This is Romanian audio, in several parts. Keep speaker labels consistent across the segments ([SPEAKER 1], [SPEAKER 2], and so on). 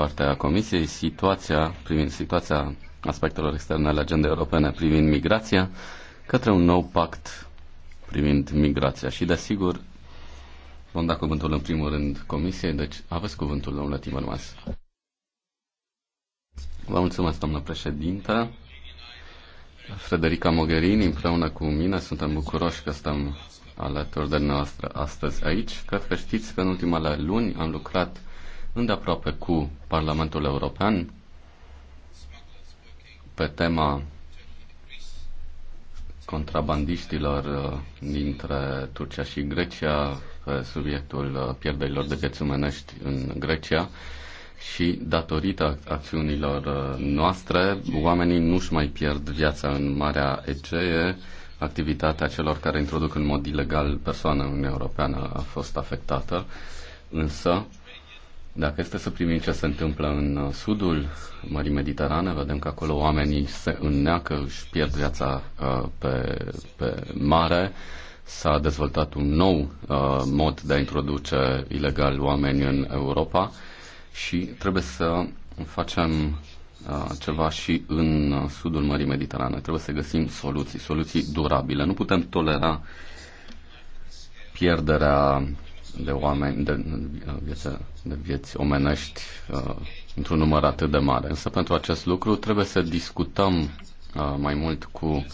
[SPEAKER 1] partea Comisiei situația privind situația aspectelor externe ale agendei europene privind migrația către un nou pact privind migrația. Și, desigur, vom da cuvântul în primul rând Comisiei, deci aveți cuvântul, domnule Timmermans. Vă mulțumesc, domnule președinte. Frederica Mogherini, împreună cu mine, suntem bucuroși că stăm alături de noastră astăzi aici. Cred că știți că în ultimele luni am lucrat îndeaproape cu Parlamentul European pe tema contrabandiștilor uh, dintre Turcia și Grecia, pe subiectul uh, pierderilor de vieți umenești în Grecia și datorită acțiunilor uh, noastre, oamenii nu-și mai pierd viața în Marea Egee, activitatea celor care introduc în mod ilegal persoană în Europeană a fost afectată, însă dacă este să primim ce se întâmplă în uh, sudul Mării Mediterane, vedem că acolo oamenii se înneacă, își pierd viața uh, pe, pe mare. S-a dezvoltat un nou uh, mod de a introduce ilegal oameni în Europa și trebuie să facem ceva și în sudul Mării Mediterane. Trebuie să găsim soluții, soluții durabile. Nu putem tolera pierderea de oameni, de vieți, de vieți omenești uh, într-un număr atât de mare. Însă pentru acest lucru trebuie să discutăm uh, mai mult cu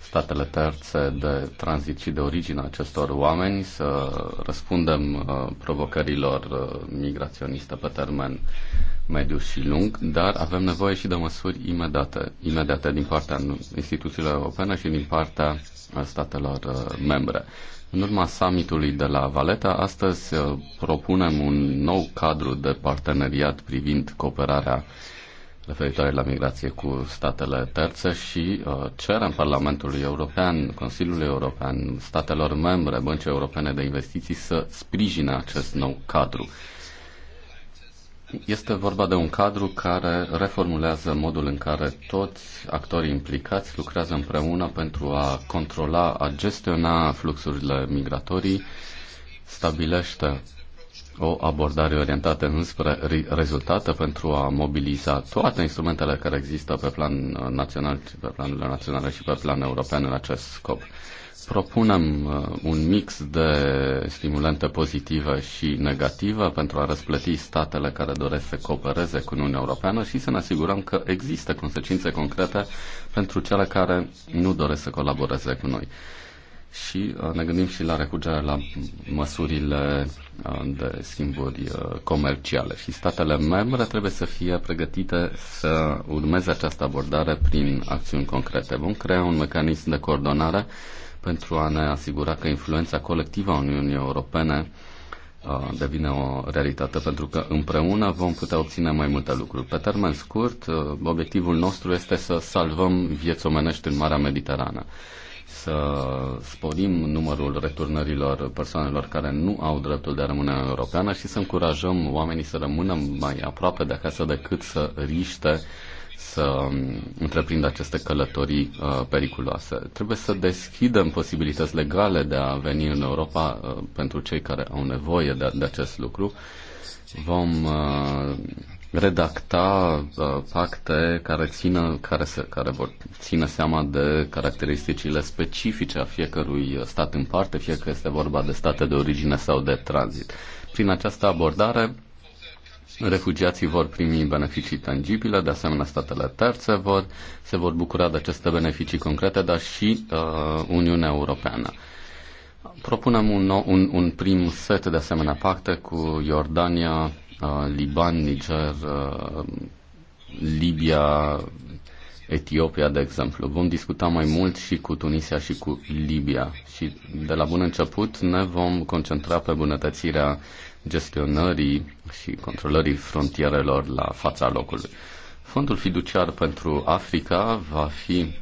[SPEAKER 1] statele terțe de tranzit și de origine acestor oameni, să răspundem uh, provocărilor uh, migraționiste pe termen mediu și lung, dar avem nevoie și de măsuri imediate, imediate din partea instituțiilor europene și din partea uh, statelor uh, membre. În urma summitului de la Valeta, astăzi uh, propunem un nou cadru de parteneriat privind cooperarea referitoare la migrație cu statele terțe și uh, cerem Parlamentului European, Consiliului European, statelor membre, băncii europene de investiții să sprijine acest nou cadru. Este vorba de un cadru care reformulează modul în care toți actorii implicați lucrează împreună pentru a controla, a gestiona fluxurile migratorii, stabilește o abordare orientată înspre rezultate pentru a mobiliza toate instrumentele care există pe plan național, pe planurile naționale și pe plan european în acest scop propunem uh, un mix de stimulente pozitive și negative pentru a răsplăti statele care doresc să coopereze cu Uniunea Europeană și să ne asigurăm că există consecințe concrete pentru cele care nu doresc să colaboreze cu noi. Și uh, ne gândim și la recurgerea la măsurile uh, de schimburi comerciale. Și statele membre trebuie să fie pregătite să urmeze această abordare prin acțiuni concrete. Vom crea un mecanism de coordonare pentru a ne asigura că influența colectivă a Uniunii Europene uh, devine o realitate, pentru că împreună vom putea obține mai multe lucruri. Pe termen scurt, uh, obiectivul nostru este să salvăm vieți omenești în Marea Mediterană, să sporim numărul returnărilor persoanelor care nu au dreptul de a rămâne în Europeană și să încurajăm oamenii să rămână mai aproape de acasă decât să riște să um, întreprindă aceste călătorii uh, periculoase. Trebuie să deschidem posibilități legale de a veni în Europa uh, pentru cei care au nevoie de, de acest lucru. Vom uh, redacta pacte care, țină, care, se, care vor ține seama de caracteristicile specifice a fiecărui stat în parte, fie că este vorba de state de origine sau de tranzit. Prin această abordare refugiații vor primi beneficii tangibile, de asemenea statele terțe vor, se vor bucura de aceste beneficii concrete, dar și uh, Uniunea Europeană. Propunem un, nou, un, un prim set de asemenea pacte cu Iordania, uh, Liban, Niger, uh, Libia, Etiopia, de exemplu. Vom discuta mai mult și cu Tunisia și cu Libia și de la bun început ne vom concentra pe bunătățirea gestionării și controlării frontierelor la fața locului. Fondul fiduciar pentru Africa va fi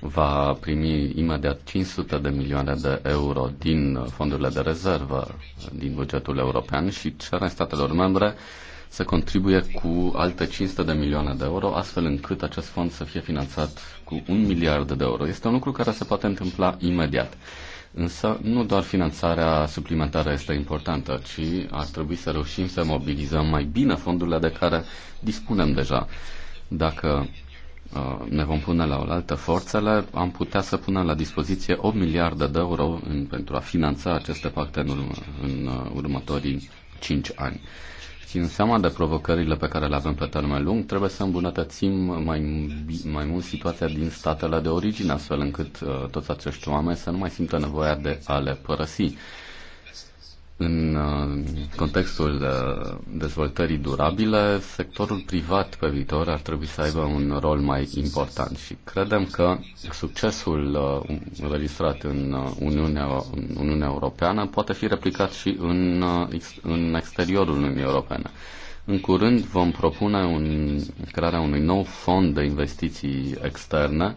[SPEAKER 1] va primi imediat 500 de milioane de euro din fondurile de rezervă din bugetul european și cere statelor membre să contribuie cu alte 500 de milioane de euro, astfel încât acest fond să fie finanțat cu un miliard de euro. Este un lucru care se poate întâmpla imediat. Însă nu doar finanțarea suplimentară este importantă, ci ar trebui să reușim să mobilizăm mai bine fondurile de care dispunem deja. Dacă uh, ne vom pune la oaltă forțele, am putea să punem la dispoziție 8 miliarde de euro în, pentru a finanța aceste pacte în, urmă, în uh, următorii 5 ani. Țin seama de provocările pe care le avem pe termen lung, trebuie să îmbunătățim mai, mai mult situația din statele de origine, astfel încât uh, toți acești oameni să nu mai simtă nevoia de a le părăsi. În uh, contextul uh, dezvoltării durabile, sectorul privat pe viitor ar trebui să aibă un rol mai important și credem că succesul uh, înregistrat în Uniunea, în Uniunea Europeană poate fi replicat și în, în exteriorul Uniunii Europene. În curând vom propune un, crearea unui nou fond de investiții externe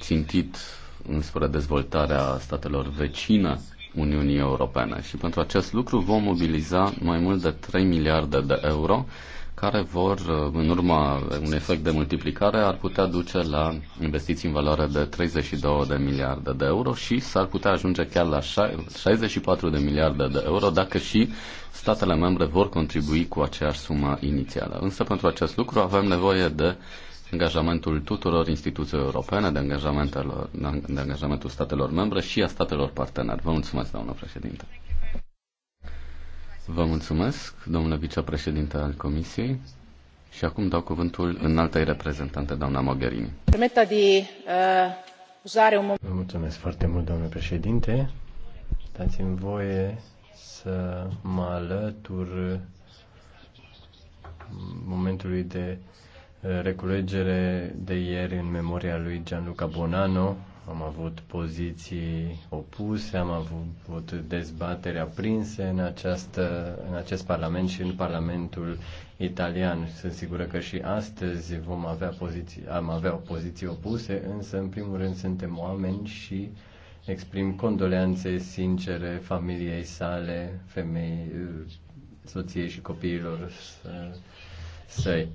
[SPEAKER 1] țintit înspre dezvoltarea statelor vecine Uniunii Europene. Și pentru acest lucru vom mobiliza mai mult de 3 miliarde de euro care vor, în urma un efect de multiplicare, ar putea duce la investiții în valoare de 32 de miliarde de euro și s-ar putea ajunge chiar la 64 de miliarde de euro dacă și statele membre vor contribui cu aceeași sumă inițială. Însă pentru acest lucru avem nevoie de uh, angajamentul tuturor instituțiilor europene, de, angajamentelor, de angajamentul statelor membre și a statelor parteneri. Vă mulțumesc, doamnă președinte. Vă mulțumesc, domnule vicepreședinte al Comisiei. Și acum dau cuvântul în altei reprezentante, doamna Mogherini.
[SPEAKER 2] Permetta
[SPEAKER 3] di usare uh, un
[SPEAKER 2] Vă mulțumesc foarte mult, domnule președinte. Dați-mi voie să mă alătur momentului de reculegere de ieri în memoria lui Gianluca Bonano. Am avut poziții opuse, am avut dezbatere aprinse în, această, în acest Parlament și în Parlamentul italian. Sunt sigură că și astăzi vom avea poziții, am avea poziții opuse, însă în primul rând suntem oameni și exprim condoleanțe sincere familiei sale, femei, soției și copiilor săi.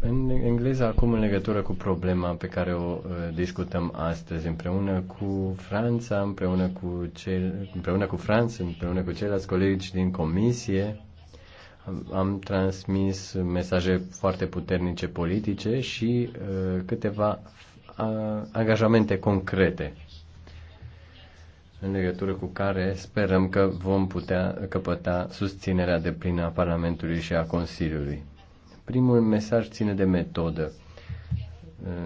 [SPEAKER 2] În engleză acum în legătură cu problema pe care o uh, discutăm astăzi împreună cu Franța, împreună cu, cel, împreună cu Franța, împreună cu ceilalți colegi din comisie, am transmis mesaje foarte puternice politice și uh, câteva angajamente concrete în legătură cu care sperăm că vom putea căpăta susținerea de plină a Parlamentului și a Consiliului. Primul mesaj ține de metodă.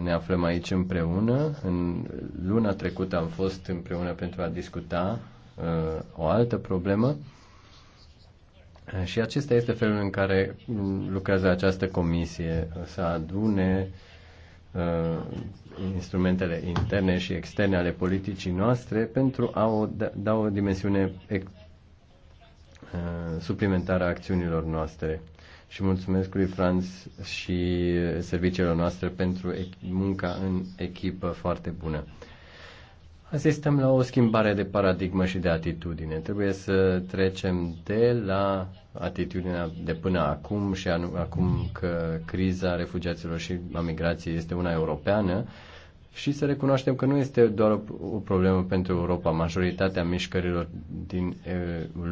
[SPEAKER 2] Ne aflăm aici împreună. În luna trecută am fost împreună pentru a discuta uh, o altă problemă. Și acesta este felul în care lucrează această comisie, să adune uh, instrumentele interne și externe ale politicii noastre pentru a o da, da o dimensiune uh, suplimentară a acțiunilor noastre și mulțumesc lui Franz și serviciilor noastre pentru munca în echipă foarte bună. Asistăm la o schimbare de paradigmă și de atitudine. Trebuie să trecem de la atitudinea de până acum și anu- acum că criza refugiaților și a migrației este una europeană, și să recunoaștem că nu este doar o problemă pentru Europa. Majoritatea mișcărilor din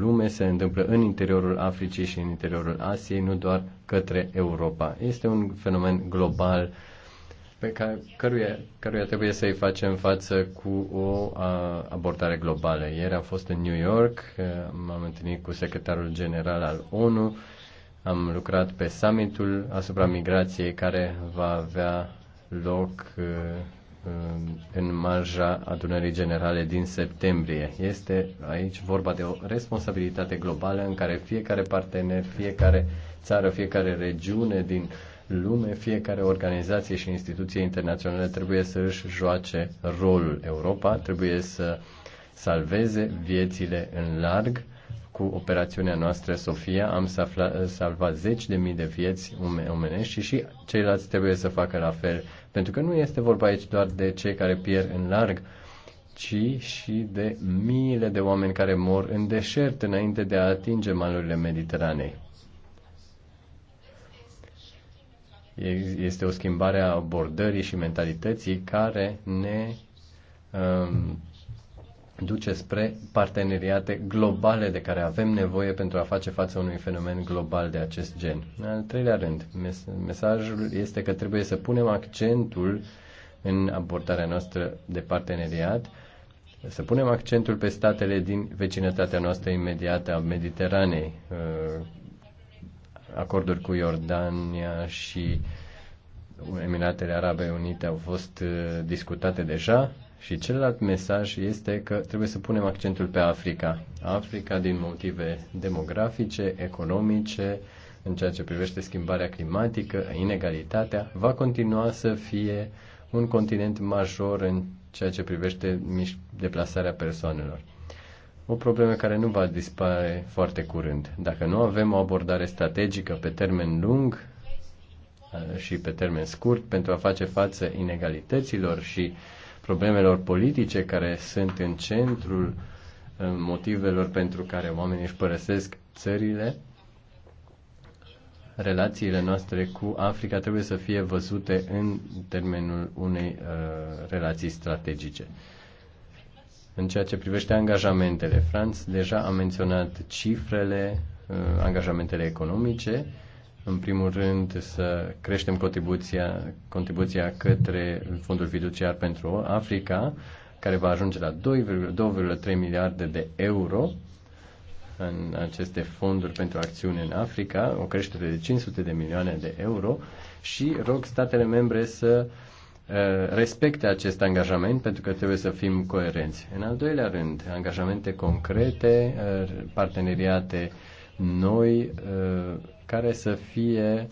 [SPEAKER 2] lume se întâmplă în interiorul Africii și în interiorul Asiei, nu doar către Europa. Este un fenomen global pe care, căruia, căruia trebuie să-i facem față cu o a, abordare globală. Ieri am fost în New York, m-am întâlnit cu secretarul general al ONU, am lucrat pe summitul asupra migrației care va avea loc Um, în marja adunării generale din septembrie. Este aici vorba de o responsabilitate globală în care fiecare partener, fiecare țară, fiecare regiune din lume, fiecare organizație și instituție internaționale trebuie să își joace rolul. Europa trebuie să salveze viețile în larg cu operațiunea noastră Sofia am salvat zeci de mii de vieți omenești și și ceilalți trebuie să facă la fel. Pentru că nu este vorba aici doar de cei care pierd în larg, ci și de miile de oameni care mor în deșert înainte de a atinge malurile Mediteranei. Este o schimbare a abordării și mentalității care ne um, duce spre parteneriate globale de care avem nevoie pentru a face față unui fenomen global de acest gen. În al treilea rând, mes- mesajul este că trebuie să punem accentul în abordarea noastră de parteneriat, să punem accentul pe statele din vecinătatea noastră imediată a Mediteranei, ă, acorduri cu Iordania și Emiratele Arabe Unite au fost ă, discutate deja, și celălalt mesaj este că trebuie să punem accentul pe Africa. Africa din motive demografice, economice, în ceea ce privește schimbarea climatică, inegalitatea, va continua să fie un continent major în ceea ce privește deplasarea persoanelor. O problemă care nu va dispare foarte curând. Dacă nu avem o abordare strategică pe termen lung uh, și pe termen scurt pentru a face față inegalităților și uh, problemelor politice care sunt în centrul motivelor pentru care oamenii își părăsesc țările, relațiile noastre cu Africa trebuie să fie văzute în termenul unei uh, relații strategice. În ceea ce privește angajamentele, Franz deja a menționat cifrele, uh, angajamentele economice în primul rând, să creștem contribuția, contribuția către fondul fiduciar pentru Africa, care va ajunge la 2,3 miliarde de euro în aceste fonduri pentru acțiune în Africa, o creștere de 500 de milioane de euro și rog statele membre să uh, respecte acest angajament pentru că trebuie să fim coerenți. În al doilea rând, angajamente concrete, uh, parteneriate noi, uh, care să fie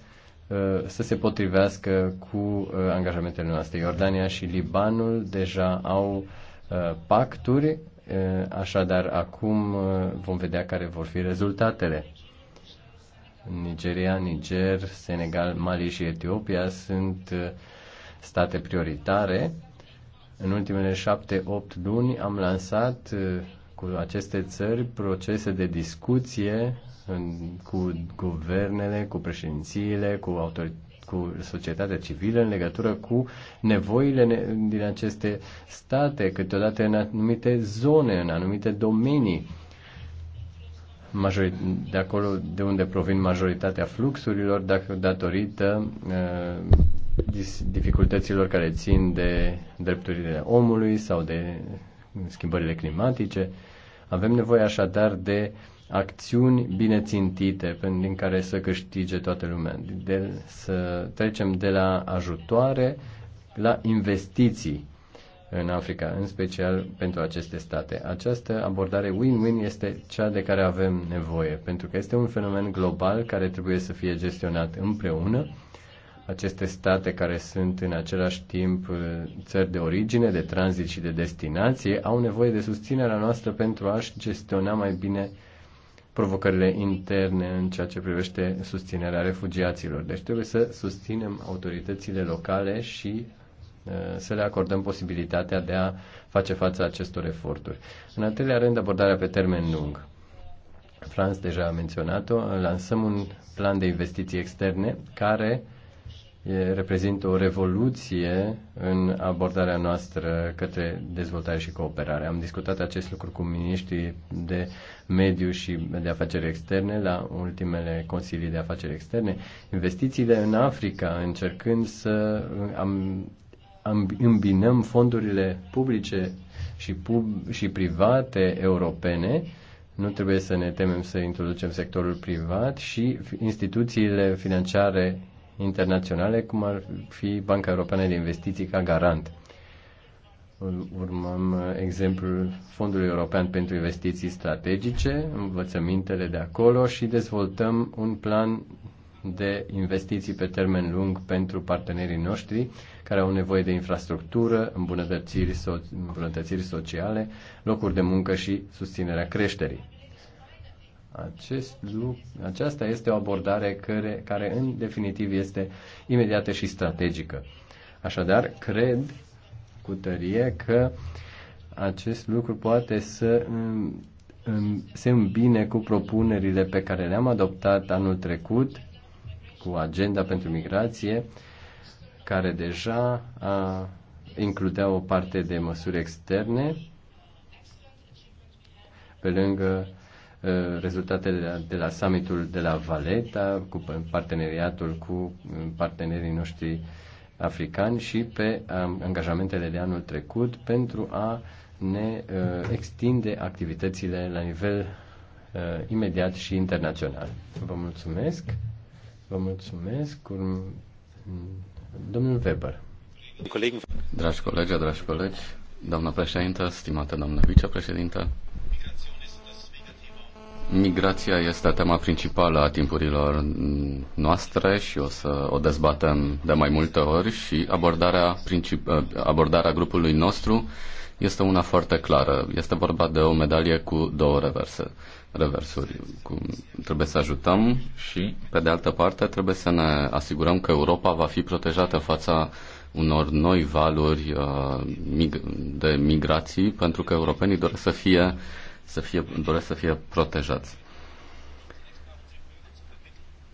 [SPEAKER 2] uh, să se potrivească cu uh, angajamentele noastre. Iordania și Libanul deja au uh, pacturi, așadar acum vom vedea care vor fi rezultatele. Nigeria, Niger, Senegal, Mali și Etiopia sunt state prioritare. În ultimele șapte-opt luni am lansat cu aceste țări procese de discuție în, cu guvernele, cu președințiile, cu autoritățile cu societatea civilă în legătură cu nevoile din aceste state, câteodată în anumite zone, în anumite domenii. Majorit, de acolo de unde provin majoritatea fluxurilor, dacă datorită uh, dificultăților care țin de drepturile omului sau de schimbările climatice. Avem nevoie așadar de uh, acțiuni bine țintite din care să câștige toată lumea. De, să trecem de la ajutoare la investiții în Africa, în special pentru aceste state. Această abordare win-win este cea de care avem nevoie, pentru că este un fenomen global care trebuie să fie gestionat împreună. Aceste state care sunt în același timp uh, țări de origine, de tranzit și de destinație, au nevoie de susținerea noastră pentru a-și gestiona mai bine uh, provocările interne în ceea ce privește susținerea refugiaților. Deci trebuie să susținem autoritățile locale și uh, să le acordăm posibilitatea de a face față acestor eforturi. În al treilea rând, abordarea pe termen lung. Franz deja a menționat-o, lansăm un plan de investiții externe care reprezintă o revoluție în abordarea noastră către dezvoltare și cooperare. Am discutat acest lucru cu miniștrii de mediu și de afaceri externe la ultimele consilii de afaceri externe. Investițiile în Africa, încercând să am, am, îmbinăm fondurile publice și, pub, și private europene nu trebuie să ne temem să introducem sectorul privat și instituțiile financiare internaționale, cum ar fi Banca Europeană de Investiții ca garant. Urmăm exemplul Fondului European pentru Investiții Strategice, învățămintele de acolo și dezvoltăm un plan de investiții pe termen lung pentru partenerii noștri care au nevoie de infrastructură, îmbunătățiri, so- îmbunătățiri sociale, locuri de muncă și susținerea creșterii. Acest lucru, aceasta este o abordare care, care în definitiv este imediată și strategică. Așadar, cred cu tărie că acest lucru poate să se îmbine cu propunerile pe care le-am adoptat anul trecut, cu agenda pentru migrație, care deja a, includea o parte de măsuri externe, pe lângă Uh, rezultatele de la summitul de la Valeta cu parteneriatul cu uh, partenerii noștri africani și pe um, angajamentele de anul trecut pentru a ne uh, extinde activitățile la nivel imediat și internațional. Vă mulțumesc. Vă mulțumesc. Domnul Weber.
[SPEAKER 1] Dragi colegi, dragi colegi, doamna președintă, stimată doamnă vicepreședintă, Migrația este tema principală a timpurilor noastre și o să o dezbatem de mai multe ori și abordarea, princip- abordarea grupului nostru este una foarte clară. Este vorba de o medalie cu două reverse, reversuri. Cu, trebuie să ajutăm și, pe de altă parte, trebuie să ne asigurăm că Europa va fi protejată fața unor noi valuri uh, de migrații, pentru că europenii doresc să fie uh, să fie, doresc să fie protejați.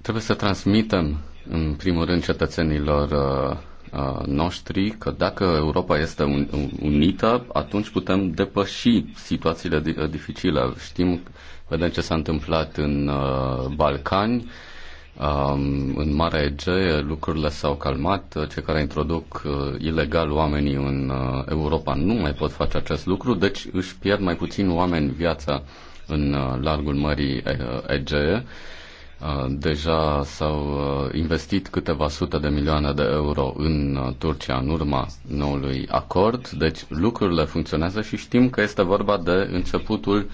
[SPEAKER 1] Trebuie să transmitem, în primul rând, cetățenilor uh, uh, noștri că dacă Europa este unită, atunci putem depăși situațiile uh, dificile. Știm, vedem ce s-a întâmplat în Balcani, în mare Egee lucrurile s-au calmat, cei care introduc uh, ilegal oamenii în uh, Europa nu mai pot face acest lucru, deci își pierd mai puțin oameni viața în uh, largul mării Egee. Deja s-au investit câteva sute de milioane de euro în Turcia în urma noului acord, deci lucrurile funcționează și știm că este vorba de începutul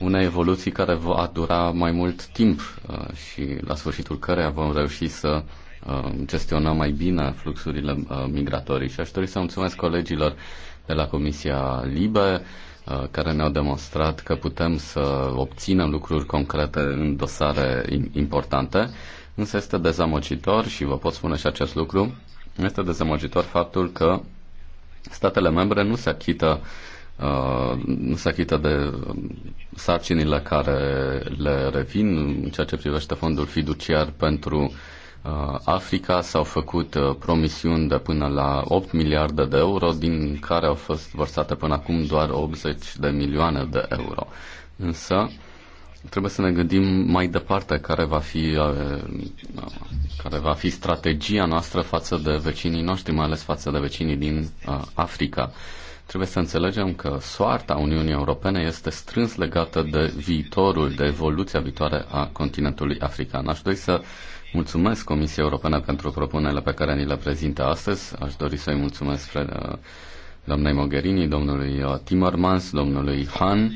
[SPEAKER 1] una evoluție care va dura mai mult timp uh, și la sfârșitul căreia vom reuși să uh, gestionăm mai bine fluxurile uh, migratorii. Și aș dori să mulțumesc colegilor de la Comisia Libe care ne-au demonstrat că putem să obținem lucruri concrete în dosare importante, însă este dezamăgitor și vă pot spune și acest lucru, este dezamăgitor faptul că statele membre nu se achită Uh, nu se achită de um, sarcinile care le revin în ceea ce privește fondul fiduciar pentru uh, Africa s-au făcut uh, promisiuni de până la 8 miliarde de euro, din care au fost vărsate până acum doar 80 de milioane de euro. Însă, trebuie să ne gândim mai departe care va fi, care va fi strategia noastră față de vecinii noștri, mai ales față de vecinii din Africa. Trebuie să înțelegem că soarta Uniunii Europene este strâns legată de viitorul, de evoluția viitoare a continentului african. Aș dori să mulțumesc Comisiei Europene pentru propunerile pe care ni le prezintă astăzi. Aș dori să-i mulțumesc uh, doamnei Mogherini, domnului uh, Timmermans, domnului Han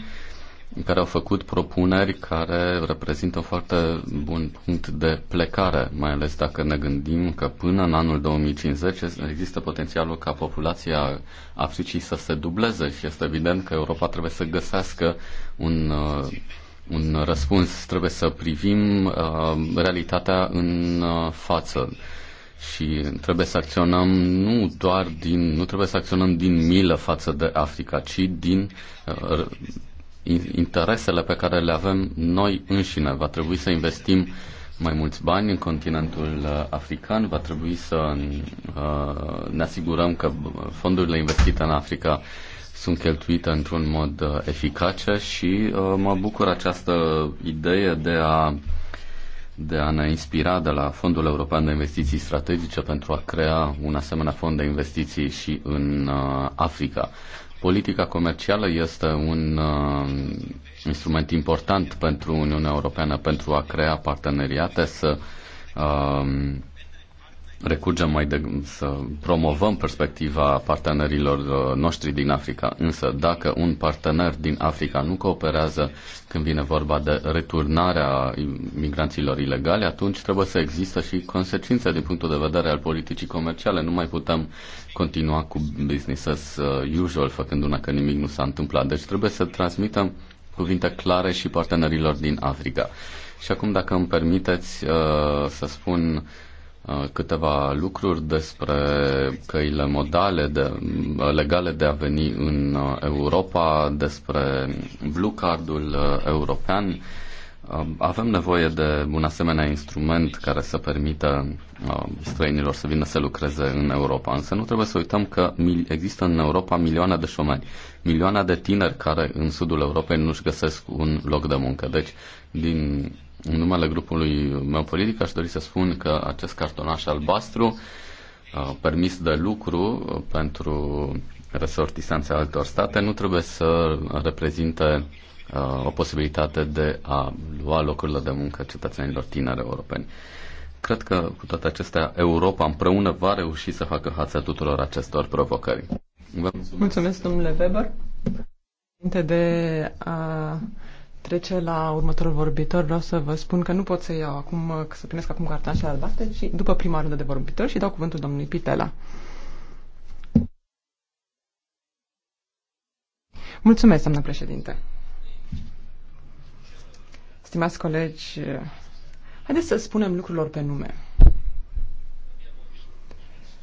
[SPEAKER 1] care au făcut propuneri care reprezintă un foarte bun punct de plecare, mai ales dacă ne gândim că până în anul 2050 există potențialul ca populația Africii să se dubleze și este evident că Europa trebuie să găsească un, uh, un răspuns, trebuie să privim uh, realitatea în uh, față și trebuie să acționăm nu doar din, nu trebuie să acționăm din milă față de Africa, ci din uh, interesele pe care le avem noi înșine. Va trebui să investim mai mulți bani în continentul uh, african, va trebui să uh, ne asigurăm că uh, fondurile investite în Africa sunt cheltuite într-un mod eficace și mă bucur această idee de a de a ne inspira de la Fondul European de Investiții Strategice pentru a crea un asemenea fond de investiții și în Africa. Politica comercială este un uh, instrument important pentru Uniunea Europeană pentru a crea parteneriate, să uh, recurgem mai de, să promovăm perspectiva partenerilor uh, noștri din Africa. Însă dacă un partener din Africa nu cooperează când vine vorba de returnarea migranților ilegale, atunci trebuie să există și consecințe din punctul de vedere al politicii comerciale. Nu mai putem continua cu business as uh, usual, făcând una că nimic nu s-a întâmplat. Deci trebuie să transmitem cuvinte clare și partenerilor din Africa. Și acum, dacă îmi permiteți uh, să spun Uh, câteva lucruri despre căile modale de, uh, legale de a veni în uh, Europa, despre Blue Cardul european. Avem nevoie de un asemenea instrument care să permită străinilor să vină să lucreze în Europa. Însă nu trebuie să uităm că există în Europa milioane de șomeri, milioane de tineri care în sudul Europei nu-și găsesc un loc de muncă. Deci, din în numele grupului meu politic aș dori să spun că acest cartonaș albastru uh, permis de lucru uh, pentru resortisanțe altor state nu trebuie să reprezinte uh, o posibilitate de a lua locurile de muncă cetățenilor tineri europeni. Cred că cu toate acestea Europa împreună va reuși să facă față tuturor acestor provocări. mulțumesc. mulțumesc,
[SPEAKER 4] domnule Weber. Înainte de a trece la următorul vorbitor, vreau să vă spun că nu pot să iau acum, să primesc acum cartea și albastre, și după prima rândă de vorbitor și dau cuvântul domnului Pitela. Mulțumesc, doamnă președinte. Stimați colegi, haideți să spunem lucrurilor pe nume.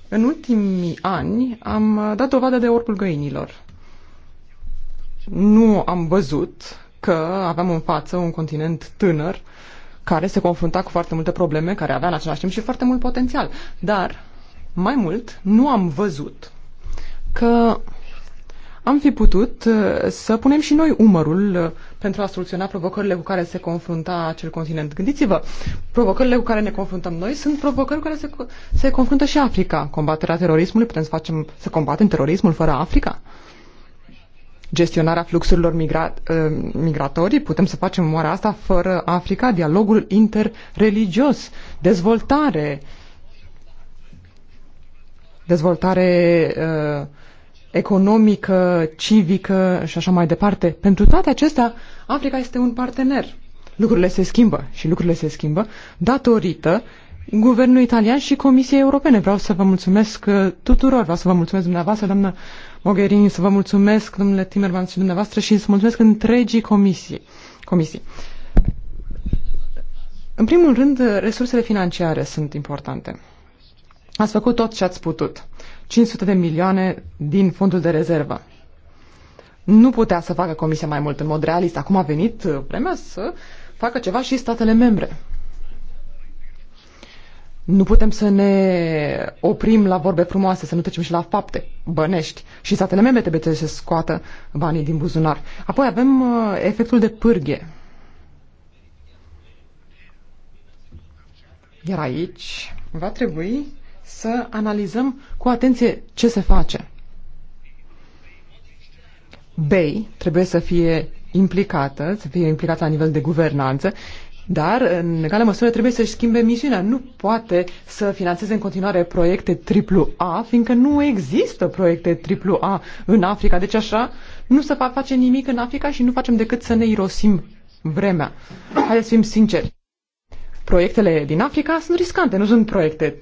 [SPEAKER 4] În ultimii ani am dat dovadă de orpul găinilor. Nu am văzut că aveam în față un continent tânăr care se confrunta cu foarte multe probleme, care avea în același timp și foarte mult potențial. Dar, mai mult, nu am văzut că am fi putut uh, să punem și noi umărul uh, pentru a soluționa provocările cu care se confrunta acel continent. Gândiți-vă, provocările cu care ne confruntăm noi sunt provocări cu care se, se confruntă și Africa. Combaterea terorismului, putem să facem să combatem terorismul fără Africa? gestionarea fluxurilor migra- ă, migratorii, putem să facem oare asta fără Africa, dialogul interreligios, dezvoltare, dezvoltare uh, economică, civică și așa mai departe. Pentru toate acestea, Africa este un partener. Lucrurile se schimbă și lucrurile se schimbă datorită guvernul italian și Comisiei Europene. Vreau să vă mulțumesc ă, tuturor, vreau să vă mulțumesc dumneavoastră, doamnă Mogherini, să vă mulțumesc, domnule Timerman și dumneavoastră, și să mulțumesc întregii comisii. comisii. În primul rând, resursele financiare sunt importante. Ați făcut tot ce ați putut. 500 de milioane din fondul de rezervă. Nu putea să facă Comisia mai mult în mod realist. Acum a venit vremea să facă ceva și statele membre. Nu putem să ne oprim la vorbe frumoase, să nu trecem și la fapte bănești. Și statele membre trebuie să scoată banii din buzunar. Apoi avem uh, efectul de pârghe. Iar aici va trebui să analizăm cu atenție ce se face. BEI trebuie să fie implicată, să fie implicată la nivel de guvernanță dar, în egală măsură, trebuie să-și schimbe misiunea. Nu poate să financeze în continuare proiecte AAA, fiindcă nu există proiecte AAA în Africa. Deci așa nu se face nimic în Africa și nu facem decât să ne irosim vremea. Haideți să fim sinceri. Proiectele din Africa sunt riscante, nu sunt proiecte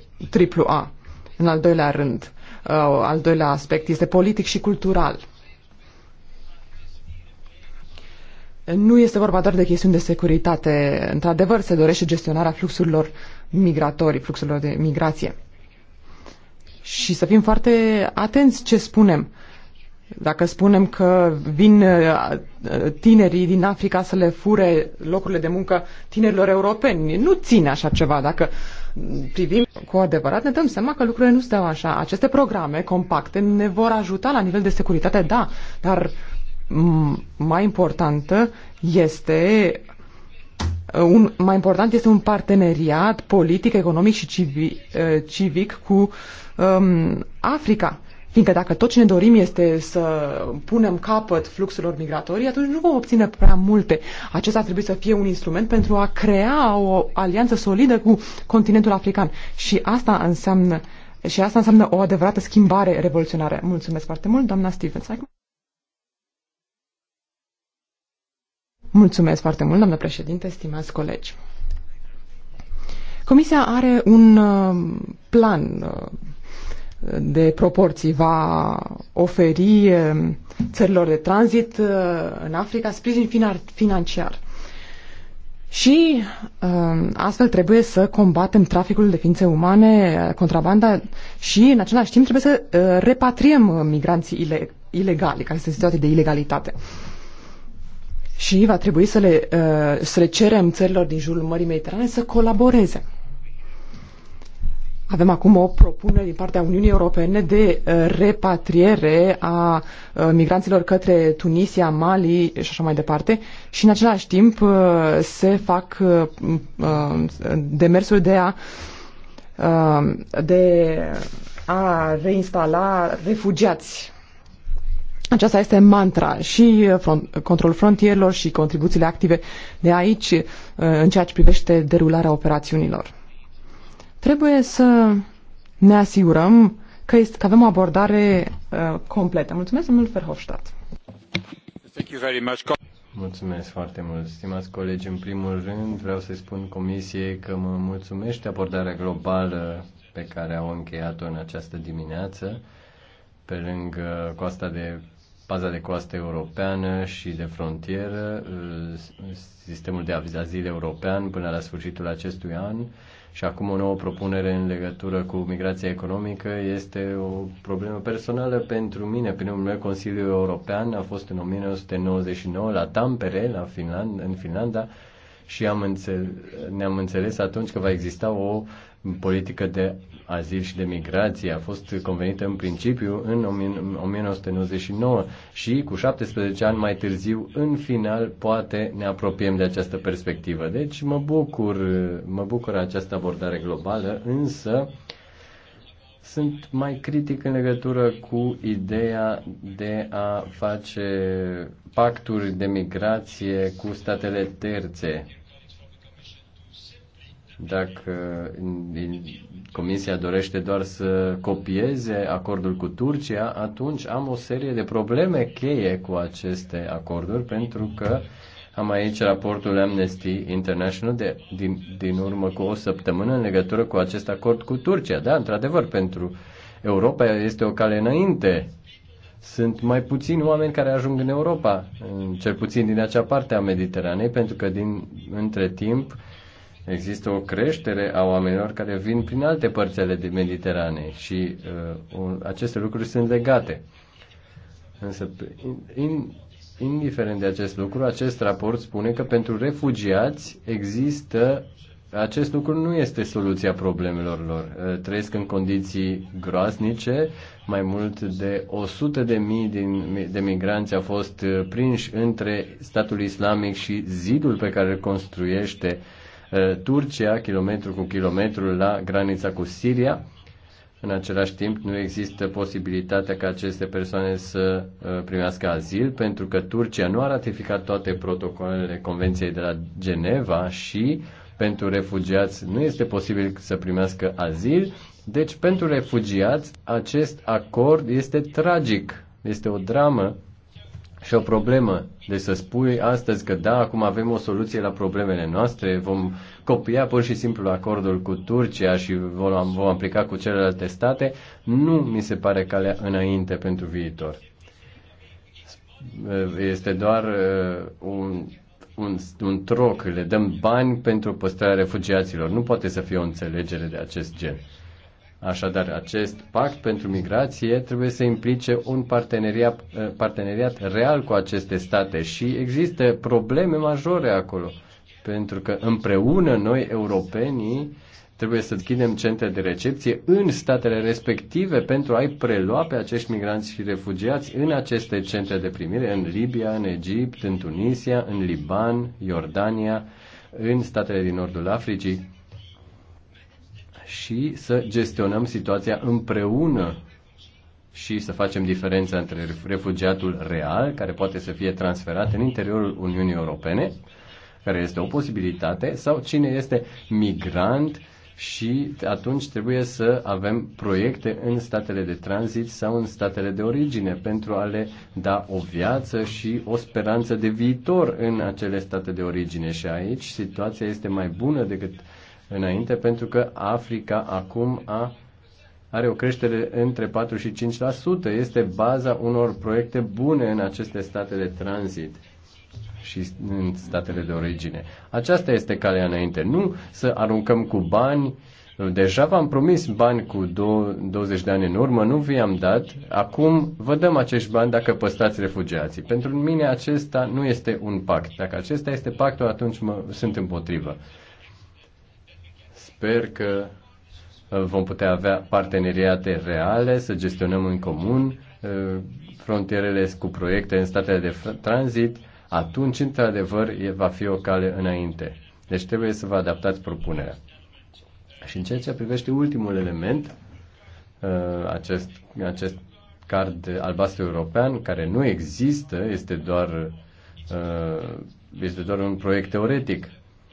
[SPEAKER 4] AAA. În al doilea rând, uh, al doilea aspect este politic și cultural. Nu este vorba doar de chestiuni de securitate. Într-adevăr, se dorește gestionarea fluxurilor migratorii, fluxurilor de migrație. Și să fim foarte atenți ce spunem. Dacă spunem că vin uh, tinerii din Africa să le fure locurile de muncă tinerilor europeni, nu ține așa ceva. Dacă privim cu adevărat, ne dăm seama că lucrurile nu stau așa. Aceste programe compacte ne vor ajuta la nivel de securitate, da, dar mai importantă este uh, un, mai important este un parteneriat politic, economic și civic, uh, civic cu um, Africa. Fiindcă dacă tot ce ne dorim este să punem capăt fluxurilor migratorii, atunci nu vom obține prea multe. Acesta ar trebui să fie un instrument pentru a crea o alianță solidă cu continentul african. Și asta înseamnă, și asta înseamnă o adevărată schimbare revoluționară. Mulțumesc foarte mult, doamna Stevens. Mulțumesc foarte mult, doamnă președinte, stimați colegi. Comisia are un uh, plan uh, de proporții. Va oferi uh, țărilor de tranzit în Africa sprijin financiar. Și astfel trebuie să combatem traficul de ființe umane, contrabanda și în același timp trebuie să repatriem migranții ilegali care sunt situații de ilegalitate și va trebui să le, uh, să le cerem țărilor din jurul Mării Mediterane să colaboreze. Avem acum o propunere din partea Uniunii Europene de uh, repatriere a uh, migranților către Tunisia, Mali și așa mai departe și în același timp se fac demersuri de a de a reinstala refugiați aceasta este mantra și uh, front, controlul frontierelor și contribuțiile active de aici uh, în ceea ce privește derularea operațiunilor. Trebuie să ne asigurăm că, este, că avem o abordare uh, completă. Mulțumesc mult, Verhofstadt.
[SPEAKER 2] Mulțumesc foarte mult, stimați colegi. În primul rând vreau să-i spun comisiei că mă mulțumește abordarea globală pe care au încheiat-o în această dimineață pe lângă coasta de Paza de coastă europeană și de frontieră, uh, sistemul de avizazil european până la sfârșitul acestui an și acum o nouă propunere în legătură cu migrația economică este o problemă personală pentru mine. Primul meu Consiliu European a fost în 1999 la Tampere, la Finland, în Finlanda, și am înțel- ne-am înțeles atunci că va exista o politică de azil și de migrație a fost convenită în principiu în 1999 și cu 17 ani mai târziu, în final, poate ne apropiem de această perspectivă. Deci mă bucur, mă bucur această abordare globală, însă sunt mai critic în legătură cu ideea de a face pacturi de migrație cu statele terțe. Dacă Comisia dorește doar să copieze acordul cu Turcia, atunci am o serie de probleme cheie cu aceste acorduri, pentru că am aici raportul Amnesty International de, din, din urmă cu o săptămână în legătură cu acest acord cu Turcia. Da, într-adevăr, pentru Europa este o cale înainte. Sunt mai puțini oameni care ajung în Europa, cel puțin din acea parte a Mediteranei, pentru că din, între timp Există o creștere a oamenilor care vin prin alte părți ale Mediteranei și uh, aceste lucruri sunt legate. Însă, in, in, indiferent de acest lucru, acest raport spune că pentru refugiați există acest lucru nu este soluția problemelor lor. Uh, trăiesc în condiții groaznice, mai mult de 100 de mii din, de migranți au fost uh, prinși între statul islamic și zidul pe care îl construiește Eh, Turcia, kilometru cu kilometru la granița cu Siria. În același timp, nu există posibilitatea ca aceste persoane să eh, primească azil, pentru că Turcia nu a ratificat toate protocolele Convenției de la Geneva și pentru refugiați nu este posibil să primească azil. Deci, pentru refugiați, acest acord este tragic, este o dramă și o problemă. Deci să spui astăzi că da, acum avem o soluție la problemele noastre, vom copia pur și simplu acordul cu Turcia și vom, vom aplica cu celelalte state, nu mi se pare calea înainte pentru viitor. Este doar uh, un, un, un troc, le dăm bani pentru păstrarea refugiaților. Nu poate să fie o înțelegere de acest gen. Așadar, acest pact pentru migrație trebuie să implice un parteneriat, eh, parteneriat real cu aceste state și există probleme majore acolo, pentru că împreună noi, europenii, trebuie să deschidem centre de recepție în statele respective pentru a-i prelua pe acești migranți și refugiați în aceste centre de primire, în Libia, în Egipt, în Tunisia, în Liban, Iordania, în statele din nordul Africii și să gestionăm situația împreună și să facem diferența între refugiatul real, care poate să fie transferat în interiorul Uniunii Europene, care este o posibilitate, sau cine este migrant și atunci trebuie să avem proiecte în statele de tranzit sau în statele de origine pentru a le da o viață și o speranță de viitor în acele state de origine. Și aici situația este mai bună decât înainte, pentru că Africa acum a, are o creștere între 4 și 5%. Este baza unor proiecte bune în aceste state de tranzit și în statele de origine. Aceasta este calea înainte. Nu să aruncăm cu bani. Deja v-am promis bani cu 20 de ani în urmă, nu vi-am dat. Acum vă dăm acești bani dacă păstrați refugiații. Pentru mine acesta nu este un pact. Dacă acesta este pactul, atunci mă, sunt împotrivă. Sper că uh, vom putea avea parteneriate reale, să gestionăm în comun uh, frontierele cu proiecte în statele de tranzit, atunci, într-adevăr, va fi o cale înainte. Deci trebuie să vă adaptați propunerea. Și în ceea ce privește ultimul element, uh, acest, acest card albastru european, care nu există, este doar, este doar un proiect teoretic.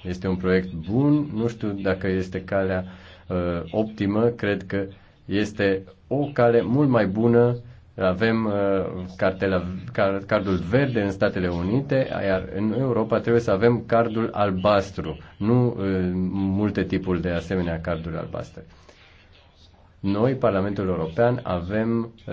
[SPEAKER 2] Este un proiect bun, nu știu dacă este calea uh, optimă, cred că este o cale mult mai bună. Avem uh, cartela, car, cardul verde în Statele Unite, iar în Europa trebuie să avem cardul albastru, nu uh, multe tipuri de asemenea carduri albastre. Noi, Parlamentul European, avem uh,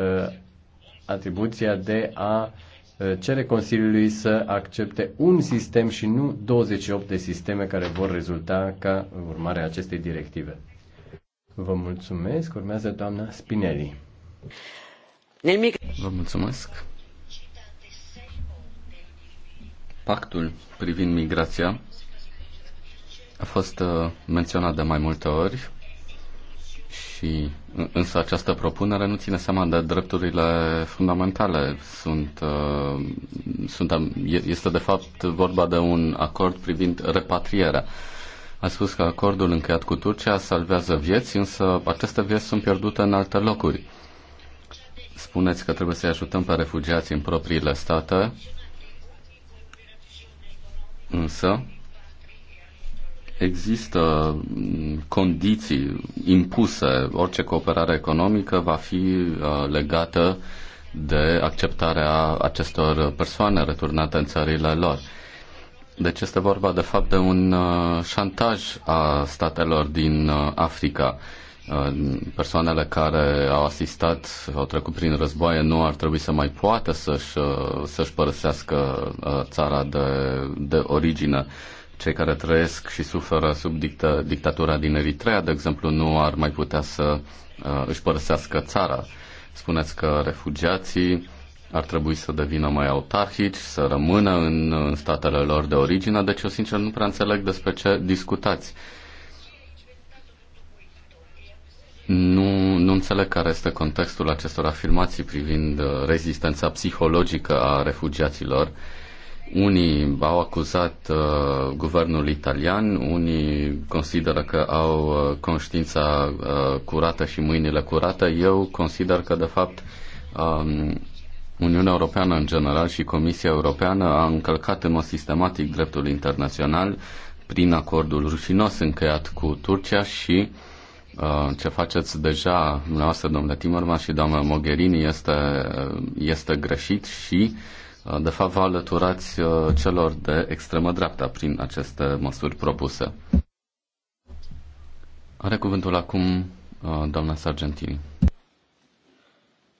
[SPEAKER 2] atribuția de a uh, Eh, cere Consiliului să accepte un sistem și nu 28 de sisteme care vor rezulta ca urmare a acestei directive. Vă mulțumesc. Urmează doamna Spinelli. Vă mulțumesc.
[SPEAKER 1] Pactul privind migrația a fost eh, menționat de mai multe ori și însă această propunere nu ține seama de drepturile fundamentale. Sunt, uh, sunt, este de fapt vorba de un acord privind repatrierea. A spus că acordul încheiat cu Turcia salvează vieți, însă aceste vieți sunt pierdute în alte locuri. Spuneți că trebuie să-i ajutăm pe refugiații în propriile state, însă există mm, condiții impuse, orice cooperare economică va fi uh, legată de acceptarea acestor persoane returnate în țările lor. Deci este vorba de fapt de un uh, șantaj a statelor din uh, Africa. Persoanele care au asistat, au trecut prin războaie, nu ar trebui să mai poată să-și, să-și părăsească țara de, de origine cei care trăiesc și suferă sub dictă, dictatura din Eritrea, de exemplu, nu ar mai putea să uh, își părăsească țara. Spuneți că refugiații ar trebui să devină mai autarhici, să rămână în, în statele lor de origine, deci eu sincer nu prea înțeleg despre ce discutați. Nu, nu înțeleg care este contextul acestor afirmații privind uh, rezistența psihologică a refugiaților uh, unii au acuzat uh, guvernul italian, unii consideră că au uh, conștiința uh, curată și mâinile curate. Eu consider că, de fapt, um, Uniunea Europeană în general și Comisia Europeană a încălcat în mod sistematic dreptul internațional prin acordul rușinos încheiat cu Turcia și uh, ce faceți deja dumneavoastră, domnule Timmermans și doamna Mogherini, este, uh, este greșit și uh, Uh, de fapt vă alăturați uh, celor de extremă dreapta prin aceste măsuri propuse. Are cuvântul acum uh, doamna Sargentini.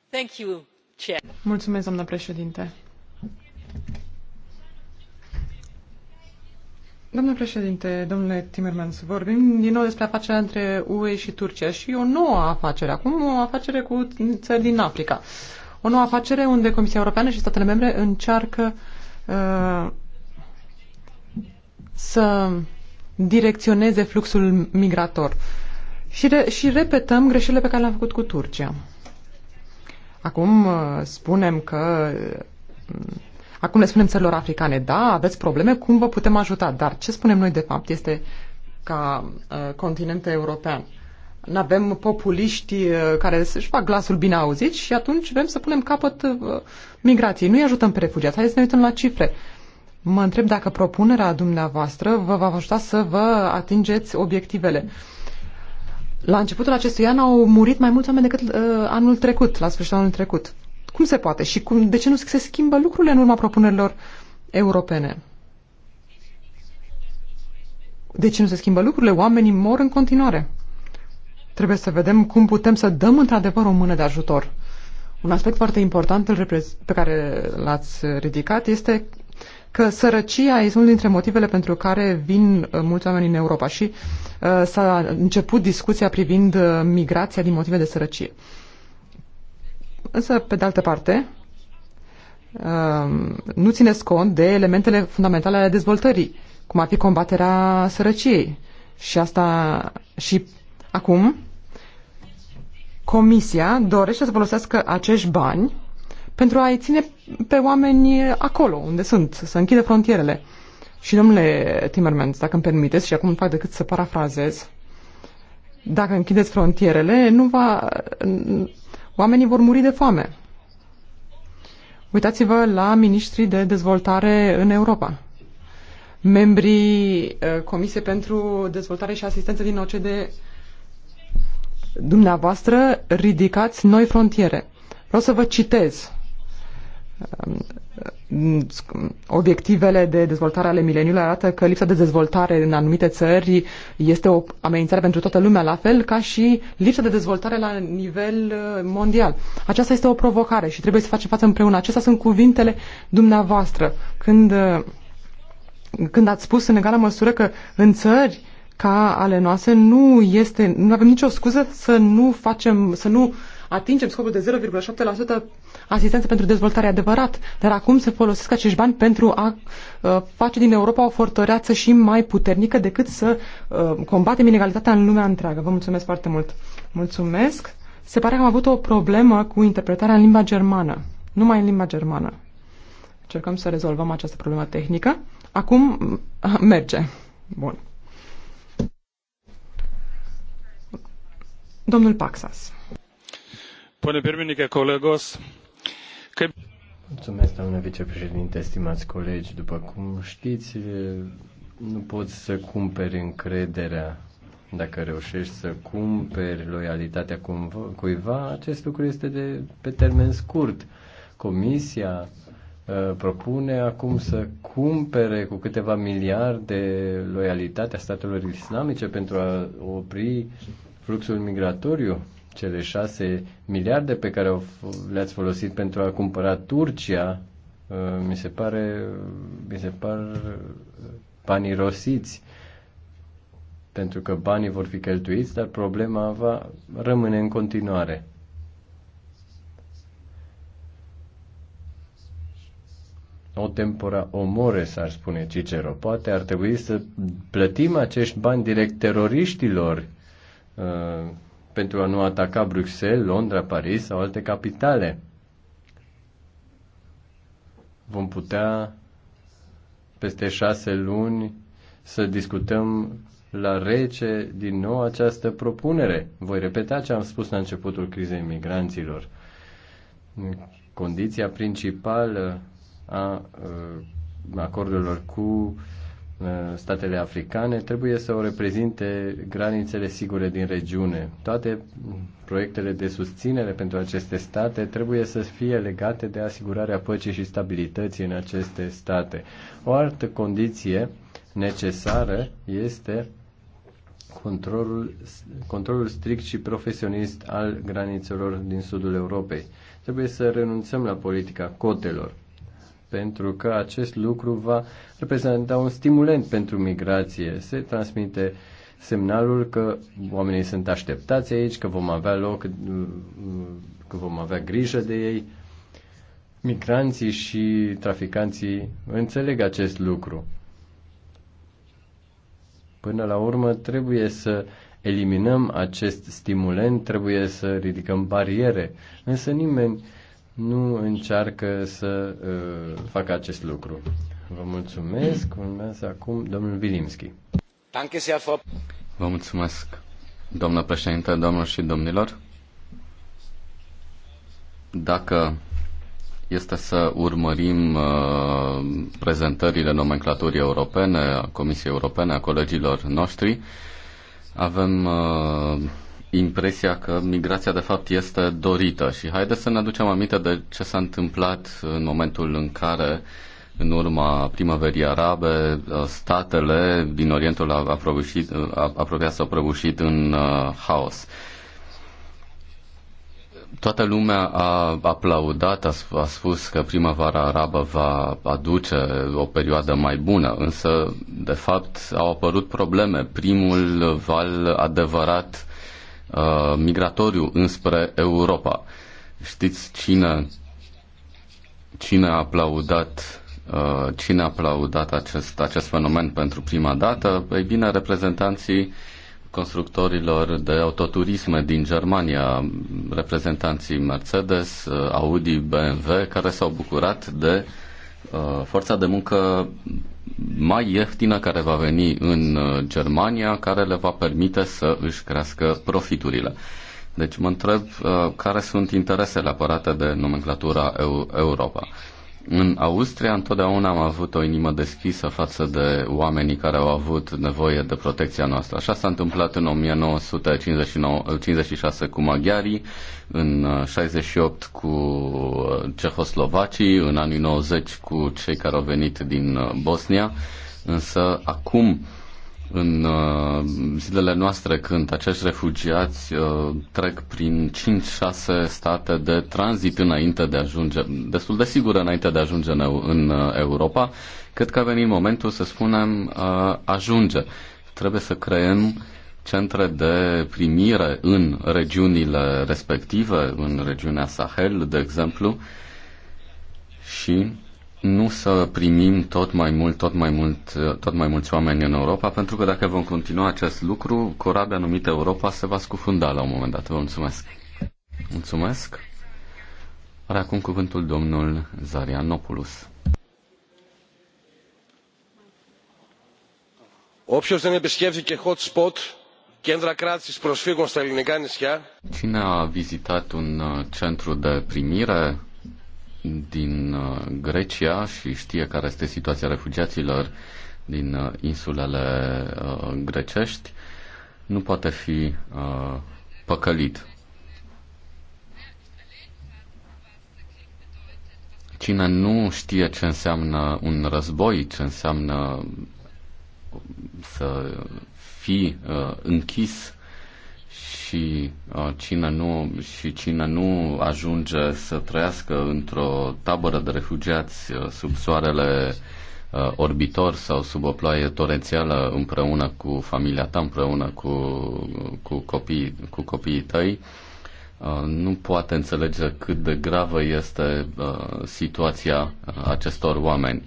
[SPEAKER 4] Thank you, Chair. Mulțumesc, doamna președinte. Domnule președinte, domnule Timmermans, vorbim din nou despre afacerea între UE și Turcia și o nouă afacere, acum o afacere cu țări din Africa o nouă afacere unde Comisia Europeană și statele membre încearcă uh, să direcționeze fluxul migrator. Și, re- și repetăm greșelile pe care le-am făcut cu Turcia. Acum uh, spunem că uh, Acum le spunem țărilor africane, da, aveți probleme, cum vă putem ajuta? Dar ce spunem noi de fapt este ca uh, continent european nu avem populiști uh, care să-și fac glasul bine auzit și atunci vrem să punem capăt uh, migrației. Nu-i ajutăm pe refugiați. Hai să ne uităm la cifre. Mă întreb dacă propunerea dumneavoastră vă va ajuta să vă atingeți obiectivele. La începutul acestui an au murit mai mulți oameni decât uh, anul trecut, la sfârșitul anului trecut. Cum se poate și cum, de ce nu se schimbă lucrurile în urma propunerilor europene? De ce nu se schimbă lucrurile? Oamenii mor în continuare. Trebuie să vedem cum putem să dăm într-adevăr o mână de ajutor. Un aspect foarte important pe care l-ați ridicat este că sărăcia este unul dintre motivele pentru care vin uh, mulți oameni în Europa și uh, s-a început discuția privind uh, migrația din motive de sărăcie. Însă, pe de altă parte, uh, nu țineți cont de elementele fundamentale ale dezvoltării, cum ar fi combaterea sărăciei. Și asta și Acum, Comisia dorește să folosească acești bani pentru a-i ține pe oameni acolo unde sunt, să închidă frontierele. Și, domnule Timmermans, dacă îmi permiteți, și acum nu fac decât să parafrazez, dacă închideți frontierele, nu va, oamenii vor muri de foame. Uitați-vă la ministrii de dezvoltare în Europa, membrii eh, Comisiei pentru Dezvoltare și Asistență din OCDE, Dumneavoastră ridicați noi frontiere. Vreau să vă citez um, obiectivele de dezvoltare ale mileniului arată că lipsa de dezvoltare în anumite țări este o amenințare pentru toată lumea, la fel ca și lipsa de dezvoltare la nivel uh, mondial. Aceasta este o provocare și trebuie să facem față împreună. Acestea sunt cuvintele dumneavoastră. Când, uh, când ați spus în egală măsură că în țări ca ale noastre, nu este, nu avem nicio scuză să nu facem, să nu atingem scopul de 0,7% asistență pentru dezvoltare adevărat, dar acum se folosesc acești bani pentru a uh, face din Europa o fortăreață și mai puternică decât să uh, combatem inegalitatea în lumea întreagă. Vă mulțumesc foarte mult. Mulțumesc. Se pare că am avut o problemă cu interpretarea în limba germană, numai în limba germană. Încercăm să rezolvăm această problemă tehnică. Acum uh, merge. Bun. Domnul Paxas. Pone pirmininke, colegos, că...
[SPEAKER 2] Mulțumesc, doamnă vicepreședinte, stimați colegi. După cum știți, nu poți să cumperi încrederea dacă reușești să cumperi loialitatea cuiva, acest lucru este de pe termen scurt. Comisia uh, propune acum să cumpere cu câteva miliarde loialitatea statelor islamice pentru a opri fluxul migratoriu, cele șase miliarde pe care le-ați folosit pentru a cumpăra Turcia, uh, mi se pare, mi se par uh, banii rosiți, pentru că banii vor fi cheltuiți, dar problema va rămâne în continuare. o tempora omore, s-ar spune Cicero. Poate ar trebui să plătim acești bani direct teroriștilor Uh, pentru a nu ataca Bruxelles, Londra, Paris sau alte capitale. Vom putea peste șase luni să discutăm la rece din nou această propunere. Voi repeta ce am spus la începutul crizei migranților. Condiția principală a uh, acordurilor cu Uh, statele africane trebuie să o reprezinte granițele sigure din regiune. Toate proiectele de susținere pentru aceste state trebuie să fie legate de asigurarea păcii și stabilității în aceste state. O altă condiție necesară este controlul, controlul strict și profesionist al granițelor din sudul Europei. Trebuie să renunțăm la politica cotelor pentru că acest lucru va reprezenta un stimulent pentru migrație. Se transmite semnalul că oamenii sunt așteptați aici, că vom avea loc, că vom avea grijă de ei. Migranții și traficanții înțeleg acest lucru. Până la urmă trebuie să eliminăm acest stimulent, trebuie să ridicăm bariere, însă nimeni nu încearcă să uh, facă acest lucru. Vă mulțumesc. Urmează acum domnul Vilimski.
[SPEAKER 1] Vă mulțumesc, doamnă președinte, doamnelor și domnilor. Dacă este să urmărim uh, prezentările nomenclaturii europene, a Comisiei Europene, a colegilor noștri, avem uh, impresia că migrația de fapt este dorită și haideți să ne aducem aminte de ce s-a întâmplat în momentul în care în urma primăverii arabe, statele din Orientul apropiat s-au prăbușit în uh, haos. Toată lumea a aplaudat, a, a spus că primăvara arabă va aduce o perioadă mai bună, însă, de fapt, au apărut probleme. Primul val adevărat Uh, migratoriu înspre Europa. Știți cine, cine a aplaudat uh, cine a aplaudat acest, acest fenomen pentru prima dată? Ei bine, reprezentanții constructorilor de autoturisme din Germania, reprezentanții Mercedes, uh, Audi, BMW, care s-au bucurat de uh, forța de muncă mai ieftină care va veni în uh, Germania, care le va permite să își crească profiturile. Deci mă întreb uh, care sunt interesele apărate de nomenclatura EU- Europa. În Austria întotdeauna am avut o inimă deschisă față de oamenii care au avut nevoie de protecția noastră. Așa s-a întâmplat în 1956 cu maghiarii, în 68 cu cehoslovacii, în anii 90 cu cei care au venit din Bosnia, însă acum în uh, zilele noastre când acești refugiați uh, trec prin 5-6 state de tranzit înainte de a ajunge, destul de sigur înainte de a ajunge în, uh, Europa, cred că a venit momentul să spunem ajunge. Trebuie să creăm centre de primire în regiunile respective, în regiunea Sahel, de exemplu, și nu să primim tot mai mult, tot mai mult, tot mai mulți oameni în Europa, pentru că dacă vom continua acest lucru, corabia numită Europa se va scufunda la un moment dat. Vă mulțumesc. Mulțumesc. Are acum cuvântul domnul Zarianopoulos.
[SPEAKER 2] Όποιος δεν επισκέφθηκε hot spot, κέντρα κράτησης προσφύγων στα
[SPEAKER 1] Cine a vizitat un uh, centru de primire din uh, Grecia și știe care este situația refugiaților din uh, insulele uh, grecești, nu poate fi păcălit. Cine nu știe ce înseamnă un război, ce înseamnă să fii închis și uh, cine nu, și cine nu ajunge să trăiască într-o tabără de refugiați uh, sub soarele uh, orbitor sau sub o ploaie torențială împreună cu familia ta, împreună cu, cu, copii, cu copiii tăi, nu poate înțelege cât de gravă este situația acestor oameni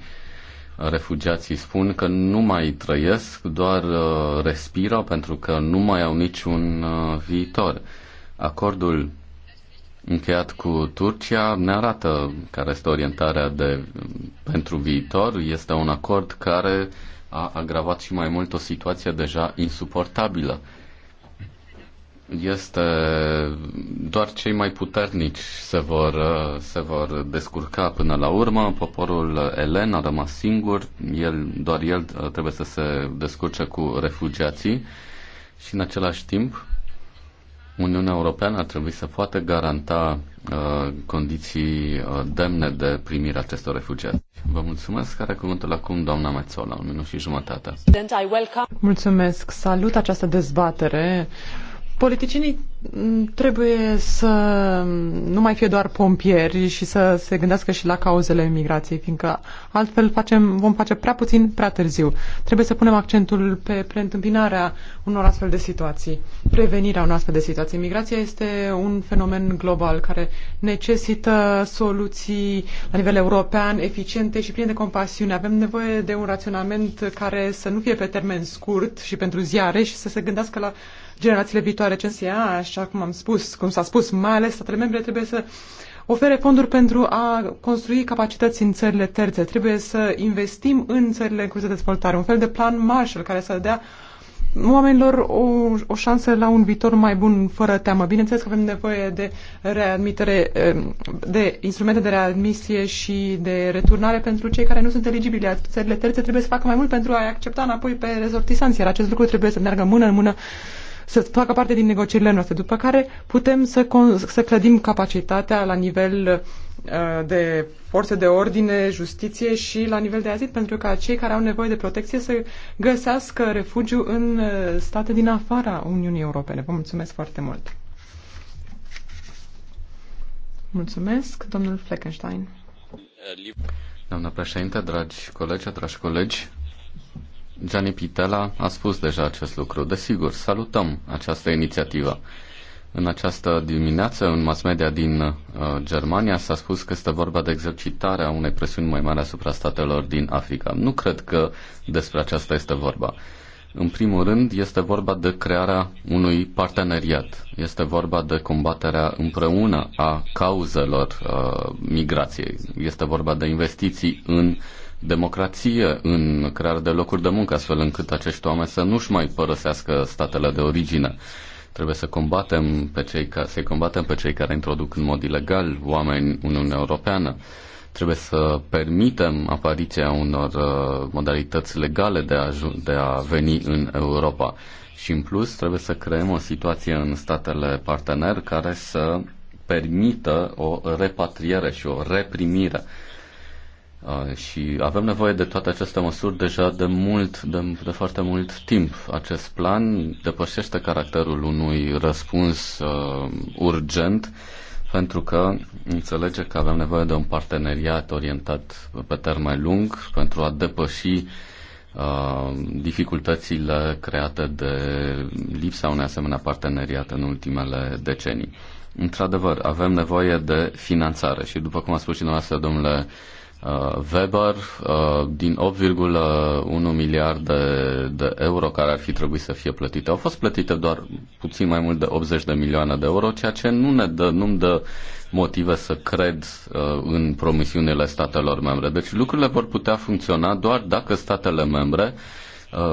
[SPEAKER 1] refugiații spun că nu mai trăiesc, doar uh, respiră pentru că nu mai au niciun uh, viitor. Acordul încheiat cu Turcia ne arată care este orientarea de, pentru viitor. Este un acord care a agravat și mai mult o situație deja insuportabilă este doar cei mai puternici se vor, se vor descurca până la urmă. Poporul elen a rămas singur, el, doar el trebuie să se descurce cu refugiații și în același timp Uniunea Europeană ar trebui să poată garanta uh, condiții uh, demne de primire acestor refugiați. Vă mulțumesc. Care cuvântul acum, doamna Mețola, un minut și jumătate.
[SPEAKER 4] Mulțumesc. Salut această dezbatere. Uh, Politicienii mm, trebuie să nu mai fie doar pompieri și să se gândească și la cauzele migrației, fiindcă altfel facem, vom face prea puțin prea târziu. Trebuie să punem accentul pe preîntâmpinarea unor astfel de situații, prevenirea unor astfel de situații. Migrația este un fenomen global care necesită soluții la nivel european eficiente și pline de compasiune. Avem nevoie de un raționament care să nu fie pe termen scurt și pentru ziare și să se gândească la generațiile viitoare. Ce înseamnă, așa cum am spus, cum s-a spus, mai ales statele membre trebuie să ofere fonduri pentru a construi capacități în țările terțe. Trebuie să investim în țările în curs de dezvoltare. Un fel de plan Marshall care să dea oamenilor o, o șansă la un viitor mai bun, fără teamă. Bineînțeles că avem nevoie de readmitere, eh, de instrumente de readmisie și de returnare pentru cei care nu sunt eligibili. Țările terțe trebuie să facă mai mult pentru a-i accepta înapoi pe rezortisanți, iar acest lucru trebuie să meargă mână în mână să facă parte din negocierile noastre, după care putem să, să clădim capacitatea la nivel uh, de forțe de ordine, justiție și la nivel de azil, pentru ca cei care au nevoie de protecție să găsească refugiu în uh, state din afara Uniunii Europene. Vă mulțumesc foarte mult! Mulțumesc, domnul Fleckenstein.
[SPEAKER 1] Doamna președinte, dragi colegi, dragi colegi, Gianni Pitela a spus deja acest lucru. Desigur, salutăm această inițiativă. În această dimineață, în mass media din uh, Germania, s-a spus că este vorba de exercitarea unei presiuni mai mari asupra statelor din Africa. Nu cred că despre aceasta este vorba. În primul rând, este vorba de crearea unui parteneriat. Este vorba de combaterea împreună a cauzelor uh, migrației. Este vorba de investiții în uh, democrație în crearea de locuri de muncă, astfel încât acești oameni să nu-și mai părăsească statele de origine. Trebuie să combatem pe cei ca, să combatem pe cei care introduc în mod ilegal oameni în Uniunea Europeană. Trebuie să permitem apariția unor uh, modalități legale de a, de a veni în Europa. Și în plus trebuie să creăm o situație în statele partener care să permită o repatriere și o reprimire și avem nevoie de toate aceste măsuri deja de mult, de, de foarte mult timp. Acest plan depășește caracterul unui răspuns uh, urgent pentru că înțelege că avem nevoie de un parteneriat orientat pe termen lung pentru a depăși uh, dificultățile create de lipsa unei asemenea parteneriat în ultimele decenii. Într-adevăr, avem nevoie de finanțare și, după cum a spus și dumneavoastră, domnule uh, Uh, Weber uh, din 8,1 miliarde de euro care ar fi trebuit să fie plătite. Au fost plătite doar puțin mai mult de 80 de milioane de euro, ceea ce nu ne dă, nu-mi dă motive să cred uh, în promisiunile statelor membre. Deci lucrurile vor putea funcționa doar dacă statele membre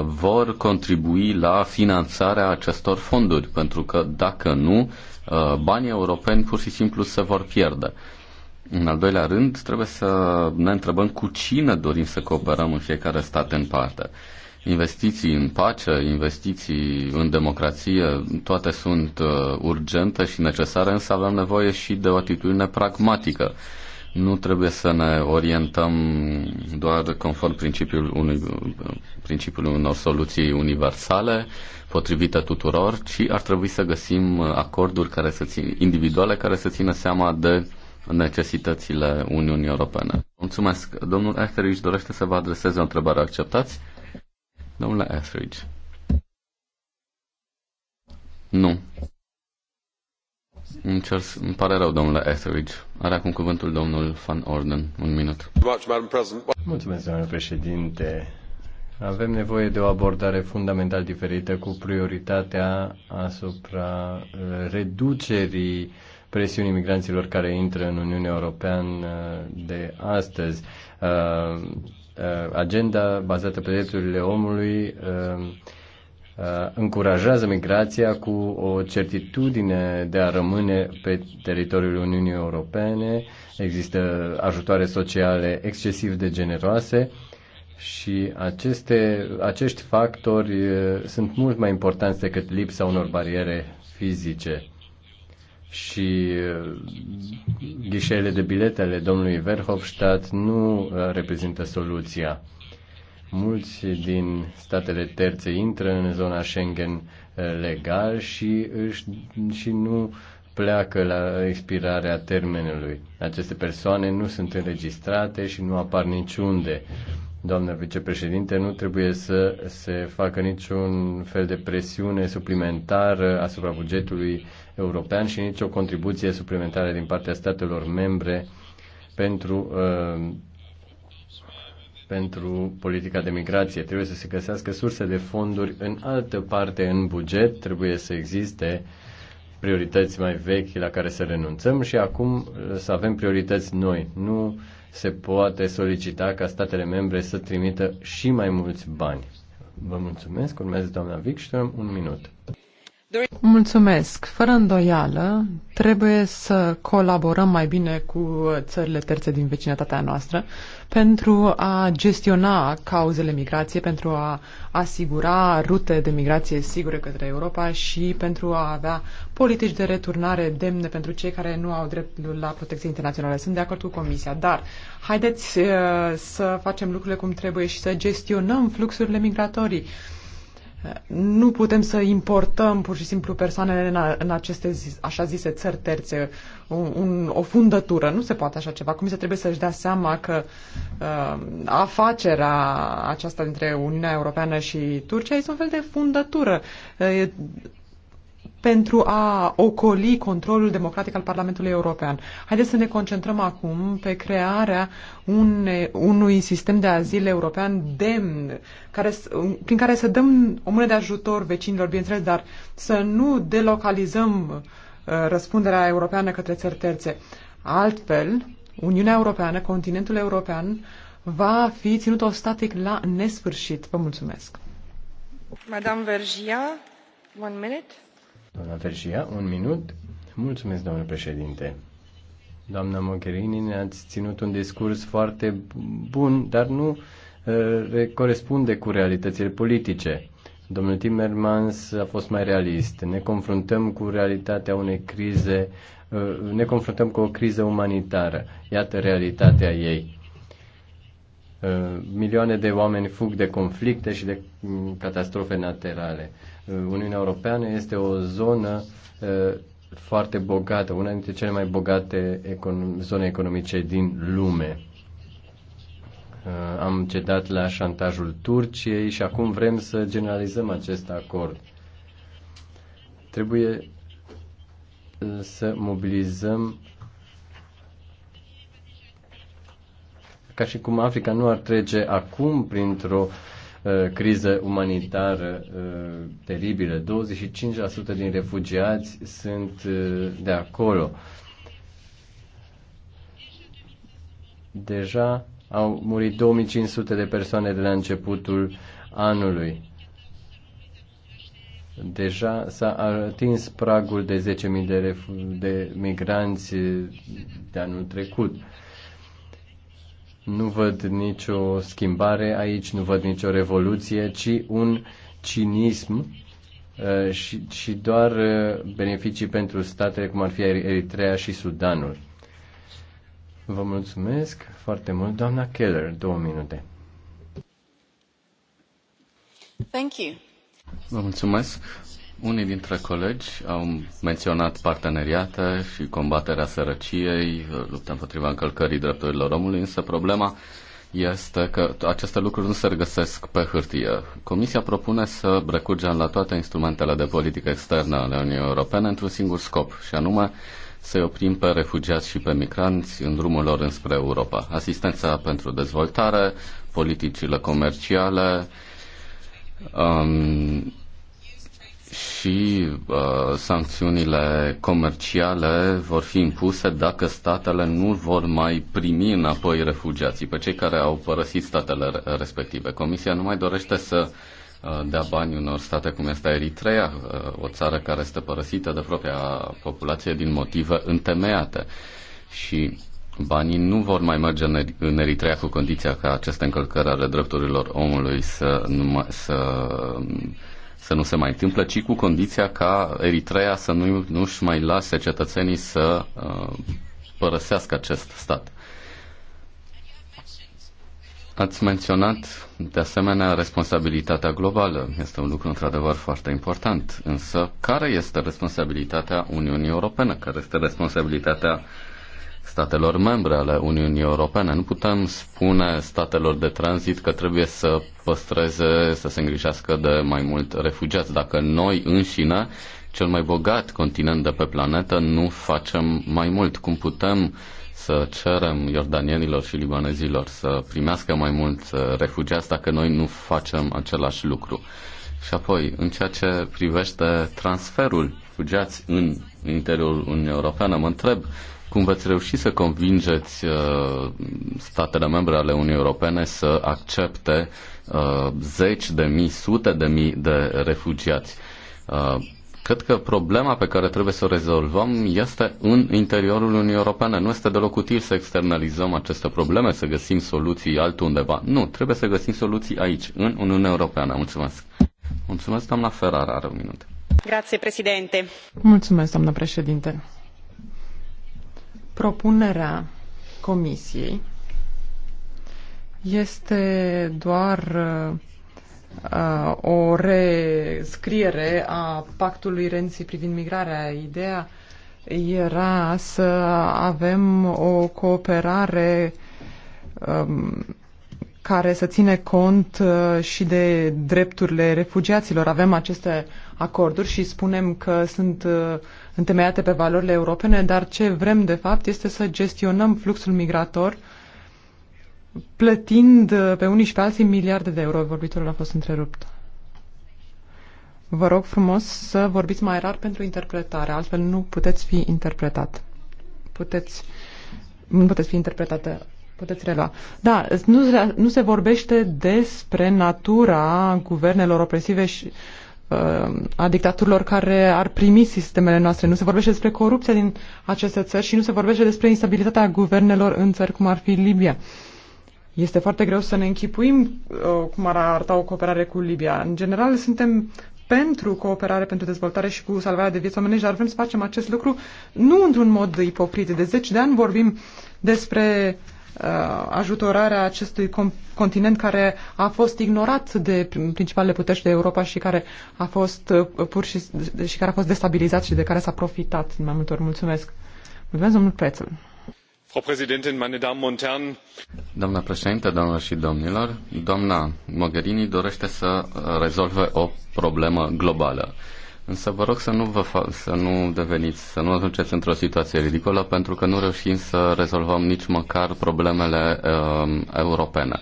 [SPEAKER 1] vor contribui la finanțarea acestor fonduri, pentru că dacă nu, banii europeni pur și simplu se vor pierde. În al doilea rând, trebuie să ne întrebăm cu cine dorim să cooperăm în fiecare stat în parte. Investiții în pace, investiții în democrație, toate sunt uh, urgente și necesare, însă avem nevoie și de o atitudine pragmatică. Nu trebuie să ne orientăm doar conform principiul unui, principiul unor soluții universale, potrivite tuturor, ci ar trebui să găsim uh, acorduri care să țin, individuale care să țină seama de uh, necesitățile Uniunii Europene. Mulțumesc. Domnul Etheridge dorește să vă adreseze o întrebare. Acceptați? Domnule Etheridge. Nu. Îmi, cer, îmi pare rău, domnule Etheridge. Are acum cuvântul domnul Van Orden. Un minut.
[SPEAKER 2] Mulțumesc, domnule președinte. Avem nevoie de o abordare fundamental diferită cu prioritatea asupra uh, reducerii presiunii migranților care intră în Uniunea Europeană de astăzi. Uh, uh, agenda bazată pe drepturile omului uh, încurajează migrația cu o certitudine de a rămâne pe teritoriul Uniunii Europene. Există ajutoare sociale excesiv de generoase și aceste, acești factori sunt mult mai importanți decât lipsa unor bariere fizice și uh, ghișeele de bilete ale domnului Verhofstadt nu uh, reprezintă soluția. Mulți din statele terțe intră în zona Schengen uh, legal și, își, și nu pleacă la expirarea termenului. Aceste persoane nu sunt înregistrate și nu apar niciunde. Doamnă vicepreședinte, nu trebuie să se facă niciun fel de presiune suplimentară asupra bugetului european și nicio contribuție suplimentară din partea statelor membre pentru, uh, pentru politica de migrație. Trebuie să se găsească surse de fonduri în altă parte în buget, trebuie să existe priorități mai vechi la care să renunțăm și acum uh, să avem priorități noi. Nu se poate solicita ca statele membre să trimită și mai mulți bani. Vă mulțumesc. Urmează doamna Wikström, un minut.
[SPEAKER 4] Mulțumesc. Fără îndoială, trebuie să colaborăm mai bine cu țările terțe din vecinătatea noastră pentru a gestiona cauzele migrației, pentru a asigura rute de migrație sigure către Europa și pentru a avea politici de returnare demne pentru cei care nu au dreptul la protecție internațională. Sunt de acord cu Comisia, dar haideți uh, să facem lucrurile cum trebuie și să gestionăm fluxurile migratorii nu putem să importăm pur și simplu persoanele în, a, în aceste zi, așa zise țări terțe, un, un, o fundătură. Nu se poate așa ceva. Comisia trebuie să-și dea seama că uh, afacerea aceasta dintre Uniunea Europeană și Turcia este un fel de fundătură. Uh, pentru a ocoli controlul democratic al Parlamentului European. Haideți să ne concentrăm acum pe crearea une, unui sistem de azil european demn, care, prin care să dăm o mână de ajutor vecinilor, bineînțeles, dar să nu delocalizăm uh, răspunderea europeană către țări terțe. Altfel, Uniunea Europeană, continentul european, va fi ținut static la nesfârșit. Vă mulțumesc. Madame Vergia, one minute.
[SPEAKER 2] Doamna Vergia, un minut. Mulțumesc, domnule președinte. Doamna Mogherini, ne-ați ținut un discurs foarte bun, dar nu uh, corespunde cu realitățile politice. Domnul Timmermans a fost mai realist. Ne confruntăm cu realitatea unei crize, uh, ne confruntăm cu o criză umanitară. Iată realitatea ei. Uh, milioane de oameni fug de conflicte și de mm, catastrofe naturale. Uh, Uh, Uniunea Europeană este o zonă uh, foarte bogată, una dintre cele mai bogate zone economice din lume. Uh, am cedat la șantajul Turciei și acum vrem să generalizăm acest acord. Trebuie să mobilizăm ca și cum Africa nu ar trece acum printr-o Uh, criză umanitară uh, teribilă. 25% din refugiați sunt uh, de acolo. Deja au murit 2500 de persoane de la începutul anului. Deja s-a atins pragul de 10.000 de, de migranți de anul trecut. Uh, nu văd nicio schimbare aici, nu văd nicio revoluție, ci un cinism uh, și, și doar uh, beneficii pentru statele cum ar fi Eritrea și Sudanul. Vă mulțumesc foarte mult, doamna Keller, două minute.
[SPEAKER 5] Thank you.
[SPEAKER 1] Vă mulțumesc. Unii dintre colegi au menționat parteneriate și combaterea sărăciei, lupta împotriva încălcării drepturilor omului, însă problema este că aceste lucruri nu se regăsesc pe hârtie. Comisia propune să recurgem la toate instrumentele de politică externă ale Uniunii Europene într-un singur scop, și anume să-i oprim pe refugiați și pe migranți în drumul lor înspre Europa. Asistența pentru dezvoltare, politicile comerciale, um, și uh, sancțiunile comerciale vor fi impuse dacă statele nu vor mai primi înapoi refugiații pe cei care au părăsit statele respective. Comisia nu mai dorește să uh, dea bani unor state cum este Eritrea, uh, o țară care este părăsită de propria populație din motive întemeiate. Și banii nu vor mai merge în Eritrea cu condiția ca aceste încălcări ale drepturilor omului să, numai, să să nu se mai întâmplă, ci cu condiția ca Eritrea să nu, nu-și mai lase cetățenii să uh, părăsească acest stat. Ați menționat, de asemenea, responsabilitatea globală. Este un lucru, într-adevăr, foarte important. Însă, care este responsabilitatea Uniunii Europene? Care este responsabilitatea statelor membre ale Uniunii Europene. Nu putem spune statelor de tranzit că trebuie să păstreze, să se îngrijească de mai mult refugiați. Dacă noi înșine, cel mai bogat continent de pe planetă, nu facem mai mult. Cum putem să cerem iordanienilor și libanezilor să primească mai mulți uh, refugiați dacă noi nu facem același lucru? Și apoi, în ceea ce privește transferul refugiați în interiorul Uniunii Europeană, mă întreb cum veți reuși să convingeți uh, statele membre ale Uniunii Europene să accepte uh, zeci de mii, sute de mii de refugiați. Uh, cred că problema pe care trebuie să o rezolvăm este în interiorul Uniunii Europene. Nu este deloc util să externalizăm aceste probleme, să găsim soluții altundeva. Nu, trebuie să găsim soluții aici, în Uniunea Europeană. Mulțumesc. Mulțumesc, doamna Ferrara, are un minut.
[SPEAKER 4] Grazie, președinte. Mulțumesc, doamna președinte Propunerea Comisiei este doar uh, o rescriere a pactului Renții privind migrarea. Ideea era să avem o cooperare um, care să ține cont uh, și de drepturile refugiaților. Avem aceste acorduri și spunem că sunt uh, întemeiate pe valorile europene, dar ce vrem de fapt este să gestionăm fluxul migrator plătind uh, pe unii și pe alții miliarde de euro. Vorbitorul a fost întrerupt. Vă rog frumos să vorbiți mai rar pentru interpretare, altfel nu puteți fi interpretat. Puteți, nu puteți fi interpretată. Puteți relua. Da, nu, nu se vorbește despre natura guvernelor opresive și uh, Uh, a dictaturilor care ar primi sistemele noastre. Nu se vorbește despre corupția din aceste țări și nu se vorbește despre instabilitatea guvernelor în țări cum ar fi Libia. Este foarte greu să ne închipuim uh, cum ar arăta o cooperare cu Libia. În general, suntem pentru cooperare, pentru dezvoltare și cu salvarea de vieți omenești, dar vrem să facem acest lucru nu într-un mod ipocrit. De zeci de ani vorbim despre Uh, ajutorarea acestui continent care a fost ignorat de principalele puteri de Europa și care a fost uh, pur și, și care a fost destabilizat și de care s-a profitat în mai multe ori. Mulțumesc. Mulțumesc, domnul Prețel.
[SPEAKER 1] Doamna președinte, doamnelor și domnilor, doamna Mogherini dorește să rezolve o problemă globală. Însă vă rog să nu, vă fa- să nu deveniți, să nu ajungeți într-o situație ridicolă, pentru că nu reușim să rezolvăm nici măcar problemele uh, europene.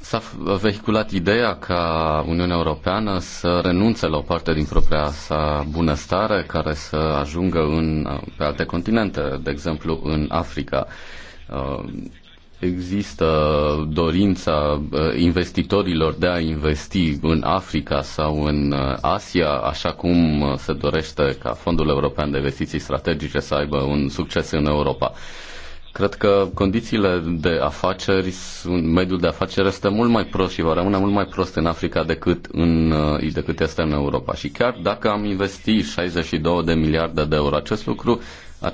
[SPEAKER 1] S-a vehiculat ideea ca Uniunea Europeană să renunțe la o parte din propria sa bunăstare care să ajungă în, pe alte continente, de exemplu în Africa. Uh, există dorința uh, investitorilor de a investi în Africa sau în uh, Asia, așa cum uh, se dorește ca Fondul European de Investiții Strategice să aibă un succes în Europa. Cred că condițiile de afaceri, mediul de afaceri este mult mai prost și va rămâne mult mai prost în Africa decât, în, decât este în Europa. Și chiar dacă am investi 62 de miliarde de euro, acest lucru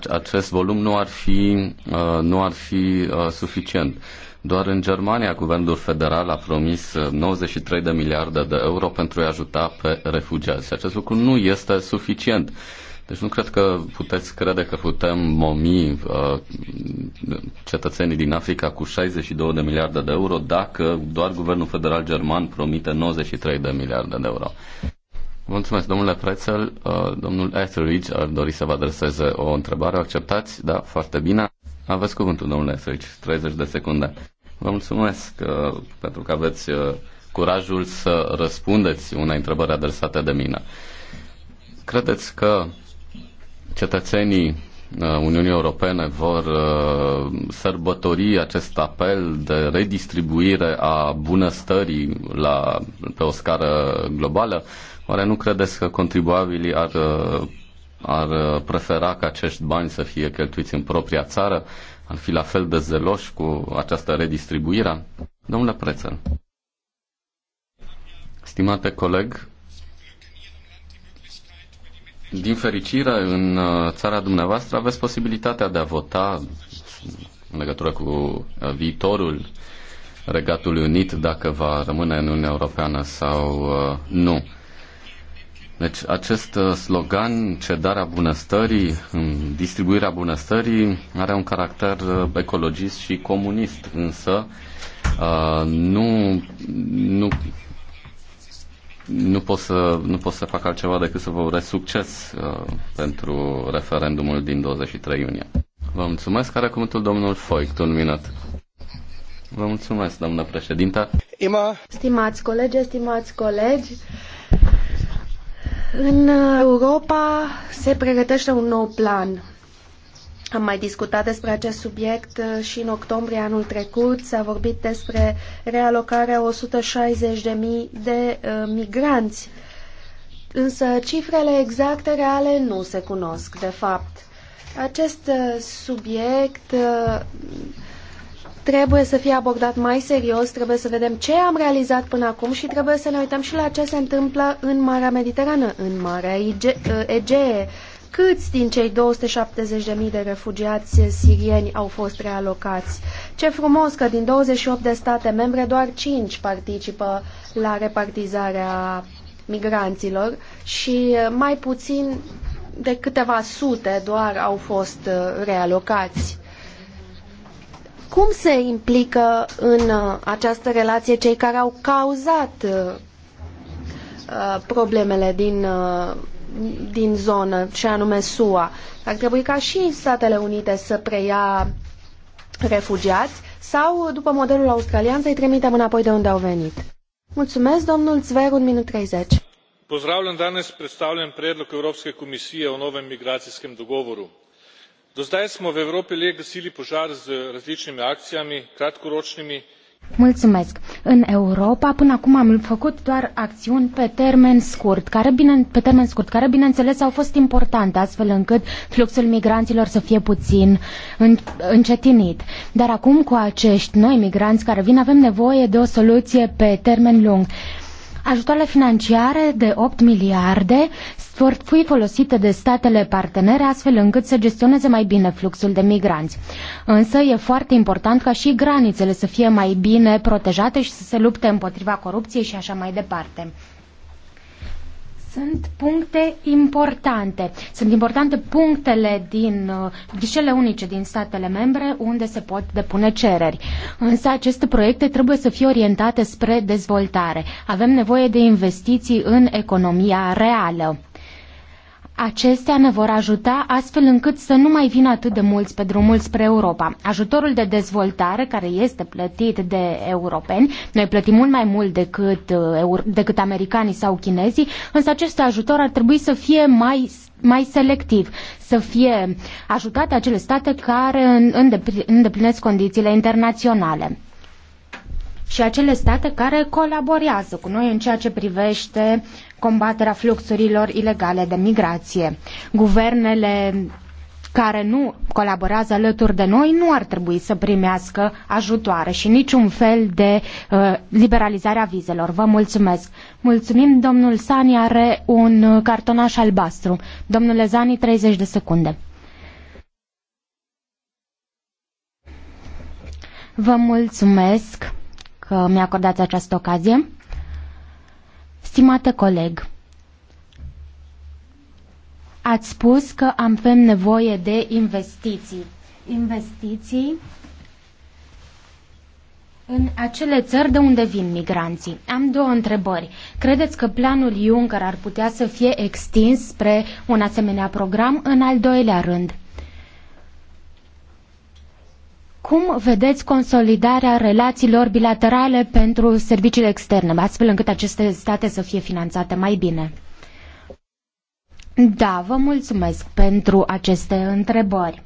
[SPEAKER 1] acest volum nu ar fi, uh, nu ar fi uh, suficient. Doar în Germania, guvernul federal a promis 93 uh, de miliarde de euro pentru a ajuta pe refugiați. Și acest lucru nu este suficient. Deci nu cred că puteți crede că putem momi uh, cetățenii din Africa cu 62 de miliarde de euro dacă doar guvernul federal german promite 93 de miliarde de euro. Mulțumesc, domnule Prețel. Uh, domnul Etheridge ar dori să vă adreseze o întrebare. O acceptați? Da, foarte bine. Aveți cuvântul, domnule Etheridge, 30 de secunde. Vă mulțumesc uh, pentru că aveți uh, curajul să răspundeți unei întrebări adresate de mine. Credeți că cetățenii Uniunii Europene vor sărbători acest apel de redistribuire a bunăstării la, pe o scară globală? Oare nu credeți că contribuabilii ar, uh, ar uh, prefera ca acești bani să fie cheltuiți în propria țară? Ar fi la fel de zeloși cu această redistribuire? Domnule Prețel, stimate coleg, din fericire, în uh, țara dumneavoastră aveți posibilitatea de a vota în legătură cu viitorul Regatului Unit, dacă va rămâne în Uniunea Europeană sau nu. Deci acest uh, slogan, cedarea bunăstării, distribuirea bunăstării, are un caracter uh, ecologist și comunist, însă uh, nu, nu, nu, pot să, nu pot să fac altceva decât să vă urez succes pentru referendumul din 23 iunie. Vă mulțumesc. Are cuvântul domnul Foict, un minut. Vă mulțumesc, doamnă președintă.
[SPEAKER 6] Stimați colegi, stimați colegi, în Europa se pregătește un nou plan. Am mai discutat despre acest subiect uh, și în octombrie anul trecut s-a vorbit despre realocarea 160.000 de uh, migranți. Însă cifrele exacte reale nu se cunosc, de fapt. Acest uh, subiect trebuie să fie abordat mai serios, trebuie să vedem ce am realizat până acum și trebuie să ne uităm și la ce se întâmplă în Marea Mediterană, în Marea uh, Egee. Câți din cei 270.000 de refugiați sirieni au fost realocați? Ce frumos că din 28 de state membre doar 5 participă la repartizarea migranților și uh, mai puțin de câteva sute doar au fost uh, realocați cum se implică în uh, această relație cei care au cauzat uh, uh, problemele din, din zonă, și anume SUA. Ar trebui ca și Statele Unite să preia refugiați sau, după modelul australian, să-i trimitem înapoi de unde au venit. Mulțumesc, domnul Zver, un minut 30.
[SPEAKER 5] Pozdravljam danes predstavljen predlog Evropske komisije o novem migracijskem dogovoru do zdaj smo v evropi le gasili požar z različnimi akcijami kratkoročnimi.
[SPEAKER 3] Mulțumesc. În Europa până acum am făcut doar acțiuni pe termen scurt, care bine, pe termen scurt, care bineînțeles au fost importante, astfel încât fluxul migranților să fie puțin în, încetinit. Dar acum cu acești noi migranți care vin avem nevoie de o soluție pe termen lung. Uh, Ajutoarele financiare de 8 miliarde vor fi folosite de statele partenere astfel încât să gestioneze mai bine fluxul de migranți. Însă e foarte important ca și granițele să fie mai bine protejate și să se lupte împotriva corupției și așa mai departe. Sunt puncte importante. Sunt importante punctele din uh, ghișele unice din statele membre unde se pot depune cereri. Însă aceste proiecte trebuie să fie orientate spre dezvoltare. Avem nevoie de investiții în economia reală. Acestea ne vor ajuta astfel încât să nu mai vină atât de mulți pe drumul spre Europa. Ajutorul de dezvoltare, care este plătit de europeni, noi plătim mult mai mult decât, uh, decât americanii sau chinezii, însă acest ajutor ar trebui să fie mai mai selectiv, să fie ajutate acele state care îndeplinesc condițiile internaționale și acele state care colaborează cu noi în ceea ce privește combaterea fluxurilor ilegale de migrație. Guvernele care nu colaborează alături de noi nu ar trebui să primească ajutoare și niciun fel de uh, liberalizare a vizelor. Vă mulțumesc. Mulțumim, domnul Sani are un cartonaș albastru. Domnule Zani, 30 de secunde. Vă mulțumesc că mi-acordați această ocazie. Stimată coleg, ați spus că avem nevoie de investiții. Investiții în acele țări de unde vin migranții. Am două întrebări. Credeți că planul Juncker ar putea să fie extins spre un asemenea program? În al doilea rând, cum vedeți consolidarea relațiilor bilaterale pentru serviciile externe, astfel încât aceste state să fie finanțate mai bine? Da, vă mulțumesc pentru aceste întrebări.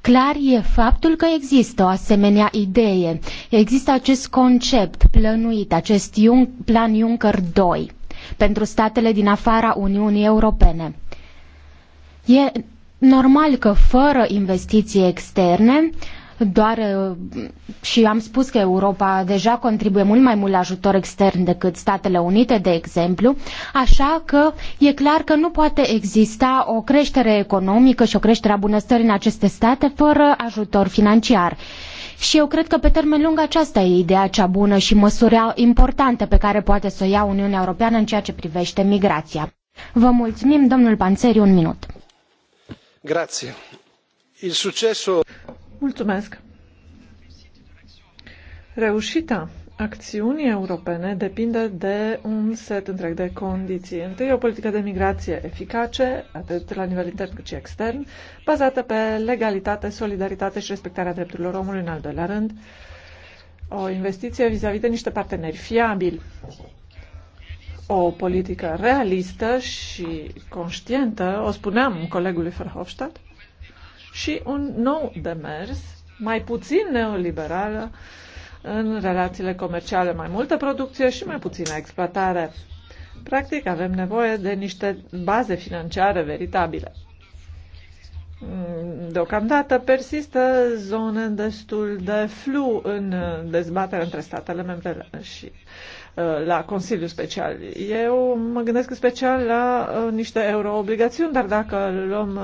[SPEAKER 3] Clar e faptul că există o asemenea idee, există acest concept plănuit, acest plan Juncker 2 pentru statele din afara Uniunii Europene. E normal că fără investiții externe, uh, doar uh, și am spus că Europa deja contribuie mult mai mult la ajutor extern decât Statele Unite, de exemplu, așa că e clar că nu poate exista o creștere economică și o creștere a bunăstării în aceste state fără ajutor financiar. Și eu cred că pe termen lung aceasta e ideea cea bună și măsura importantă pe care poate să o ia Uniunea Europeană în ceea ce privește migrația. Vă mulțumim, domnul Panțeri, un minut.
[SPEAKER 5] Grazie. Il successo Mulțumesc! Reușita acțiunii europene depinde de un set întreg de condiții. Întâi, o politică de migrație eficace, atât la nivel intern cât și extern, bazată pe legalitate, solidaritate și respectarea drepturilor omului, în al doilea rând, o investiție vis-a-vis -vis de niște parteneri fiabili, o politică realistă și conștientă, o spuneam colegului Verhofstadt, și un nou demers, mai puțin neoliberală, în relațiile comerciale, mai multă producție și mai puțină exploatare. Practic, avem nevoie de niște baze financiare veritabile. Deocamdată persistă zone destul de flu în dezbaterea între statele membre și uh, Uh, la Consiliu Special. Eu mă gândesc special la uh, niște euroobligațiuni, dar dacă luăm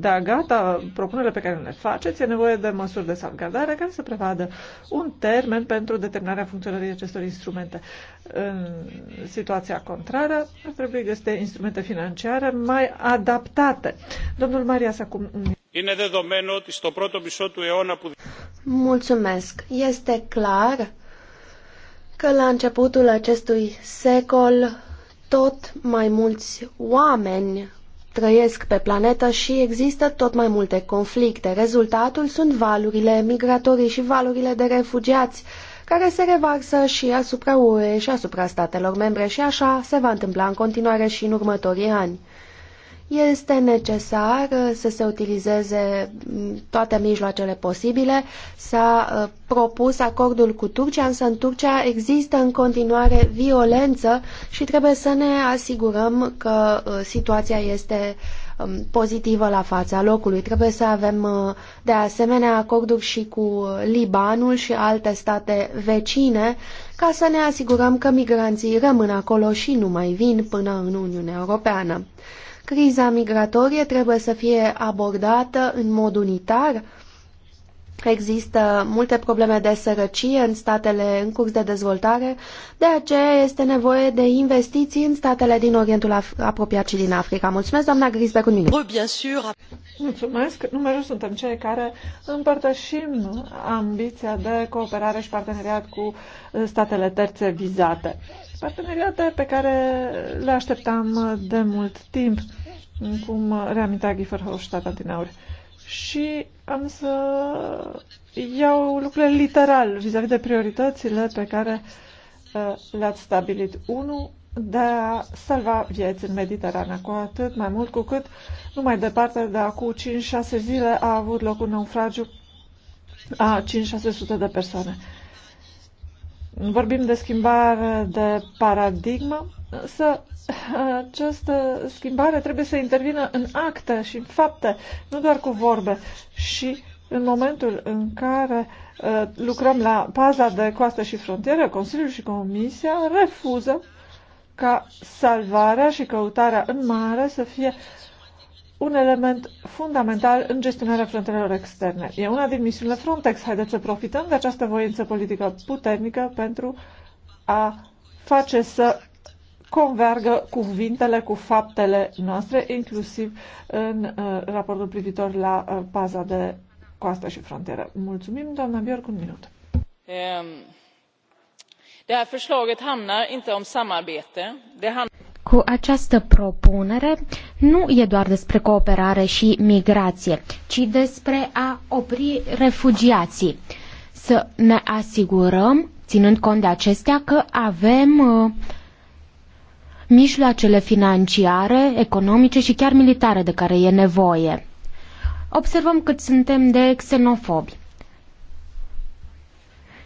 [SPEAKER 5] da gata propunerile pe care le faceți, e nevoie de măsuri de salvgardare care să prevadă un termen pentru determinarea funcționării acestor instrumente. În situația contrară, ar trebui găsite instrumente financiare mai adaptate. Domnul Marias, acum...
[SPEAKER 6] Mulțumesc. Este clar că la începutul acestui secol tot mai mulți oameni trăiesc pe planetă și există tot mai multe conflicte. Rezultatul sunt valurile migratorii și valurile de refugiați care se revarsă și asupra UE și asupra statelor membre și așa se va întâmpla în continuare și în următorii ani. Este necesar uh, să se utilizeze mm, toate mijloacele posibile. S-a uh, propus acordul cu Turcia, însă în Turcia există în continuare violență și trebuie să ne asigurăm că uh, situația este um, pozitivă la fața locului. Trebuie să avem de asemenea acorduri și cu Libanul și alte state vecine ca să ne asigurăm că migranții rămân acolo și nu mai vin până în Uniunea Europeană. Criza migratorie trebuie să fie abordată în mod unitar. Există multe probleme de sărăcie în statele în curs de dezvoltare, de aceea este nevoie de investiții în statele din Orientul Af- apropiat și din Africa. Mulțumesc, doamna Grisbeck, un minut.
[SPEAKER 4] Oh, Mulțumesc.
[SPEAKER 5] Numeroși suntem cei care împărtășim ambiția de cooperare și parteneriat cu statele terțe vizate. Parteneriate pe care le așteptam de mult timp, cum reamintea Gifford Hofstadt adineauri. Și am să iau lucrurile literal vis-a-vis -vis de prioritățile pe care uh, le-ați stabilit. unu, de a salva vieți în Mediterana, cu atât mai mult cu cât nu mai departe de acum 5-6 zile a avut loc un naufragiu a 5-600 de persoane vorbim de schimbare de paradigmă, să această schimbare trebuie să intervină în acte și în fapte, nu doar cu vorbe. Și în momentul în care uh, lucrăm la paza de coastă și frontieră, Consiliul și Comisia refuză ca salvarea și căutarea în mare să fie un element fundamental în gestionarea frontierelor externe. E una din misiunile Frontex. Haideți să profităm de această voință politică puternică pentru a face să convergă cuvintele cu faptele noastre, inclusiv în uh, raportul privitor la uh, paza de coastă și frontieră. Mulțumim, doamna Bjork, un minut. Um, det här förslaget handlar inte om samarbete. Det handlar
[SPEAKER 3] cu această propunere nu e doar despre cooperare și migrație, ci despre a opri refugiații. Să ne asigurăm, ținând cont de acestea, că avem uh, mijloacele financiare, economice și chiar militare de care e nevoie. Observăm cât suntem de xenofobi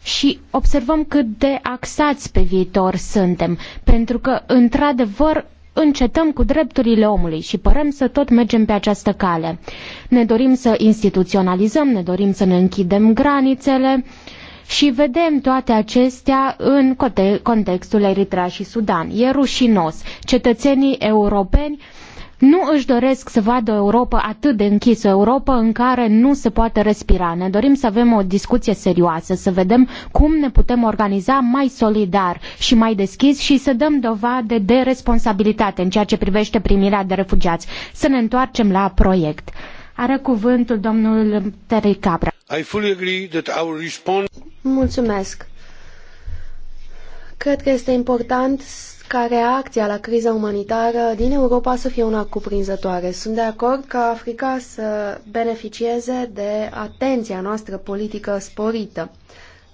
[SPEAKER 3] și observăm cât de axați pe viitor suntem, pentru că, într-adevăr, încetăm cu drepturile omului și părem să tot mergem pe această cale. Ne dorim să instituționalizăm, ne dorim să ne închidem granițele și vedem toate acestea în contextul Eritrea și Sudan. E rușinos. Cetățenii europeni nu își doresc să vadă o Europa atât de închisă, o Europa în care nu se poate respira. Ne dorim să avem o discuție serioasă, să vedem cum ne putem organiza mai solidar și mai deschis și să dăm dovadă de responsabilitate în ceea ce privește primirea de refugiați. Să ne întoarcem la proiect. Are cuvântul domnul Terry Capra.
[SPEAKER 2] I fully agree that our response...
[SPEAKER 3] Mulțumesc.
[SPEAKER 6] Cred că este important ca reacția la criza umanitară din Europa să fie una cuprinzătoare. Sunt de acord ca Africa să beneficieze de atenția noastră politică sporită.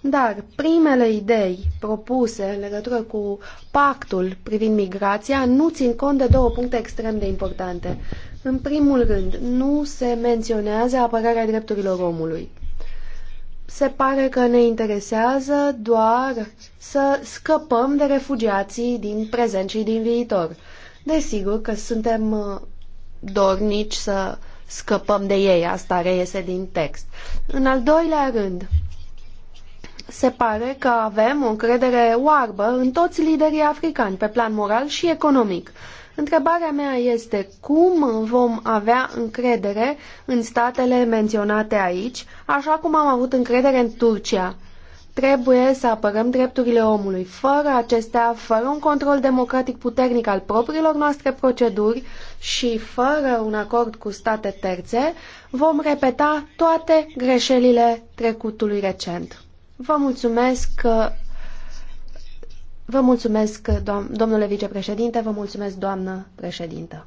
[SPEAKER 6] Dar primele idei propuse în legătură cu pactul privind migrația nu țin cont de două puncte extrem de importante. În primul rând, nu se menționează apărarea drepturilor omului se pare că ne interesează doar să scăpăm de refugiații din prezent și din viitor. Desigur că suntem uh, dornici să scăpăm de ei, asta reiese din text. În al doilea rând, se pare că avem o încredere oarbă în toți liderii africani, pe plan moral și economic. Întrebarea mea este cum vom avea încredere în statele menționate aici, așa cum am avut încredere în Turcia. Trebuie să apărăm drepturile omului. Fără acestea, fără un control democratic puternic al propriilor noastre proceduri și fără un acord cu state terțe, vom repeta toate greșelile trecutului recent. Vă mulțumesc Vă mulțumesc, domnule vicepreședinte, vă mulțumesc, doamnă președintă.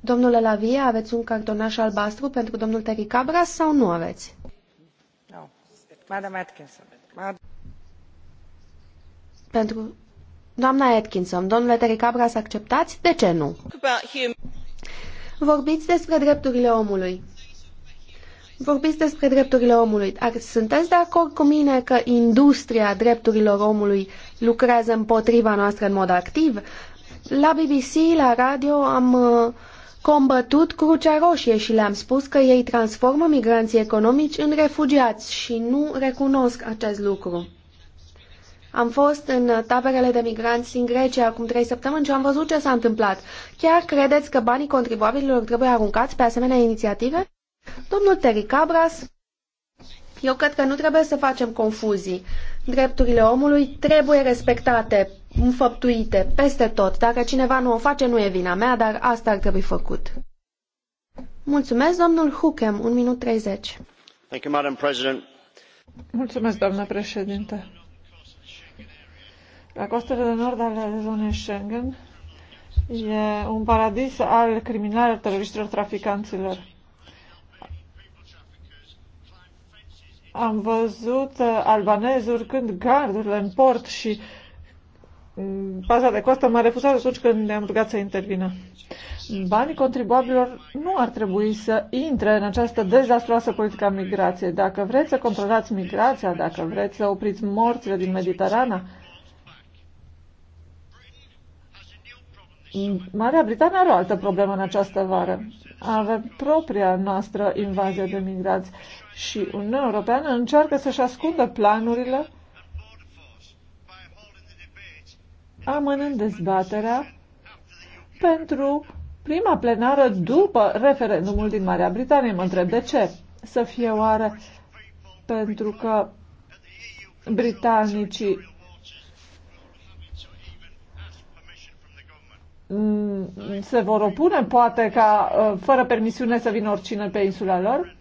[SPEAKER 6] Domnule Lavie, aveți un cartonaș albastru pentru domnul Terry Cabras sau nu aveți?
[SPEAKER 5] Nu. Madame Atkinson. Mad
[SPEAKER 6] Pentru doamna Atkinson, domnule Terry Cabras, acceptați? De ce nu? Vorbiți despre drepturile omului. Vorbiți despre drepturile omului. sunteți de acord cu mine că industria drepturilor omului lucrează împotriva noastră în mod activ? La BBC, la radio, am uh, combătut Crucea Roșie și le-am spus că ei transformă migranții economici în refugiați și nu recunosc acest lucru. Am fost în taberele de migranți din Grecia acum trei săptămâni și am văzut ce s-a întâmplat. Chiar credeți că banii contribuabililor trebuie aruncați pe asemenea inițiative? Domnul Terry Cabras, eu cred că nu trebuie să facem confuzii. Drepturile omului trebuie respectate, înfăptuite, peste tot. Dacă cineva nu o face, nu e vina mea, dar asta ar trebui făcut. Mulțumesc, domnul Hukem, un minut 30. Thank you, Madam President. Mulțumesc, doamnă președinte. La costele de
[SPEAKER 5] nord ale zonei Schengen e un paradis al criminalilor, teroriștilor, traficanților Am văzut uh, albanezuri când gardurile în port și paza mm, de coastă m-a refuzat atunci când ne-am rugat să intervină. Banii contribuabilor nu ar trebui să intre în această dezastroasă politică a migrației. Dacă vreți să controlați migrația, dacă vreți să opriți morțile din Mediterana, Marea Britanie are o altă problemă în această vară. Avem propria noastră invazie de migrați și Uniunea Europeană încearcă să-și ascundă planurile amânând dezbaterea pentru prima plenară după referendumul din Marea Britanie. Mă întreb de ce. Să fie oare pentru că britanicii se vor opune, poate ca uh, fără permisiune să vină oricine pe insula lor?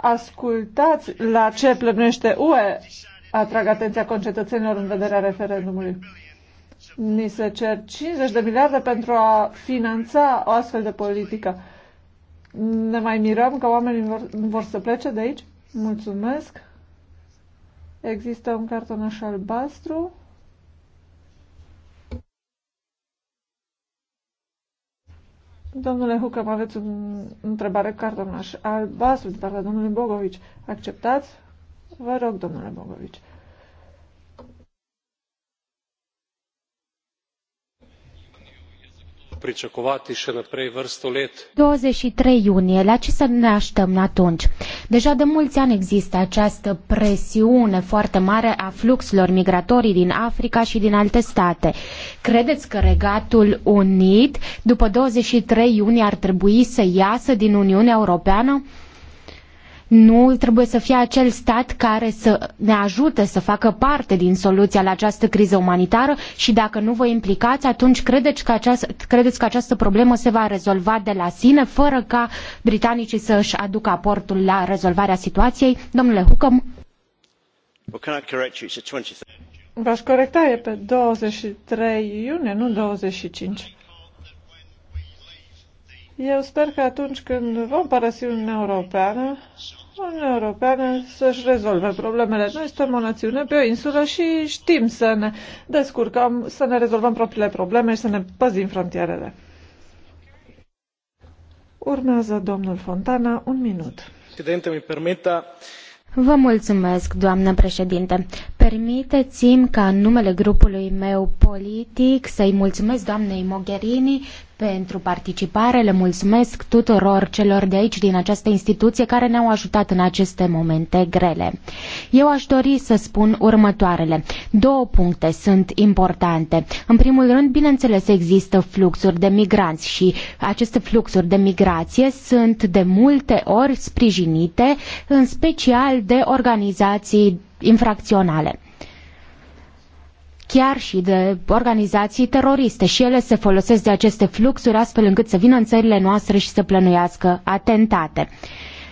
[SPEAKER 5] ascultați la ce plănuiește UE, atrag atenția concetățenilor în vederea referendumului. Ni se cer 50 de miliarde pentru a finanța o astfel de politică. Ne mai mirăm că oamenii vor, vor să plece de aici? Mulțumesc! Există un cartonaș albastru. Domnule Hucăm, aveți o întrebare cartonaș albastru de partea domnului Bogovici. Acceptați? Vă rog, domnule Bogovici.
[SPEAKER 4] pričakovati še naprej vrsto let.
[SPEAKER 3] 23 iunie, la ce să ne așteptăm atunci? Deja de mulți ani există această presiune foarte mare a fluxurilor migratorii din Africa și din alte state. Credeți că Regatul Unit, după 23 iunie, ar trebui să iasă din Uniunea Europeană? Nu trebuie să fie acel stat care să ne ajute să facă parte din soluția la această criză umanitară și dacă nu vă implicați, atunci credeți că, această, credeți că această problemă se va rezolva de la sine, fără ca britanicii să își aducă aportul la rezolvarea situației? Domnule Hucăm? V-aș corecta,
[SPEAKER 5] e pe 23 iunie, nu 25. Eu sper că atunci când vom părăsi Uniunea Europeană, Uniunea Europeană să-și rezolve problemele. Noi suntem o națiune pe o insulă și știm să ne descurcăm, să ne rezolvăm propriile probleme și să ne păzim frontierele. Urmează
[SPEAKER 3] domnul Fontana, un minut.
[SPEAKER 5] Președinte, mi
[SPEAKER 3] Vă mulțumesc, doamnă președinte. Permiteți-mi ca în numele grupului meu politic să-i mulțumesc doamnei Mogherini pentru participare, le mulțumesc tuturor celor de aici, din această instituție, care ne-au ajutat în aceste momente grele. Eu aș dori să spun următoarele. Două puncte sunt importante. În primul rând, bineînțeles, există fluxuri de migranți și aceste fluxuri de migrație sunt de multe ori sprijinite, în special de organizații infracționale chiar și de organizații teroriste și ele se folosesc de aceste fluxuri astfel încât să vină în țările noastre și să plănuiască atentate.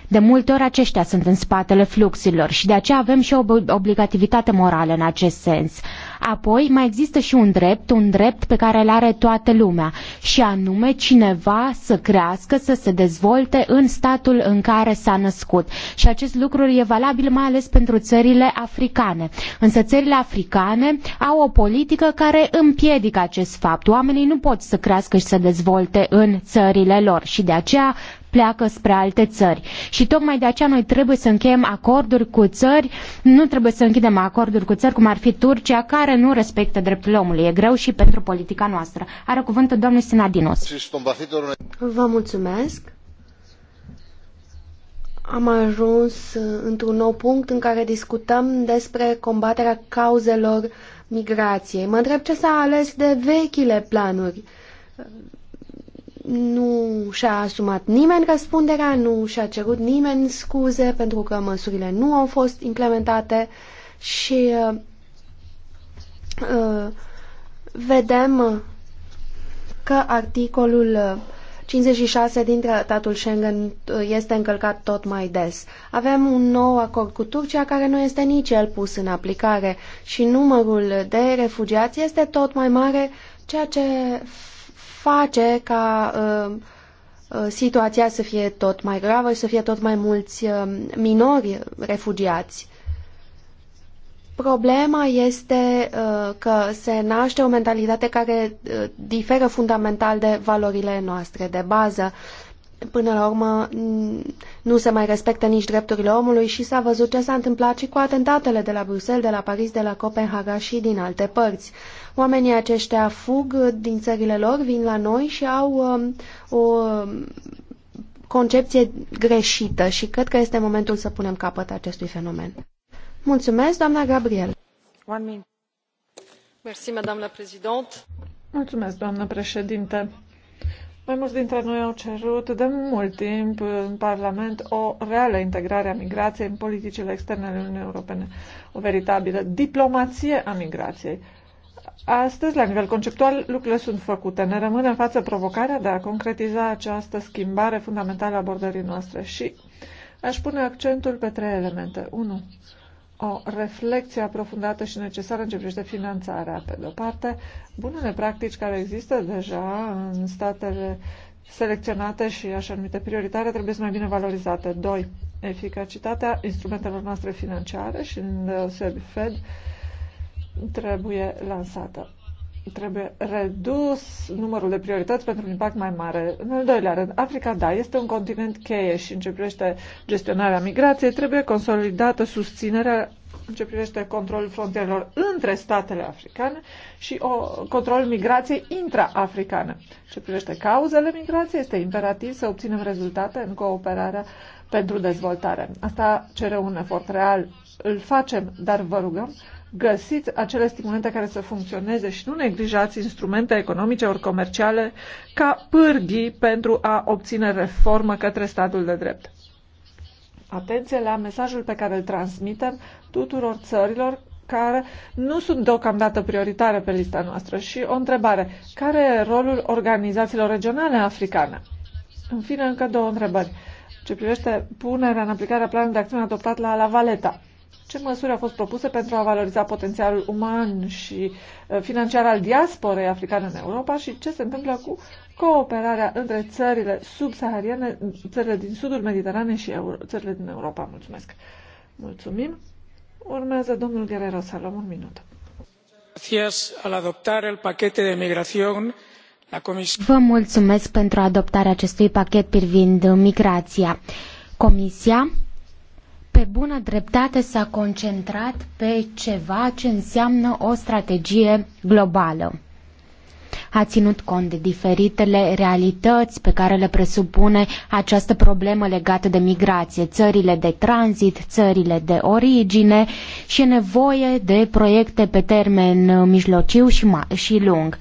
[SPEAKER 3] De multe ori aceștia sunt în spatele fluxurilor și de aceea avem și o obligativitate morală în acest sens. Apoi mai există și un drept, un drept pe care îl are toată lumea și anume cineva să crească, să se dezvolte în statul în care s-a născut. Și acest lucru e valabil mai ales pentru țările africane. Însă țările africane au o politică care împiedică acest fapt. Oamenii nu pot să crească și să dezvolte în țările lor și de aceea pleacă spre alte țări. Și tocmai de aceea noi trebuie să încheiem acorduri cu țări, nu trebuie să închidem acorduri cu țări cum ar fi Turcia, care nu respectă drepturile omului. E greu și pentru politica noastră. Are cuvântul domnul Sinadinos. Vă mulțumesc. Am ajuns
[SPEAKER 6] într-un nou punct în care discutăm despre combaterea cauzelor migrației. Mă întreb ce s-a ales de vechile planuri nu și-a asumat nimeni răspunderea, nu și-a cerut nimeni scuze pentru că măsurile nu au fost implementate și uh, uh vedem că articolul 56 din tratatul Schengen uh, este încălcat tot mai des. Avem un nou acord cu Turcia care nu este nici el pus în aplicare și numărul de refugiați este tot mai mare, ceea ce face ca ă, ă, situația să fie tot mai gravă și să fie tot mai mulți ă, minori refugiați. Problema este că se naște o mentalitate care diferă fundamental de valorile noastre de bază. Până la urmă, nu se mai respectă nici drepturile omului și s-a văzut ce s-a întâmplat și cu atentatele de la Bruxelles, de la Paris, de la Copenhaga și din alte părți. Oamenii aceștia fug din țările lor, vin la noi și au um, o um, concepție greșită și cred că este momentul să punem capăt acestui fenomen. Mulțumesc, doamna Gabriel. One minute. Merci, madame la
[SPEAKER 5] Mulțumesc, doamna președinte. Mai mulți dintre noi au cerut de mult timp în Parlament o reală integrare a migrației în politicile externe ale Uniunii Europene, o veritabilă diplomație a migrației. Astăzi, la nivel conceptual, lucrurile sunt făcute. Ne rămâne în față provocarea de a concretiza această schimbare fundamentală a abordării noastre și aș pune accentul pe trei elemente. 1. O reflexie aprofundată și necesară în ce privește finanțarea. Pe de-o parte, bunele practici care există deja în statele selecționate și așa numite prioritare trebuie să mai bine valorizate. 2. Eficacitatea instrumentelor noastre financiare și în Fed trebuie lansată. Trebuie redus numărul de priorități pentru un impact mai mare. În al doilea rând, Africa, da, este un continent cheie și în ce privește gestionarea migrației, trebuie consolidată susținerea în ce privește controlul frontierelor între statele africane și o, controlul migrației intra-africane. În ce privește cauzele migrației, este imperativ să obținem rezultate în cooperarea pentru dezvoltare. Asta cere un efort real. Îl facem, dar vă rugăm găsiți acele stimulente care să funcționeze și nu neglijați instrumente economice ori comerciale ca pârghii pentru a obține reformă către statul de drept. Atenție la mesajul pe care îl transmitem tuturor țărilor care nu sunt deocamdată prioritare pe lista noastră. Și o întrebare, care e rolul organizațiilor regionale africane? În fine, încă două întrebări. Ce privește punerea în aplicare a planului de acțiune adoptat la La Valeta ce măsuri au fost propuse pentru a valoriza potențialul uman și financiar al diasporei africane în Europa și ce se întâmplă cu cooperarea între țările subsahariene, țările din sudul Mediteranei și Euro- țările din Europa? Mulțumesc! Mulțumim! Urmează domnul Guerrero Salom, un minut. Vă
[SPEAKER 3] mulțumesc pentru adoptarea acestui pachet privind migrația. Comisia pe bună dreptate s-a concentrat pe ceva ce înseamnă o strategie globală. A ținut cont de diferitele realități pe care le presupune această problemă legată de migrație, țările de tranzit, țările de origine și nevoie de proiecte pe termen uh, mijlociu și, și lung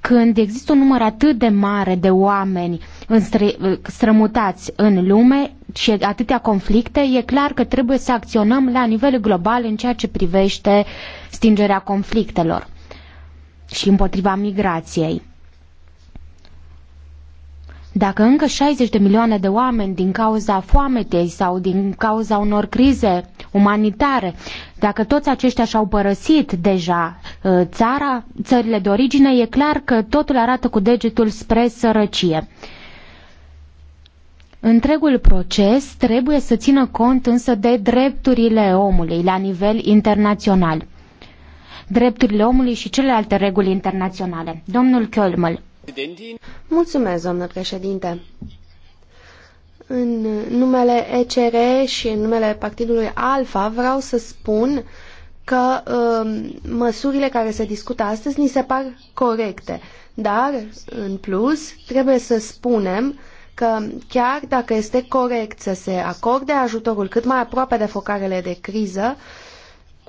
[SPEAKER 3] când există un număr atât de mare de oameni înstră, uh, strămutați în lume, și atâtea conflicte, e clar că trebuie să acționăm la nivel global în ceea ce privește stingerea conflictelor și împotriva migrației. Dacă încă 60 de milioane de oameni din cauza foametei sau din cauza unor crize umanitare, dacă toți aceștia și-au părăsit deja uh, țara, țările de origine, e clar că totul arată cu degetul spre sărăcie. Întregul proces trebuie să țină cont însă de drepturile omului la nivel internațional. Drepturile omului și celelalte reguli internaționale. Domnul Kölmel. Mulțumesc, doamnă președinte.
[SPEAKER 6] În numele ECR și în numele partidului Alfa vreau să spun că uh, măsurile care se discută astăzi ni se par corecte, dar, în plus, trebuie să spunem că chiar dacă este corect să se acorde ajutorul cât mai aproape de focarele de criză,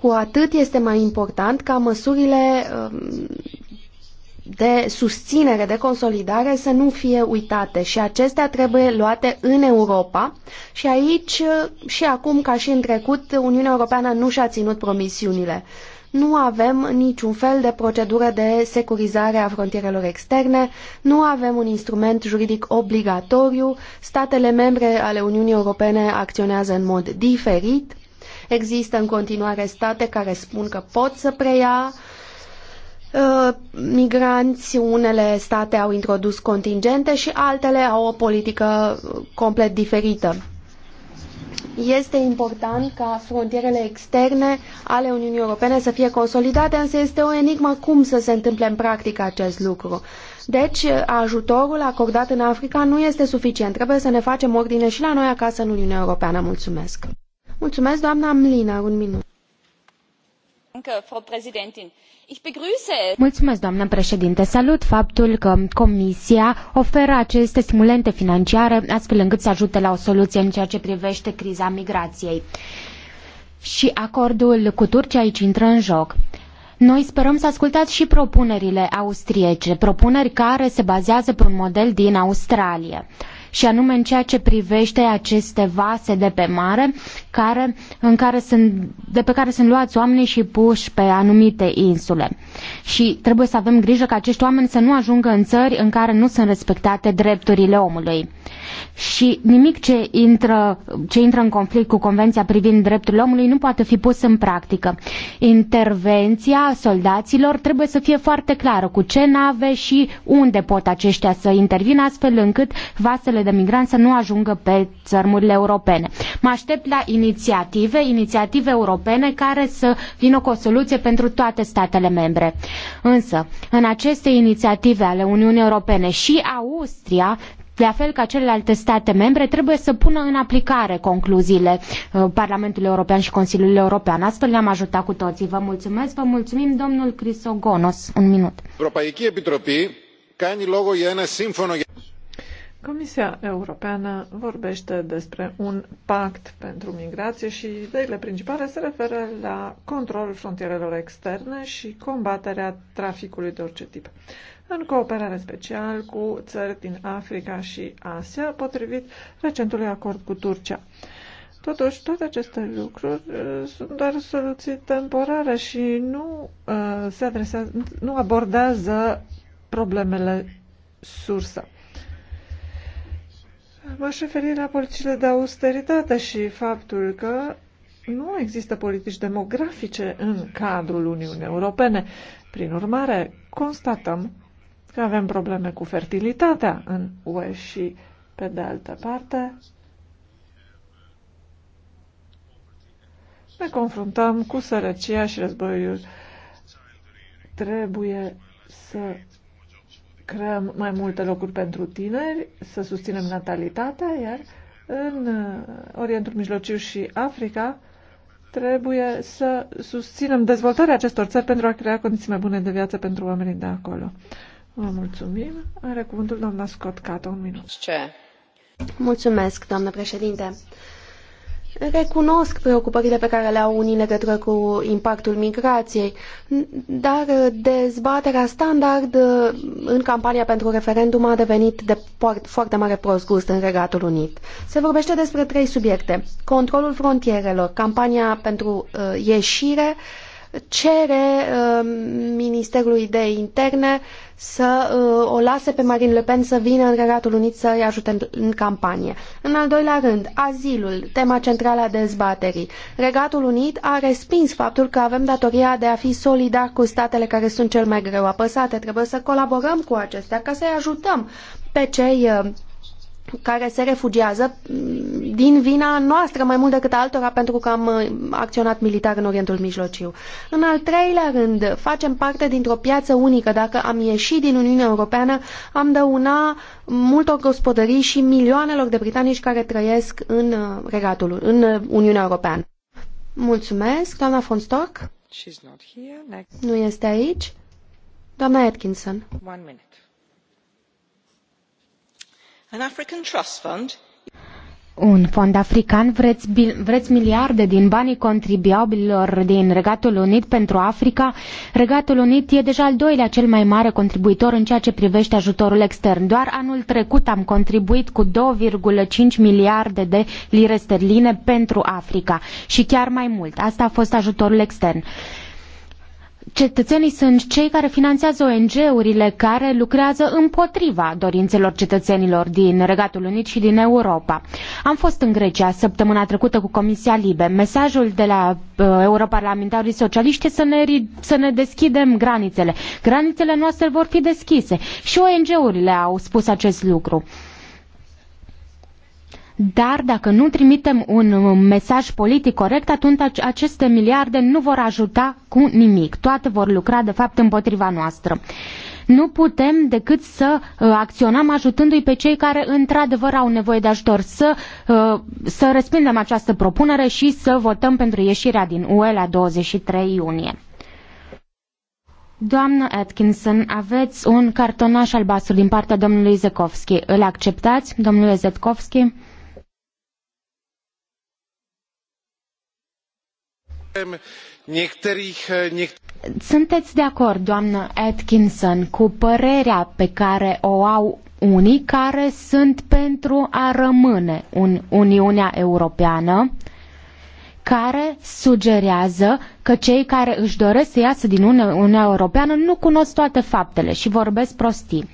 [SPEAKER 6] cu atât este mai important ca măsurile um, de susținere, de consolidare să nu fie uitate și acestea trebuie luate în Europa și aici și acum ca și în trecut Uniunea Europeană nu și-a ținut promisiunile nu avem niciun fel de procedură de securizare a frontierelor externe, nu avem un instrument juridic obligatoriu, statele membre ale Uniunii Europene acționează în mod diferit, există în continuare state care spun că pot să preia uh, migranți, unele state au introdus contingente și altele au o politică uh, complet diferită. Este important ca frontierele externe ale Uniunii Europene să fie consolidate, însă este o enigmă cum să se întâmple în practică acest lucru. Deci, ajutorul acordat în Africa nu este suficient. Trebuie să ne facem ordine și la noi acasă în Uniunea Europeană. Mulțumesc!
[SPEAKER 3] Mulțumesc, doamna Mlina, un minut. Mulțumesc, doamnă președinte. Salut faptul că Comisia oferă aceste stimulente financiare astfel încât să ajute la o soluție în ceea ce privește criza migrației. Și acordul cu Turcia aici intră în joc. Noi sperăm să ascultați și propunerile austriece, propuneri care se bazează pe un model din Australia și anume în ceea ce privește aceste vase de pe mare care, în care sunt, de pe care sunt luați oamenii și puși pe anumite insule. Și trebuie să avem grijă ca acești oameni să nu ajungă în țări în care nu sunt respectate drepturile omului. Și nimic ce intră, ce intră în conflict cu Convenția privind drepturile omului nu poate fi pus în practică. Intervenția soldaților trebuie să fie foarte clară cu ce nave și unde pot aceștia să intervină astfel încât vasele de migranți să nu ajungă pe țărmurile europene. Mă aștept la inițiative, inițiative europene care să vină cu o soluție pentru toate statele membre. Însă, în aceste inițiative ale Uniunii Europene și Austria de fel ca celelalte state membre, trebuie să pună în aplicare concluziile uh, Parlamentului European și Consiliului European. Astfel le-am ajutat cu toții. Vă mulțumesc, vă mulțumim, domnul Crisogonos. Un minut.
[SPEAKER 5] Comisia Europeană vorbește despre un pact pentru migrație și ideile principale se referă la controlul frontierelor externe și combaterea traficului de orice tip, în cooperare special cu țări din Africa și Asia, potrivit recentului acord cu Turcia. Totuși, toate aceste lucruri uh, sunt doar soluții temporare și nu, uh, se adresează, nu abordează problemele sursă. M-aș referi la politicile de austeritate și faptul că nu există politici demografice în cadrul Uniunii Europene. Prin urmare, constatăm că avem probleme cu fertilitatea în UE și, pe de altă parte, ne confruntăm cu sărăcia și războiul. Trebuie să creăm mai multe locuri pentru tineri, să susținem natalitatea, iar în uh, Orientul Mijlociu și Africa trebuie să susținem dezvoltarea acestor țări pentru a crea condiții mai bune de
[SPEAKER 6] viață pentru oamenii de acolo. Vă mulțumim.
[SPEAKER 5] Are cuvântul doamna Scott Cato, un minut.
[SPEAKER 6] Ce? Mulțumesc, doamnă președinte. Recunosc preocupările pe care le au unii legătură cu impactul migrației, dar dezbaterea standard în campania pentru referendum a devenit de foarte mare prost gust în Regatul Unit. Se vorbește despre trei subiecte. Controlul frontierelor, campania pentru uh, ieșire, cere uh, Ministerului de Interne să uh, o lase pe Marine Le Pen să vină în Regatul Unit să-i ajute în campanie. În al doilea rând, azilul, tema centrală a dezbaterii. Regatul Unit a respins faptul că avem datoria de a fi solidar cu statele care sunt cel mai greu apăsate. Trebuie să colaborăm cu acestea ca să-i ajutăm pe cei uh, care se refugiază mm, din vina noastră mai mult decât altora pentru că am uh, acționat militar în Orientul Mijlociu. În al treilea rând, facem parte dintr-o piață unică. Dacă am ieșit din Uniunea Europeană, am dăuna multor gospodării și milioanelor de britanici care trăiesc în uh, regatul, în uh, Uniunea Europeană. Mulțumesc, doamna von Stork. Nu este aici.
[SPEAKER 3] Doamna Atkinson. One minute un fond african, vreți, vreți miliarde din banii contribuabililor din Regatul Unit pentru Africa? Regatul Unit e deja al doilea cel mai mare contribuitor în ceea ce privește ajutorul extern. Doar anul trecut am contribuit cu 2,5 miliarde de lire sterline pentru Africa și chiar mai mult. Asta a fost ajutorul extern cetățenii sunt cei care finanțează ONG-urile care lucrează împotriva dorințelor cetățenilor din Regatul Unit și din Europa. Am fost în Grecia săptămâna trecută cu Comisia Libe. Mesajul de la uh, europarlamentarii socialiști este să ne, să ne deschidem granițele. Granițele noastre vor fi deschise și ONG-urile au spus acest lucru. Uh, dar dacă nu trimitem un mesaj politic corect, atunci aceste miliarde nu vor ajuta cu nimic. Toate vor lucra, de fapt, împotriva noastră nu putem decât să uh, acționăm ajutându-i pe cei care într-adevăr au nevoie de ajutor, să, uh, să respindem această propunere și să votăm pentru ieșirea din UE la 23 iunie. Doamnă Atkinson, aveți un cartonaș albastru din partea domnului Zekovski. Îl acceptați, domnule Zekovski? Sunteți de acord, doamnă Atkinson, cu părerea pe care o au unii care sunt pentru a rămâne în Uniunea Europeană, care sugerează că cei care își doresc să iasă din Uniunea Europeană nu cunosc toate faptele și vorbesc prostii.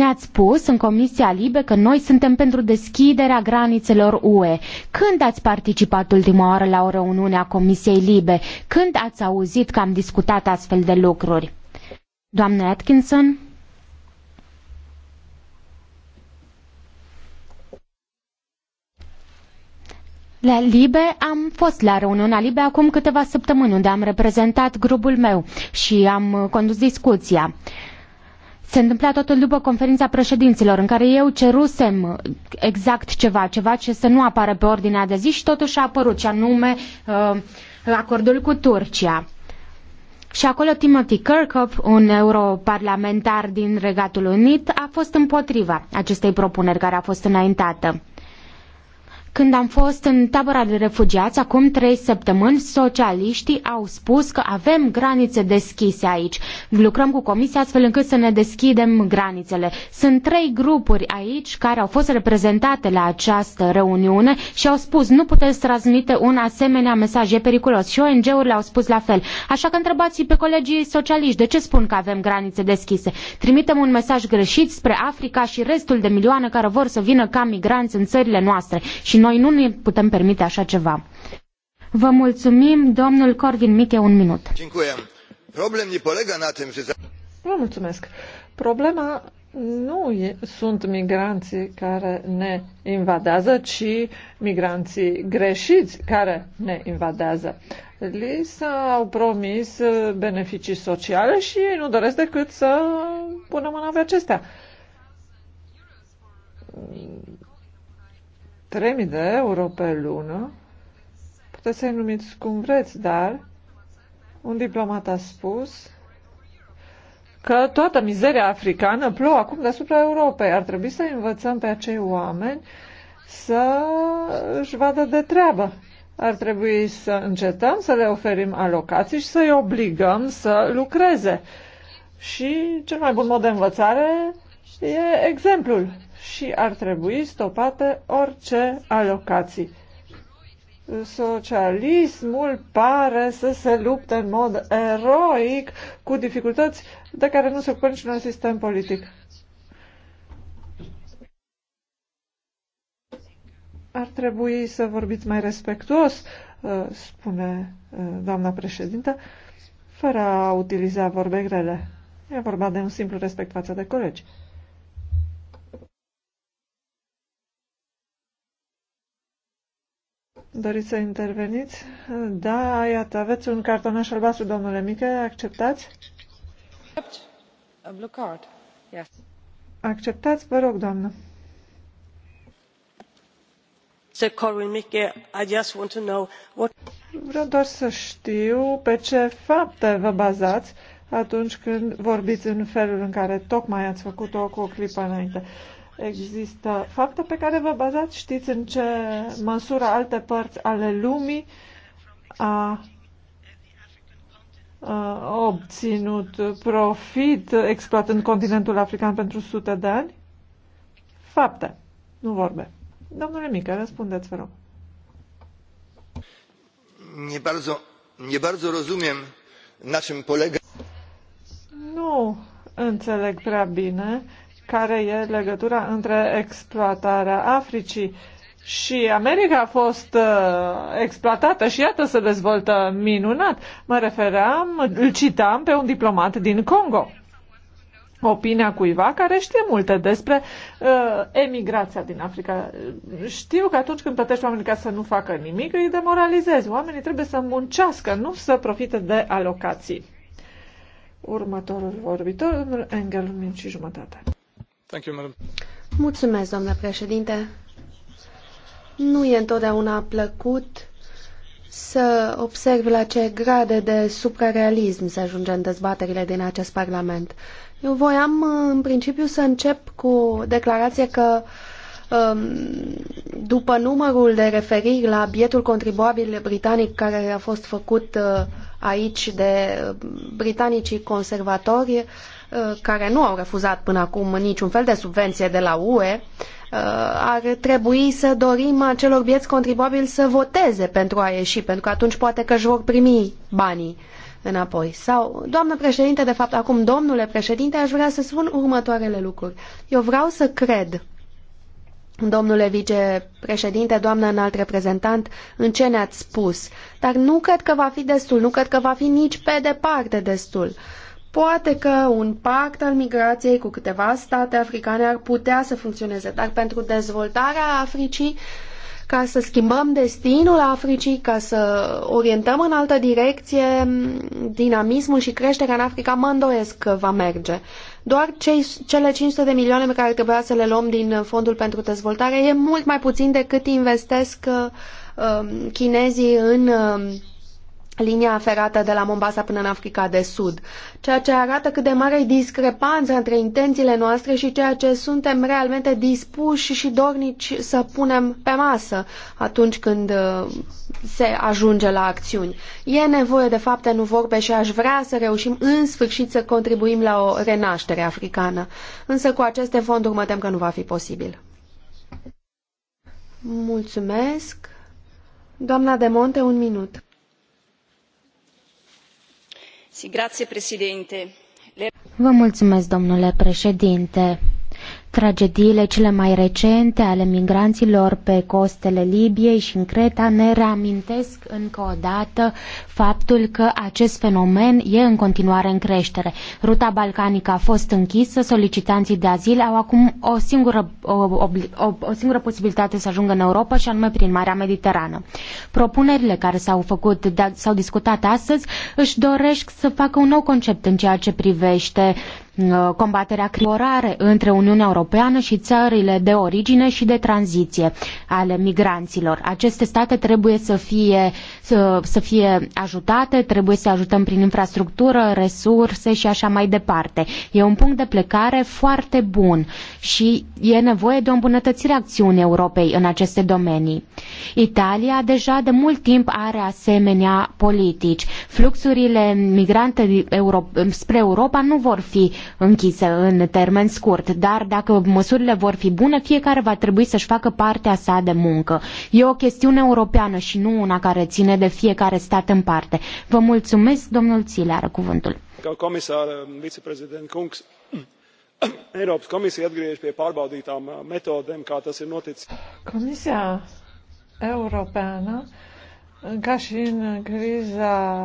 [SPEAKER 3] Ne-ați spus în Comisia Libe că noi suntem pentru deschiderea granițelor UE. Când ați participat ultima oară la o reuniune a Comisiei Libe? Când ați auzit că am discutat astfel de lucruri? Doamne Atkinson? La Libe am fost la reuniunea Libe acum câteva săptămâni unde am reprezentat grupul meu și am condus discuția. Uh, se întâmpla totul după conferința președinților, în care eu cerusem exact ceva, ceva ce să nu apară pe ordinea de zi și totuși a apărut, și anume uh, acordul cu Turcia. Și acolo Timothy Kirkhope, un europarlamentar din Regatul Unit, a fost împotriva acestei propuneri care a fost înaintată. Când am fost în tabăra de refugiați, acum trei săptămâni, socialiștii au spus că avem granițe deschise aici. Lucrăm cu comisia astfel încât să ne deschidem granițele. Sunt trei grupuri aici care au fost reprezentate la această reuniune și au spus nu puteți transmite un asemenea mesaj, e periculos. Și ONG-urile au spus la fel. Așa că întrebați pe colegii socialiști de ce spun că avem granițe deschise. Trimitem un mesaj greșit spre Africa și restul de milioane care vor să vină ca migranți în țările noastre. Și noi nu ne putem permite așa ceva. Vă mulțumim, domnul Corvin Miche, un minut. Vă mulțumesc. Problema nu e, sunt migranții
[SPEAKER 5] care ne invadează, ci migranții greșiți care ne invadează. Li s-au promis uh, beneficii sociale și ei nu doresc decât să pună mâna pe acestea 3.000 de euro pe lună, puteți să-i numiți cum vreți, dar un diplomat a spus că toată mizeria africană plouă acum deasupra Europei. Ar trebui să învățăm pe acei oameni să își vadă de treabă. Ar trebui să încetăm să le oferim alocații și să-i obligăm să lucreze. Și cel mai bun mod de învățare e exemplul și ar trebui stopate orice alocații. Socialismul pare să se lupte în mod eroic cu dificultăți de care nu se ocupă niciun sistem politic. Ar trebui să vorbiți mai respectuos, uh, spune uh, doamna președintă, fără a utiliza vorbe grele. E vorba de un simplu respect față de colegi. Doriți să interveniți? Da, iată, aveți un cartonaș albastru, domnule Mică, acceptați? Acceptați, vă rog, doamnă. Vreau doar să știu pe ce fapte vă bazați atunci când vorbiți în felul în care tocmai ați făcut-o cu o clipă înainte. Uh, Există fapte pe care vă bazați, știți în ce măsură alte părți ale lumii a, a obținut profit exploatând continentul african pentru sute de ani? Fapte, nu vorbe. Domnule Mică, răspundeți, vă rog.
[SPEAKER 2] Nie bardzo, nie bardzo rozumiem, na czym polega...
[SPEAKER 5] Nu înțeleg prea bine care e legătura între exploatarea Africii. Și America a fost uh, exploatată și iată se dezvoltă minunat. Mă refeream, îl citam pe un diplomat din Congo. Opinia cuiva care știe multe despre uh, emigrația din Africa. Știu că atunci când plătești oamenii ca să nu facă nimic, îi demoralizezi. Oamenii trebuie să muncească, nu să profite de alocații. Următorul
[SPEAKER 6] vorbitor, domnul Engel, un și jumătate. Mulțumesc, domnule președinte. Nu e întotdeauna plăcut să observ la ce grade de suprarealism se ajunge în dezbaterile din acest Parlament. Eu voiam, în principiu, să încep cu declarație că um, după numărul de referiri la bietul contribuabil britanic care a fost făcut uh, aici de uh, britanicii conservatori, Uh, care nu au refuzat până acum niciun fel de subvenție de la UE, uh, ar trebui să dorim celor bieți contribuabili să voteze pentru a ieși, pentru că atunci poate că își vor primi banii înapoi. Sau, doamnă președinte, de fapt acum, domnule președinte, aș vrea să spun următoarele lucruri. Eu vreau să cred, domnule vicepreședinte, doamnă înalt reprezentant, în ce ne-ați spus, dar nu cred că va fi destul, nu cred că va fi nici pe departe destul. Uh, Poate că un pact al migrației cu câteva state africane ar putea să funcționeze, dar pentru dezvoltarea Africii, ca să schimbăm destinul Africii, ca să orientăm în altă direcție dinamismul și creșterea în Africa, mă îndoiesc că va merge. Doar cei, cele 500 de milioane pe care trebuia să le luăm din Fondul pentru Dezvoltare e mult mai puțin decât investesc uh, um, chinezii în uh, linia ferată de la Mombasa până în Africa de Sud, ceea ce arată cât de mare e discrepanța între intențiile noastre și ceea ce suntem realmente dispuși și dornici să punem pe masă atunci când uh, se ajunge la acțiuni. E nevoie de fapte, nu vorbe și aș vrea să reușim în sfârșit să contribuim la o renaștere africană. Însă cu aceste fonduri mă tem că nu va fi posibil. Mulțumesc. Doamna de Monte, un minut.
[SPEAKER 3] Vă mulțumesc, domnule președinte. Tragediile cele mai recente ale migranților pe costele Libiei și în Creta ne reamintesc încă o dată faptul că acest fenomen e în continuare în creștere. Ruta balcanică a fost închisă, solicitanții de azil au acum o singură, o, o, o singură posibilitate să ajungă în Europa și anume prin Marea Mediterană. Propunerile care s-au făcut, da, s-au discutat astăzi, își doresc să facă un nou concept în ceea ce privește Uh, combaterea criorare între Uniunea Europeană și țările de origine și de tranziție ale migranților. Aceste state trebuie să fie, să, să fie ajutate, trebuie să ajutăm prin infrastructură, resurse și așa mai departe. E un punct de plecare foarte bun și e nevoie de o îmbunătățire a acțiunii Europei în aceste domenii. Italia deja de mult timp are asemenea politici. Fluxurile migrante spre Europa nu vor fi închise în termen scurt, dar dacă măsurile vor fi bune, fiecare va trebui să-și facă partea sa de muncă. E o chestiune europeană și nu una care ține de fiecare stat în parte. Vă mulțumesc, domnul Țile, are cuvântul.
[SPEAKER 4] Ca comisar, viceprezident Kungs, Eiropas komisija atgriež pie pārbaudītām metodēm, kā tas ir noticis.
[SPEAKER 5] Komisija Eiropēna ca și în criza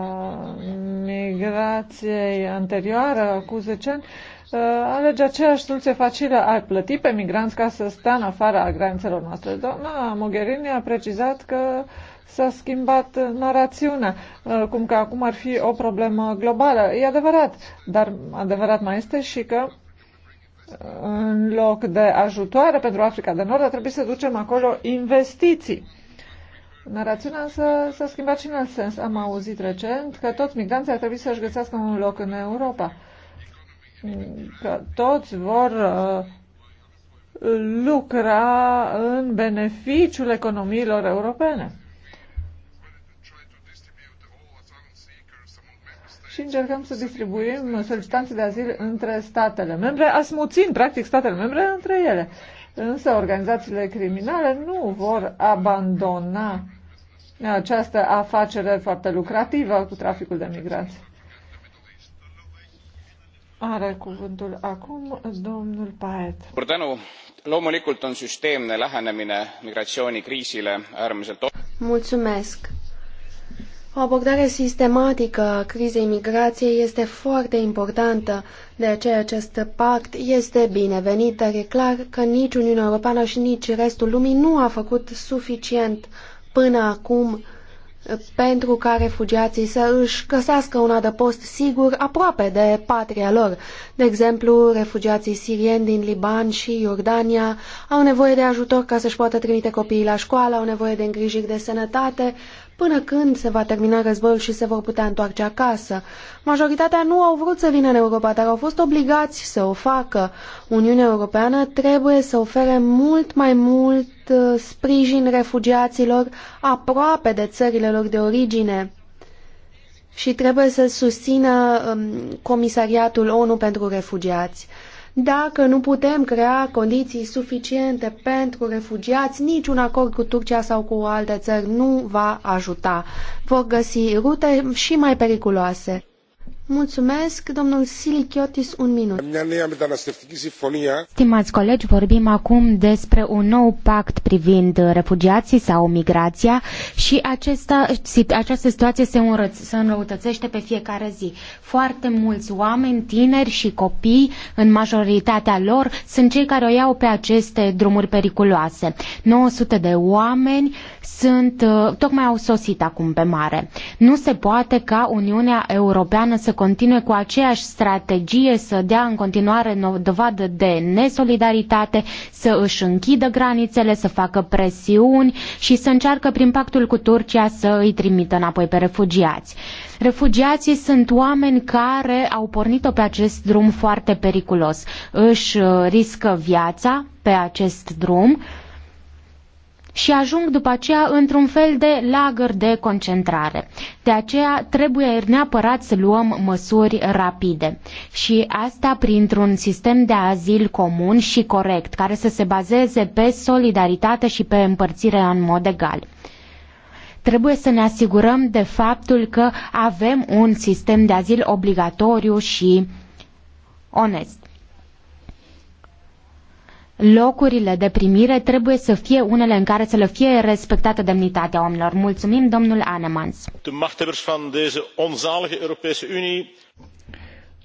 [SPEAKER 5] migrației anterioară, cu 10 ani, uh, alege aceeași soluție facilă, a plăti pe migranți ca să stea în afara granițelor noastre. Doamna Mogherini a precizat că s-a schimbat narațiunea, uh, cum că acum ar fi o problemă globală. E adevărat, dar adevărat mai este și că uh, în loc de ajutoare pentru Africa de Nord, ar trebui să ducem acolo investiții Narațiunea însă s-a schimbat și în alt sens. Am auzit recent că toți migranții ar trebui să-și găsească un loc în Europa. Că toți vor uh, lucra în beneficiul economiilor europene. și încercăm să distribuim solicitanții de azil între statele membre, asmuțind practic statele membre între ele. Însă organizațiile criminale nu vor abandona această afacere foarte lucrativă cu traficul de migranți. Are cuvântul acum domnul Paet.
[SPEAKER 2] Loomulikult on süsteemne lähenemine migratsioonikriisile äärmiselt
[SPEAKER 6] Mulțumesc. O abordare sistematică a crizei migrației este foarte importantă, de aceea acest pact este binevenit, dar e clar că nici Uniunea Europeană și nici restul lumii nu a făcut suficient uh, până acum pentru ca refugiații să își găsească un adăpost sigur aproape de patria lor. De exemplu, refugiații sirieni din Liban și Iordania au nevoie de ajutor ca să-și poată trimite copiii la școală, au nevoie de îngrijiri de sănătate, până când se va termina războiul și se vor putea întoarce acasă. Majoritatea nu au vrut să vină în Europa, dar au fost obligați să o facă. Uniunea Europeană trebuie să ofere mult mai mult uh, sprijin refugiaților aproape de țările lor de origine și trebuie să susțină um, Comisariatul ONU pentru Refugiați. Dacă nu putem crea condiții suficiente pentru refugiați, niciun acord cu Turcia sau cu alte țări nu va ajuta. Vor găsi rute și mai periculoase. Mulțumesc, domnul Silichiotis, un minut.
[SPEAKER 3] Stimați colegi, vorbim acum despre un nou pact privind refugiații sau migrația și acesta, această situație se, înrăț, se înrăutățește pe fiecare zi. Foarte mulți oameni, tineri și copii, în majoritatea lor, sunt cei care o iau pe aceste drumuri periculoase. 900 de oameni sunt, uh, tocmai au sosit acum pe mare. Nu se poate ca Uniunea Europeană să continue cu aceeași strategie, să dea în continuare dovadă de nesolidaritate, să își închidă granițele, să facă presiuni și să încearcă prin pactul cu Turcia să îi trimită înapoi pe refugiați. Refugiații sunt oameni care au pornit-o pe acest drum foarte periculos. Își uh, riscă viața pe acest drum și ajung după aceea într-un fel de lagăr de concentrare. De aceea trebuie neapărat să luăm măsuri rapide și asta printr-un sistem de azil comun și corect, care să se bazeze pe solidaritate și pe împărțire în mod egal trebuie să ne asigurăm de faptul că avem un sistem de azil obligatoriu și onest locurile de primire trebuie să fie unele în care să le fie respectată demnitatea oamenilor. Mulțumim, domnul Anemans.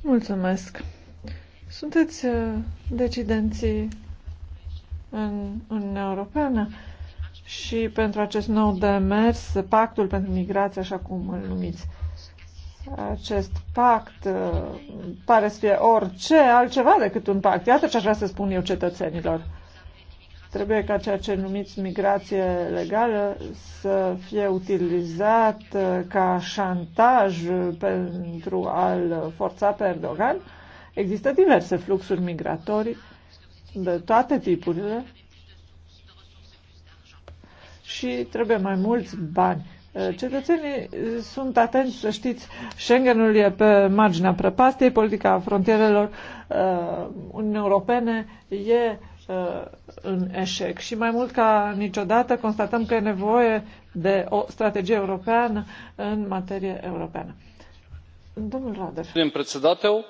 [SPEAKER 3] Mulțumesc.
[SPEAKER 5] Sunteți uh, decidenții în Uniunea Europeană și pentru acest nou demers, pactul pentru migrație, așa cum îl numiți acest pact uh, pare să fie orice altceva decât un pact. Iată ce aș vrea să spun eu cetățenilor. Trebuie ca ceea ce numiți migrație legală să fie utilizat uh, ca șantaj pentru a-l forța pe Erdogan. Există diverse fluxuri migratorii de toate tipurile și trebuie mai mulți bani Uh, cetățenii uh, sunt atenți, să știți, Schengenul e pe marginea prăpastiei, politica frontierelor uh, Uniunii Europene e uh, în eșec și mai mult ca niciodată constatăm că e nevoie de o strategie europeană
[SPEAKER 6] în materie europeană.
[SPEAKER 1] Domnul Rader.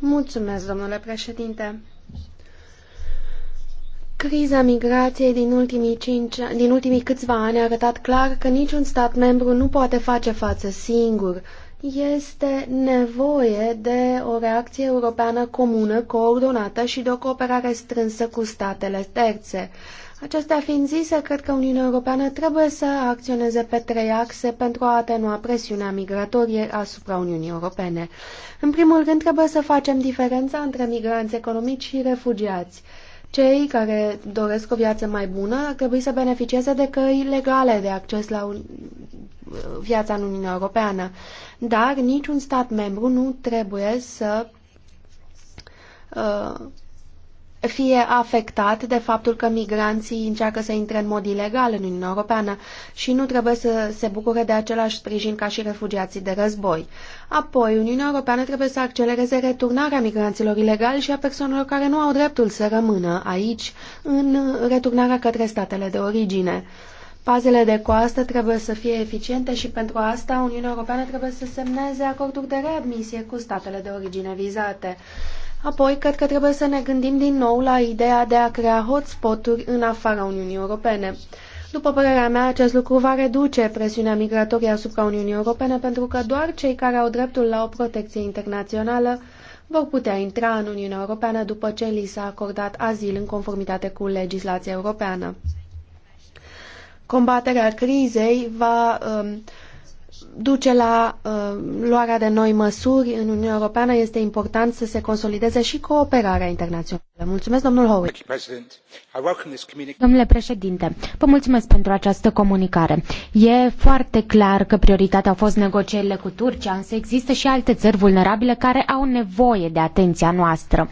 [SPEAKER 6] Mulțumesc, domnule președinte. Criza migrației din ultimii, cinci, din ultimii câțiva ani a arătat clar că niciun stat membru nu poate face față singur. Este nevoie de o reacție europeană comună, coordonată și de o cooperare strânsă cu statele terțe. Acestea fiind zise, cred că Uniunea Europeană trebuie să acționeze pe trei axe pentru a atenua presiunea migratorie asupra Uniunii Europene. În primul rând, trebuie să facem diferența între migranți economici și refugiați. Cei care doresc o viață mai bună ar trebui să beneficieze de căi legale de acces la un... viața în Uniunea Europeană, dar niciun stat membru nu trebuie să uh, fie afectat de faptul că migranții încearcă să intre în mod ilegal în Uniunea Europeană și nu trebuie să se bucure de același sprijin ca și refugiații de război. Apoi, Uniunea Europeană trebuie să accelereze returnarea migranților ilegali și a persoanelor care nu au dreptul să rămână aici în returnarea către statele de origine. Fazele de coastă trebuie să fie eficiente și pentru asta Uniunea Europeană trebuie să semneze acorduri de readmisie cu statele de origine vizate. Apoi, cred că trebuie să ne gândim din nou la ideea de a crea hotspot-uri în afara Uniunii Europene. După părerea mea, acest lucru va reduce presiunea migratorie asupra Uniunii Europene pentru că doar cei care au dreptul la o protecție internațională vor putea intra în Uniunea Europeană după ce li s-a acordat azil în conformitate cu legislația europeană. Combaterea crizei va uh, duce la uh, luarea de noi măsuri în Uniunea Europeană, este important să se consolideze și cooperarea internațională. Mulțumesc, domnul Howitt.
[SPEAKER 3] Domnule președinte, vă mulțumesc pentru această comunicare. E foarte clar că prioritatea au fost negocierile cu Turcia, însă există și alte țări vulnerabile care au nevoie de atenția noastră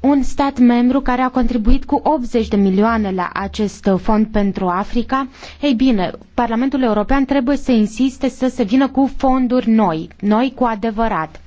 [SPEAKER 3] un stat membru care a contribuit cu 80 de milioane la acest fond pentru Africa, ei bine, Parlamentul European trebuie să insiste să se vină cu fonduri noi, noi cu adevărat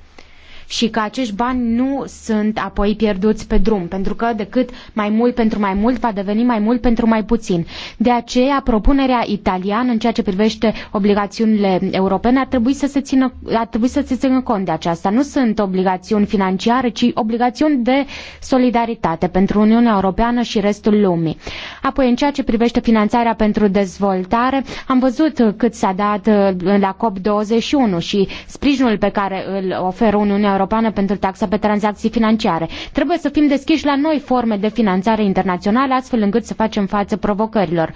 [SPEAKER 3] și că acești bani nu sunt apoi pierduți pe drum, pentru că decât mai mult pentru mai mult va deveni mai mult pentru mai puțin. De aceea, propunerea italiană în ceea ce privește obligațiunile europene ar trebui să se țină, ar trebui să se țină cont de aceasta. Nu sunt obligațiuni financiare, ci obligațiuni de solidaritate pentru Uniunea Europeană și restul lumii. Apoi, în ceea ce privește finanțarea pentru dezvoltare, am văzut cât s-a dat la COP21 și sprijinul pe care îl oferă Uniunea Europeană Europeană pentru taxa pe tranzacții financiare. Trebuie să fim deschiși la noi forme de finanțare internațională, astfel încât să facem față provocărilor.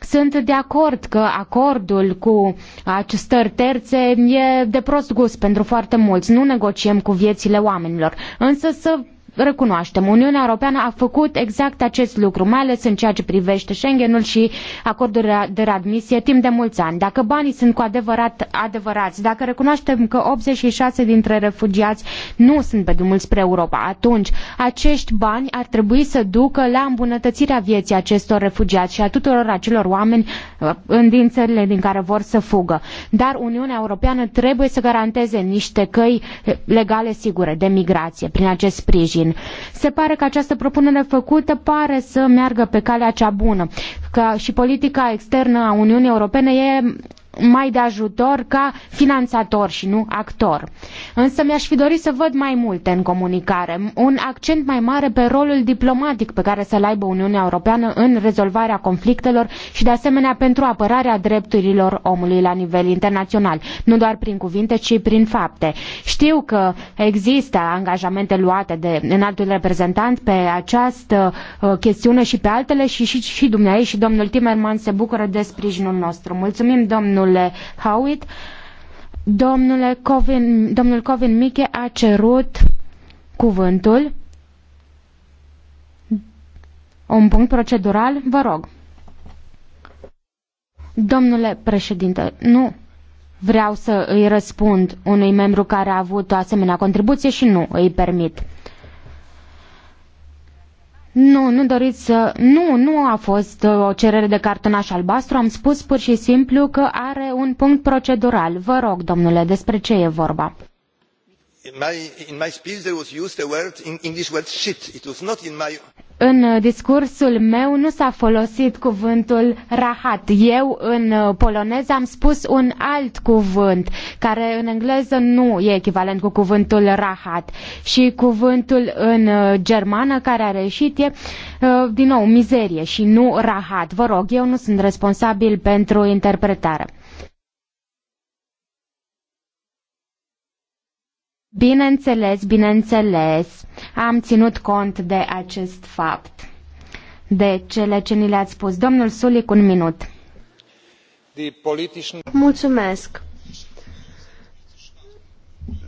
[SPEAKER 3] Sunt de acord că acordul cu aceste terțe e de prost gust pentru foarte mulți. Nu negociem cu viețile oamenilor. Însă să recunoaștem. Uniunea Europeană a făcut exact acest lucru, mai ales în ceea ce privește Schengenul și acordul de readmisie timp de mulți ani. Dacă banii sunt cu adevărat adevărați, dacă recunoaștem că 86 dintre refugiați nu sunt pe drumul spre Europa, atunci acești bani ar trebui să ducă la îmbunătățirea vieții acestor refugiați și a tuturor acelor oameni uh, din țările din care vor să fugă. Dar Uniunea Europeană trebuie să garanteze niște căi uh, legale sigure de migrație prin acest sprijin puțin. Se pare că această propunere făcută pare să meargă pe calea cea bună. Că și politica externă a Uniunii Europene e mai de ajutor ca finanțator și nu actor. Însă mi-aș fi dorit să văd mai multe în comunicare, un accent mai mare pe rolul diplomatic pe care să-l aibă Uniunea Europeană în rezolvarea conflictelor și de asemenea pentru apărarea drepturilor omului la nivel internațional, nu doar prin cuvinte, ci prin fapte. Știu că există angajamente luate de înaltul reprezentant pe această uh, chestiune și pe altele și și, și dumneavoastră și domnul Timerman se bucură de sprijinul nostru. Mulțumim, domnul domnule Howitt. Domnule Covin, domnul Covin Miche a cerut cuvântul. Un punct procedural, vă rog. Domnule președinte, nu vreau să îi răspund unui membru care a avut o asemenea contribuție și nu îi permit. Nu, nu doriți să... Nu, nu a fost uh, o cerere de cartonaș albastru. Am spus pur și simplu că are un punct procedural. Vă rog, domnule, despre ce e vorba?
[SPEAKER 2] in my speech there was used word in English word shit. It was not in my
[SPEAKER 3] în uh, discursul meu nu s-a folosit cuvântul rahat. Eu în uh, poloneză am spus un alt cuvânt care în engleză nu e echivalent cu cuvântul rahat și cuvântul în uh, germană care a reșit e din nou mizerie și nu rahat. Vă rog, eu nu sunt responsabil pentru interpretare. Bineînțeles, bineînțeles, am ținut cont de acest fapt. De cele ce ni le-ați spus. Domnul Sulic, un minut. Mulțumesc.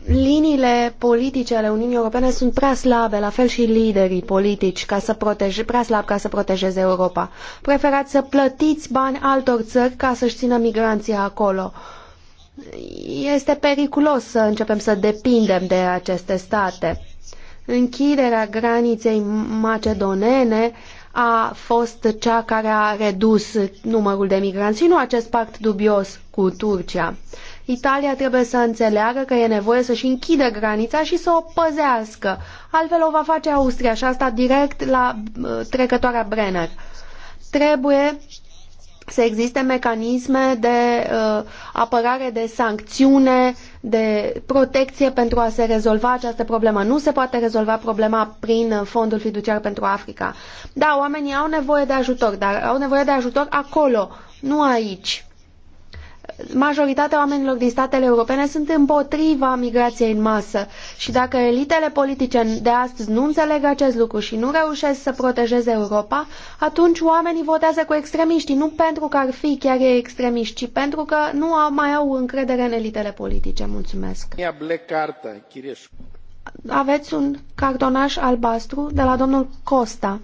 [SPEAKER 6] Liniile politice ale Uniunii Europene sunt prea slabe, la fel și liderii politici, ca să proteje, prea slab ca să protejeze Europa. Preferați să plătiți bani altor țări ca să-și țină migranții acolo. Uh, este periculos să începem să depindem de aceste state. Închiderea graniței macedonene a fost cea care a redus numărul de migranți și nu acest pact dubios cu Turcia. Italia trebuie să înțeleagă că e nevoie să-și închidă granița și să o păzească. Altfel o va face Austria și asta direct la uh, trecătoarea Brenner. Trebuie să existe mecanisme de uh, apărare, de sancțiune, de protecție pentru a se rezolva această problemă. Nu se poate rezolva problema prin Fondul Fiduciar pentru Africa. Da, oamenii au nevoie de ajutor, dar au nevoie de ajutor acolo, nu aici majoritatea oamenilor din statele europene sunt împotriva migrației în masă și dacă elitele politice de astăzi nu înțeleg acest lucru și nu reușesc să protejeze Europa, atunci oamenii votează cu extremiștii, nu pentru că ar fi chiar ei extremiști, ci pentru că nu au, mai au încredere în elitele politice. Mulțumesc! Aveți un cartonaș albastru de la domnul Costa.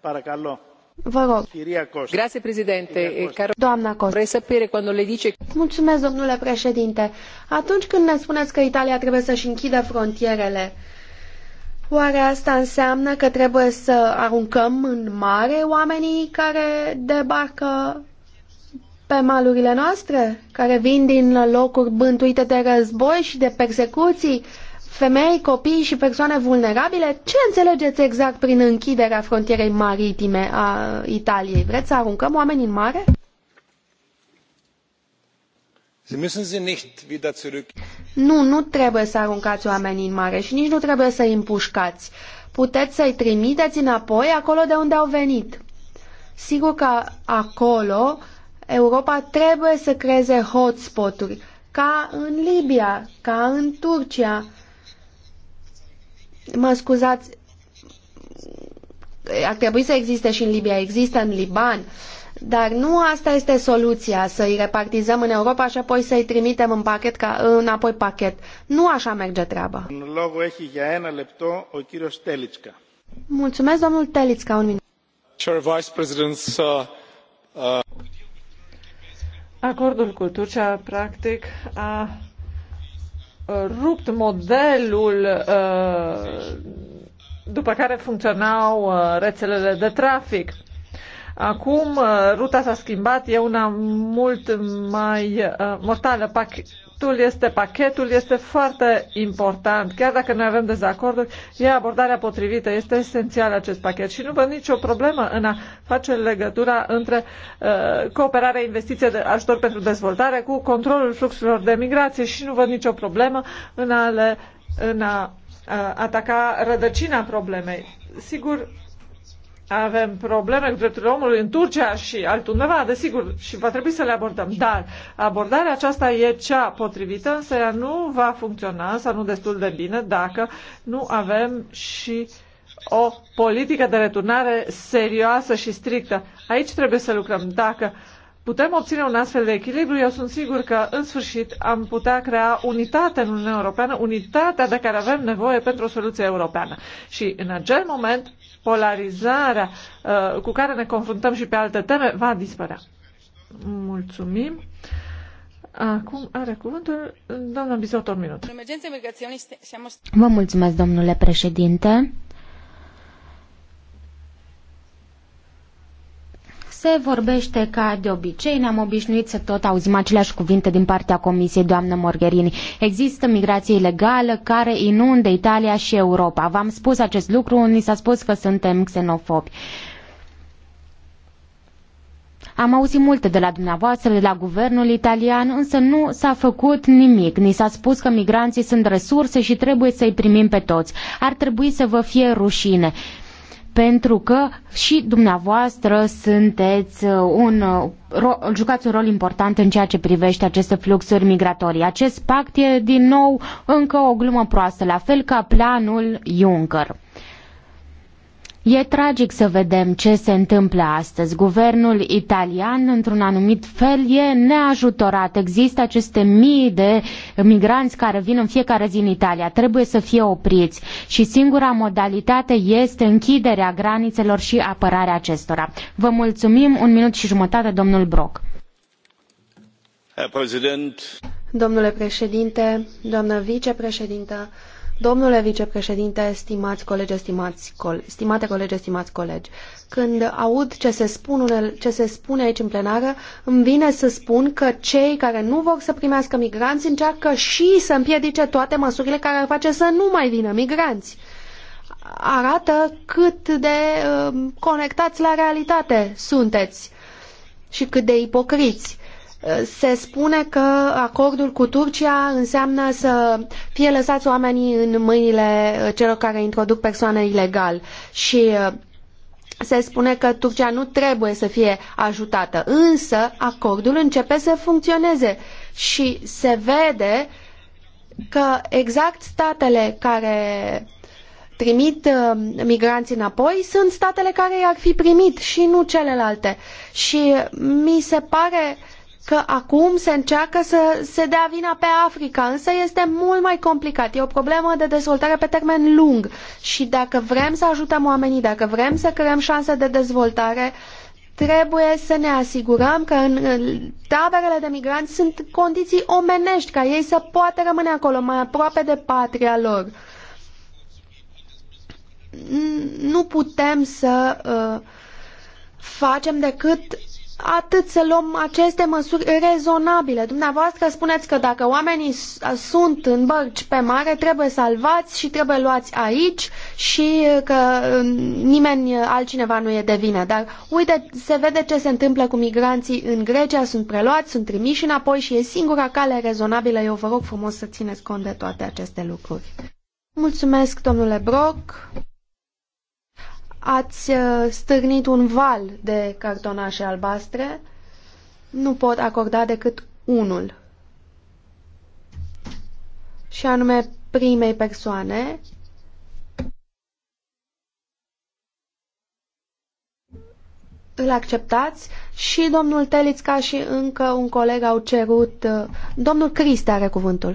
[SPEAKER 6] Paracalo. Vă rog. Mulțumesc, domnule președinte. Atunci când ne spuneți că Italia trebuie să-și închidă frontierele, oare asta înseamnă că trebuie să aruncăm în mare oamenii care debarcă pe malurile noastre, care vin din locuri bântuite de război și de persecuții? femei, copii și persoane vulnerabile, ce înțelegeți exact prin închiderea frontierei maritime a Italiei? Vreți să aruncăm oameni în mare? Nu, nu trebuie să aruncați oamenii în mare și nici nu trebuie să îi împușcați. Puteți să-i trimiteți înapoi acolo de unde au venit. Sigur că acolo Europa trebuie să creeze hotspot-uri, ca în Libia, ca în Turcia, Mă scuzați, ar trebui să existe și în Libia, există în Liban, dar nu asta este soluția, să îi repartizăm în Europa și apoi să îi trimitem în pachet ca, înapoi pachet. Nu așa merge treaba. Mulțumesc, domnul Telițca, un minut.
[SPEAKER 5] Uh, Acordul cu Turcia, practic, a rupt modelul uh, după care funcționau uh, rețelele de trafic. Acum uh, ruta s-a schimbat, e una mult mai mortală. Pac- Raportul este, pachetul este foarte important. Chiar dacă noi avem dezacorduri, e abordarea potrivită. Este esențial acest pachet și nu văd nicio problemă în a face legătura între uh, cooperarea, investiției de ajutor pentru dezvoltare cu controlul fluxurilor de migrație și nu văd nicio problemă în a, le, în a uh, ataca rădăcina problemei. Sigur, avem probleme cu drepturile omului în Turcia și altundeva, desigur, și va trebui să le abordăm. Dar abordarea aceasta e cea potrivită, însă ea nu va funcționa sau nu destul de bine dacă nu avem și o politică de returnare serioasă și strictă. Aici trebuie să lucrăm. Dacă putem obține un astfel de echilibru, eu sunt sigur că, în sfârșit, am putea crea unitate în Uniunea Europeană, unitatea de care avem nevoie pentru o soluție europeană. Și, în acel moment, polarizarea uh, cu care ne confruntăm și pe alte teme va dispărea. Mulțumim. Acum are cuvântul doamna Bisotor Minut.
[SPEAKER 3] Vă mulțumesc, domnule președinte. Se vorbește ca de obicei, ne-am obișnuit să tot auzim aceleași cuvinte din partea Comisiei, doamnă Morgherini. Există migrație ilegală care inundă Italia și Europa. V-am spus acest lucru, ni s-a spus că suntem xenofobi. Am auzit multe de la dumneavoastră, de la guvernul italian, însă nu s-a făcut nimic. Ni s-a spus că migranții sunt resurse și trebuie să-i primim pe toți. Ar trebui să vă fie rușine pentru că și dumneavoastră sunteți uh, un, uh, ro, jucați un rol important în ceea ce privește aceste fluxuri migratorii. Acest pact e din nou încă o glumă proastă, la fel ca planul Juncker. E tragic să vedem ce se întâmplă astăzi. Guvernul italian, într-un anumit fel, e neajutorat. Există aceste mii de migranți care vin în fiecare zi în Italia. Trebuie să fie opriți și singura modalitate este închiderea granițelor și apărarea acestora. Vă mulțumim. Un minut și jumătate, domnul Brock.
[SPEAKER 6] Domnule președinte, doamnă vicepreședintă, Domnule vicepreședinte, stimați colegi, stimați col stimate colegi, stimați colegi, când aud ce se, spun unele, ce se spune aici în plenară, îmi vine să spun că cei care nu vor să primească migranți încearcă și să împiedice toate măsurile care ar face să nu mai vină migranți. Arată cât de uh, conectați la realitate sunteți și cât de ipocriți se spune că acordul cu Turcia înseamnă să fie lăsați oamenii în mâinile celor care introduc persoane ilegal și uh, se spune că Turcia nu trebuie să fie ajutată, însă acordul începe să funcționeze și se vede că exact statele care trimit uh, migranții înapoi sunt statele care i-ar fi primit și nu celelalte. Și mi se pare uh, că acum se încearcă să se dea vina pe Africa, însă este mult mai complicat. E o problemă de dezvoltare pe termen lung și dacă vrem să ajutăm oamenii, dacă vrem să creăm șanse de dezvoltare, trebuie să ne asigurăm că în taberele de migranți sunt condiții omenești ca ei să poată rămâne acolo, mai aproape de patria lor. Nu putem să uh, facem decât atât să luăm aceste măsuri rezonabile. Dumneavoastră spuneți că dacă oamenii sunt în bărci pe mare, trebuie salvați și trebuie luați aici și că mm, nimeni altcineva nu e de vină. Dar uite, se vede ce se întâmplă cu migranții în Grecia, sunt preluați, sunt trimiși înapoi și e singura cale rezonabilă. Eu vă rog frumos să țineți cont de toate aceste lucruri. Mulțumesc, domnule Brock ați uh, stârnit un val de cartonașe albastre. Nu pot acorda decât unul. Și anume primei persoane îl acceptați și domnul Telițca și încă un coleg au cerut. Uh, domnul Criste are cuvântul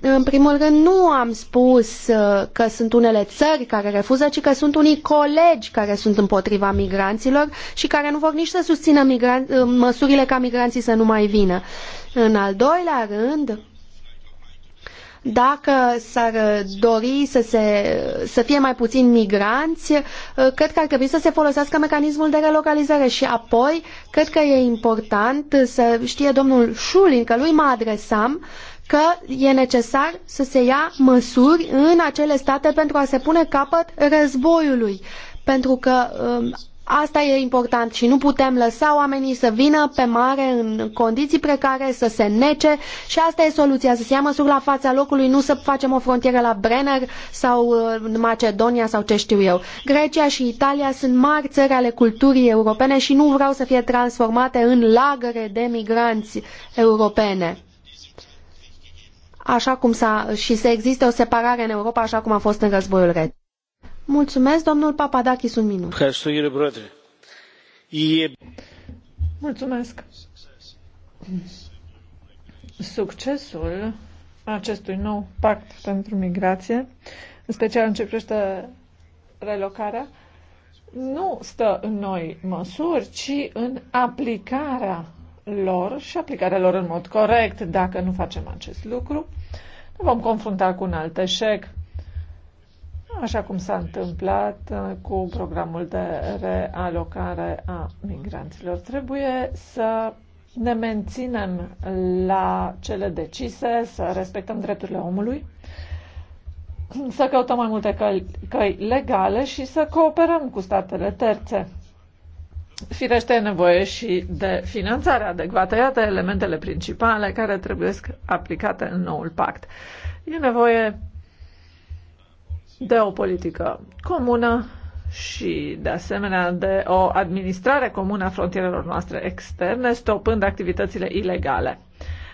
[SPEAKER 6] În primul rând, nu am spus uh, că sunt unele țări care refuză, ci că sunt unii colegi care sunt împotriva migranților și care nu vor nici să susțină uh, măsurile ca migranții să nu mai vină. În al doilea rând, dacă s-ar uh, dori să, se, să fie mai puțin migranți, uh, cred că ar trebui să se folosească mecanismul de relocalizare și apoi cred că e important să știe domnul Șulin că lui mă adresam că e necesar să se ia măsuri în acele state pentru a se pune capăt războiului. Pentru că um, Asta e important și nu putem lăsa oamenii să vină pe mare în condiții precare, să se nece și asta e soluția, să se ia măsuri la fața locului, nu să facem o frontieră la Brenner sau uh, în Macedonia sau ce știu eu. Grecia și Italia sunt mari țări ale culturii europene și nu vreau să fie transformate în lagăre de migranți europene așa cum s-a, și să existe o separare în Europa așa cum a fost în războiul rece. Mulțumesc, domnul Papadakis, un minut.
[SPEAKER 5] Mulțumesc. Succesul acestui nou pact pentru migrație, în special în ce privește relocarea, nu stă în noi măsuri, ci în aplicarea lor și aplicarea lor în mod corect. Dacă nu facem acest lucru, ne vom confrunta cu un alt eșec așa cum s-a întâmplat uh, cu programul de realocare a migranților. Trebuie să ne menținem la cele decise, să respectăm drepturile omului, să căutăm mai multe căi, căi legale și să cooperăm cu statele terțe. Firește e nevoie și de finanțare adecvată. Iată elementele principale care trebuie aplicate în noul pact. E nevoie de o politică comună și, de asemenea, de o administrare comună a frontierelor noastre externe, stopând activitățile ilegale.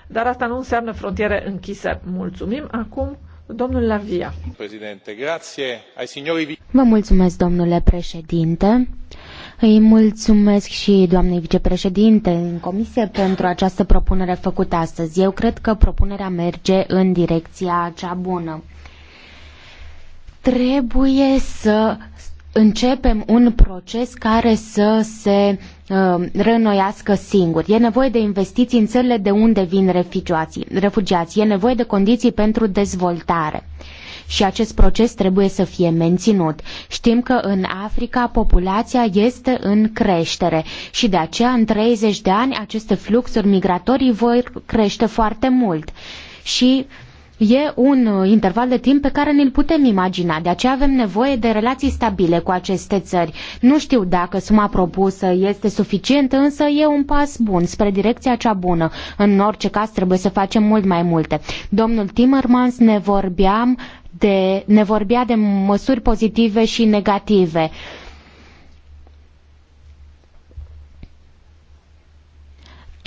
[SPEAKER 5] Dar asta nu înseamnă frontiere închise. Mulțumim. Acum, domnul Lavia. Președinte, grație ai signorii...
[SPEAKER 3] Vă mulțumesc, domnule președinte. Îi mulțumesc și doamnei vicepreședinte în comisie pentru această propunere făcută astăzi. Eu cred că propunerea merge în direcția cea bună. Trebuie să începem un proces care să se uh, rănoiască reînnoiască singur. E nevoie de investiții în țările de unde vin refugiații, refugiații. E nevoie de condiții pentru dezvoltare. Și acest proces trebuie să fie menținut. Știm că în Africa populația este în creștere și de aceea în 30 de ani aceste fluxuri migratorii vor crește foarte mult. Și e un uh, interval de timp pe care ne-l putem imagina. De aceea avem nevoie de relații stabile cu aceste țări. Nu știu dacă suma propusă este suficientă, însă e un pas bun spre direcția cea bună. În orice caz trebuie să facem mult mai multe. Domnul Timmermans ne vorbeam de, ne vorbea de măsuri pozitive și negative. Uh,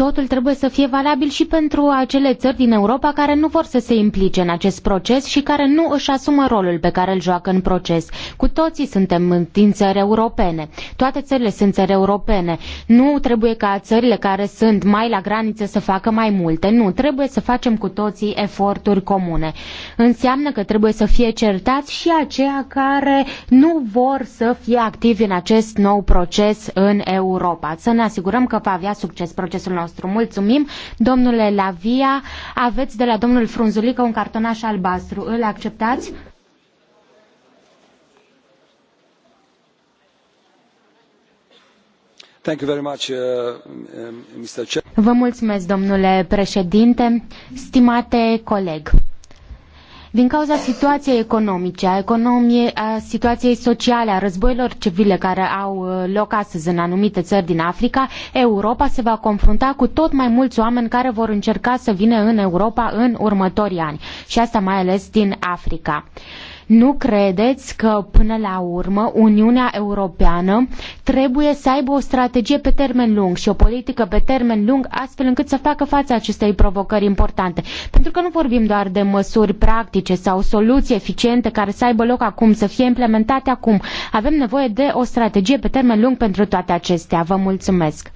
[SPEAKER 3] totul trebuie să fie valabil și pentru acele țări din Europa care nu vor să se implice în acest proces și care nu își asumă rolul pe care îl joacă în proces. Cu toții suntem din țări europene. Toate țările sunt țări europene. Nu trebuie ca țările care sunt mai la graniță să facă mai multe. Nu, trebuie să facem cu toții eforturi comune. Înseamnă că trebuie să fie certați și aceia care nu vor să fie activi în acest nou proces în Europa. Să ne asigurăm că va avea succes procesul nostru nostru. Mulțumim, domnule Lavia. Aveți de la domnul Frunzulică un cartonaș albastru. Îl acceptați?
[SPEAKER 4] Thank you very much, uh,
[SPEAKER 2] uh, Mr.
[SPEAKER 3] Vă mulțumesc, domnule președinte, stimate coleg. Din cauza situației economice, a, economie, a situației sociale, a războiilor civile care au uh, loc astăzi în anumite țări din Africa, Europa se va confrunta cu tot mai mulți oameni care vor încerca să vină în Europa în următorii ani. Și asta mai ales din Africa. Nu credeți că, până la urmă, Uniunea Europeană trebuie să aibă o strategie pe termen lung și o politică pe termen lung, astfel încât să facă față acestei provocări importante? Pentru că nu vorbim doar de măsuri practice sau soluții eficiente care să aibă loc acum, să fie implementate acum. Avem nevoie de o strategie pe termen lung pentru toate acestea. Vă mulțumesc!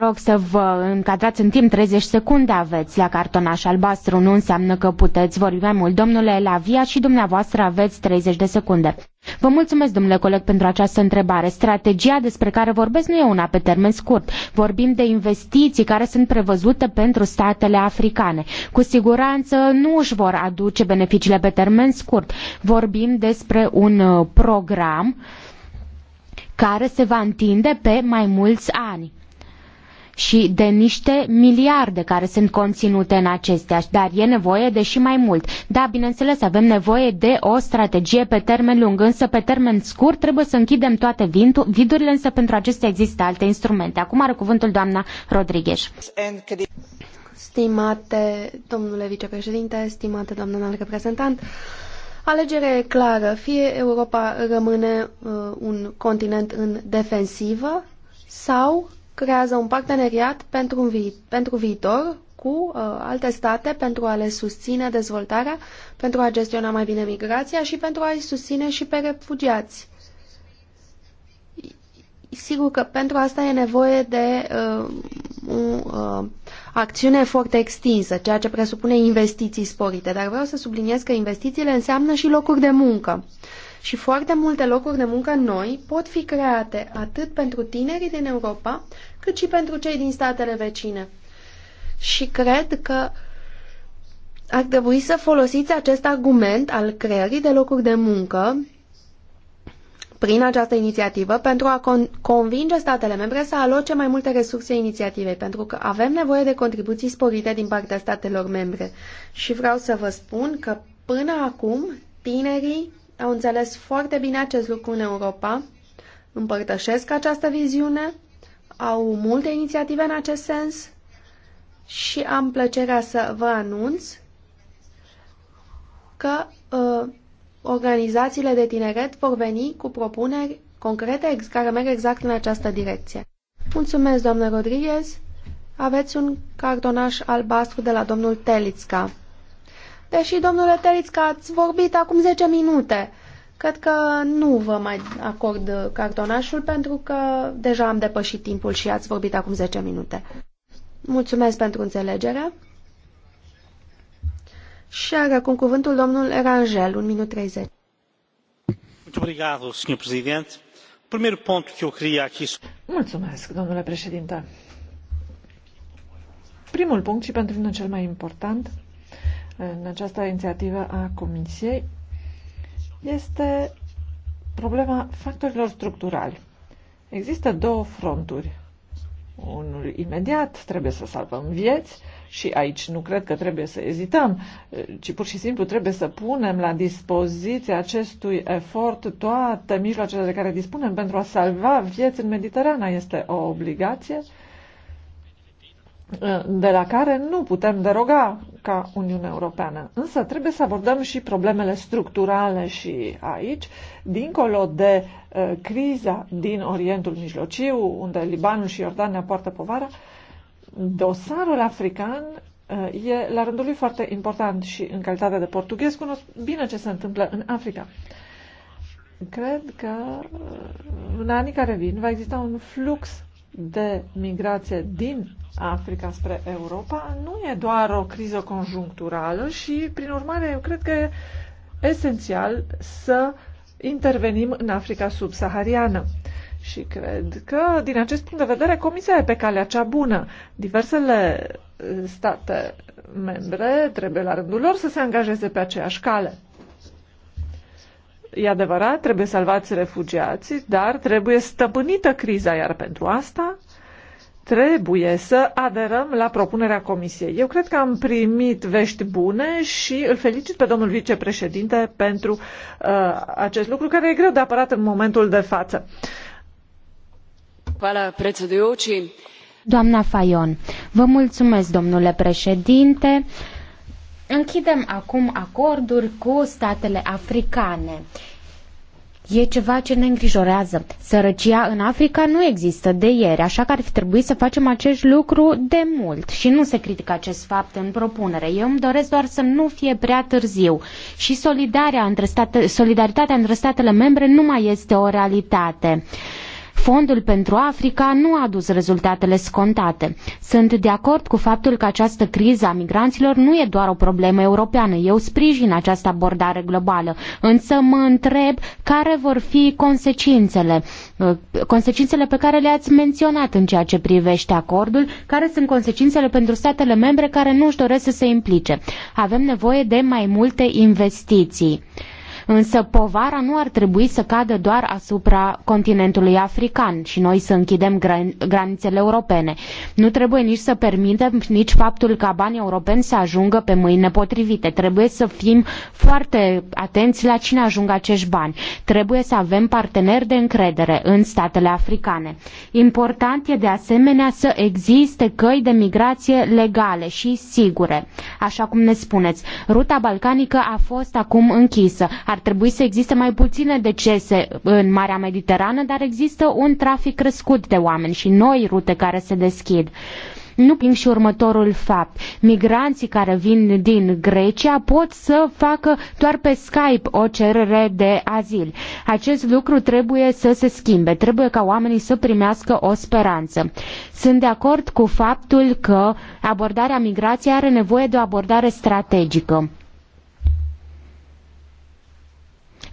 [SPEAKER 3] Rog să vă încadrați în timp, 30 secunde aveți la cartonaș albastru, nu înseamnă că puteți vorbi mai mult. Domnule Elavia și dumneavoastră aveți 30 de secunde. Vă mulțumesc, domnule coleg, pentru această întrebare. Strategia despre care vorbesc nu e una pe termen scurt. Vorbim de investiții care sunt prevăzute pentru statele africane. Cu siguranță nu își vor aduce beneficiile pe termen scurt. Vorbim despre un uh, program care se va întinde pe mai mulți ani și de niște miliarde care sunt conținute în acestea, dar e nevoie de și mai mult. Da, bineînțeles, avem nevoie de o strategie pe termen lung, însă pe termen scurt trebuie să închidem toate vidurile, însă pentru acestea există alte instrumente. Acum are cuvântul doamna Rodriguez.
[SPEAKER 6] Stimate domnule vicepreședinte, stimate doamnă înalt reprezentant, Alegere e clară. Fie Europa rămâne uh, un continent în defensivă sau creează un parteneriat pentru, un vi- pentru viitor cu uh, alte state pentru a le susține dezvoltarea, pentru a gestiona mai bine migrația și pentru a-i susține și pe refugiați. Sigur că pentru asta e nevoie de uh, o uh, acțiune foarte extinsă, ceea ce presupune investiții sporite, dar vreau să subliniez că investițiile înseamnă și locuri de muncă. Uh, și foarte multe locuri de muncă noi pot fi create atât pentru tinerii din Europa, cât și pentru cei din statele vecine. Și cred că ar trebui să folosiți acest argument al creării de locuri de muncă prin această inițiativă pentru a con convinge statele membre să aloce mai multe resurse inițiativei, pentru că avem nevoie de contribuții sporite din partea statelor membre. Și vreau să vă spun că până acum tinerii au înțeles foarte bine acest lucru în Europa, împărtășesc această viziune, au multe inițiative în acest sens și am plăcerea să vă anunț că uh, organizațiile de tineret vor veni cu propuneri concrete care merg exact în această direcție. Mulțumesc, doamnă Rodriguez. Aveți un cartonaș albastru de la domnul Telitska. Deși, domnule Teriț, că ați vorbit acum 10 minute, cred că nu vă mai acord cartonașul pentru că deja am depășit timpul și ați vorbit acum 10 minute. Mulțumesc pentru înțelegere. Și are acum cuvântul domnul Erangel, un minut 30. Mulțumesc, domnule președinte.
[SPEAKER 5] Primul punct și pentru mine cel mai important în această inițiativă a Comisiei este problema factorilor structurali. Există două fronturi. Unul imediat, trebuie să salvăm vieți și aici nu cred că trebuie să ezităm, ci pur și simplu trebuie să punem la dispoziție acestui efort toate mijloacele de care dispunem pentru a salva vieți în Mediterana. Este o obligație de la care nu putem deroga ca Uniunea Europeană. Însă trebuie să abordăm și problemele structurale și aici, dincolo de uh, criza din Orientul Mijlociu, unde Libanul și Iordania poartă povara, dosarul african uh, e la rândul lui foarte important și în calitate de portughez cunosc bine ce se întâmplă în Africa. Cred că uh, în anii care vin va exista un flux de migrație din Africa spre Europa nu e doar o criză conjuncturală și, prin urmare, eu cred că e esențial să intervenim în Africa subsahariană. Și cred că, din acest punct de vedere, Comisia e pe calea cea bună. Diversele uh, state membre trebuie, la rândul lor, să se angajeze pe aceeași cale. E adevărat, trebuie salvați refugiații, dar trebuie stăpânită criza, iar pentru asta trebuie să aderăm la propunerea Comisiei. Eu cred că am primit vești bune și îl felicit pe domnul vicepreședinte pentru uh, acest lucru care e greu de apărat în momentul de față.
[SPEAKER 3] Doamna Fayon, vă mulțumesc, domnule președinte. Închidem acum acorduri cu statele africane. E ceva ce ne îngrijorează. Sărăcia în Africa nu există de ieri, așa că ar fi trebuit să facem acest lucru de mult și nu se critică acest fapt în propunere. Eu îmi doresc doar să nu fie prea târziu și între state, solidaritatea între statele membre nu mai este o realitate. Fondul pentru Africa nu a dus rezultatele scontate. Sunt de acord cu faptul că această criză a migranților nu e doar o problemă europeană. Eu sprijin această abordare globală, însă mă întreb care vor fi consecințele. Uh, consecințele pe care le-ați menționat în ceea ce privește acordul, care sunt consecințele pentru statele membre care nu își doresc să se implice. Avem nevoie de mai multe investiții. Însă povara nu ar trebui să cadă doar asupra continentului african și noi să închidem granițele europene. Nu trebuie nici să permitem nici faptul ca banii europeni să ajungă pe mâini nepotrivite. Trebuie să fim foarte atenți la cine ajung acești bani. Trebuie să avem parteneri de încredere în statele africane. Important e de asemenea să existe căi de migrație legale și sigure. Așa cum ne spuneți, ruta balcanică a fost acum închisă. Ar trebui să existe mai puține decese în Marea Mediterană, dar există un trafic crescut de oameni și noi rute care se deschid. Nu ping și următorul fapt. Migranții care vin din Grecia pot să facă doar pe Skype o cerere de azil. Acest lucru trebuie să se schimbe. Trebuie ca oamenii să primească o speranță. Sunt de acord cu faptul că abordarea migrației are nevoie de o abordare strategică.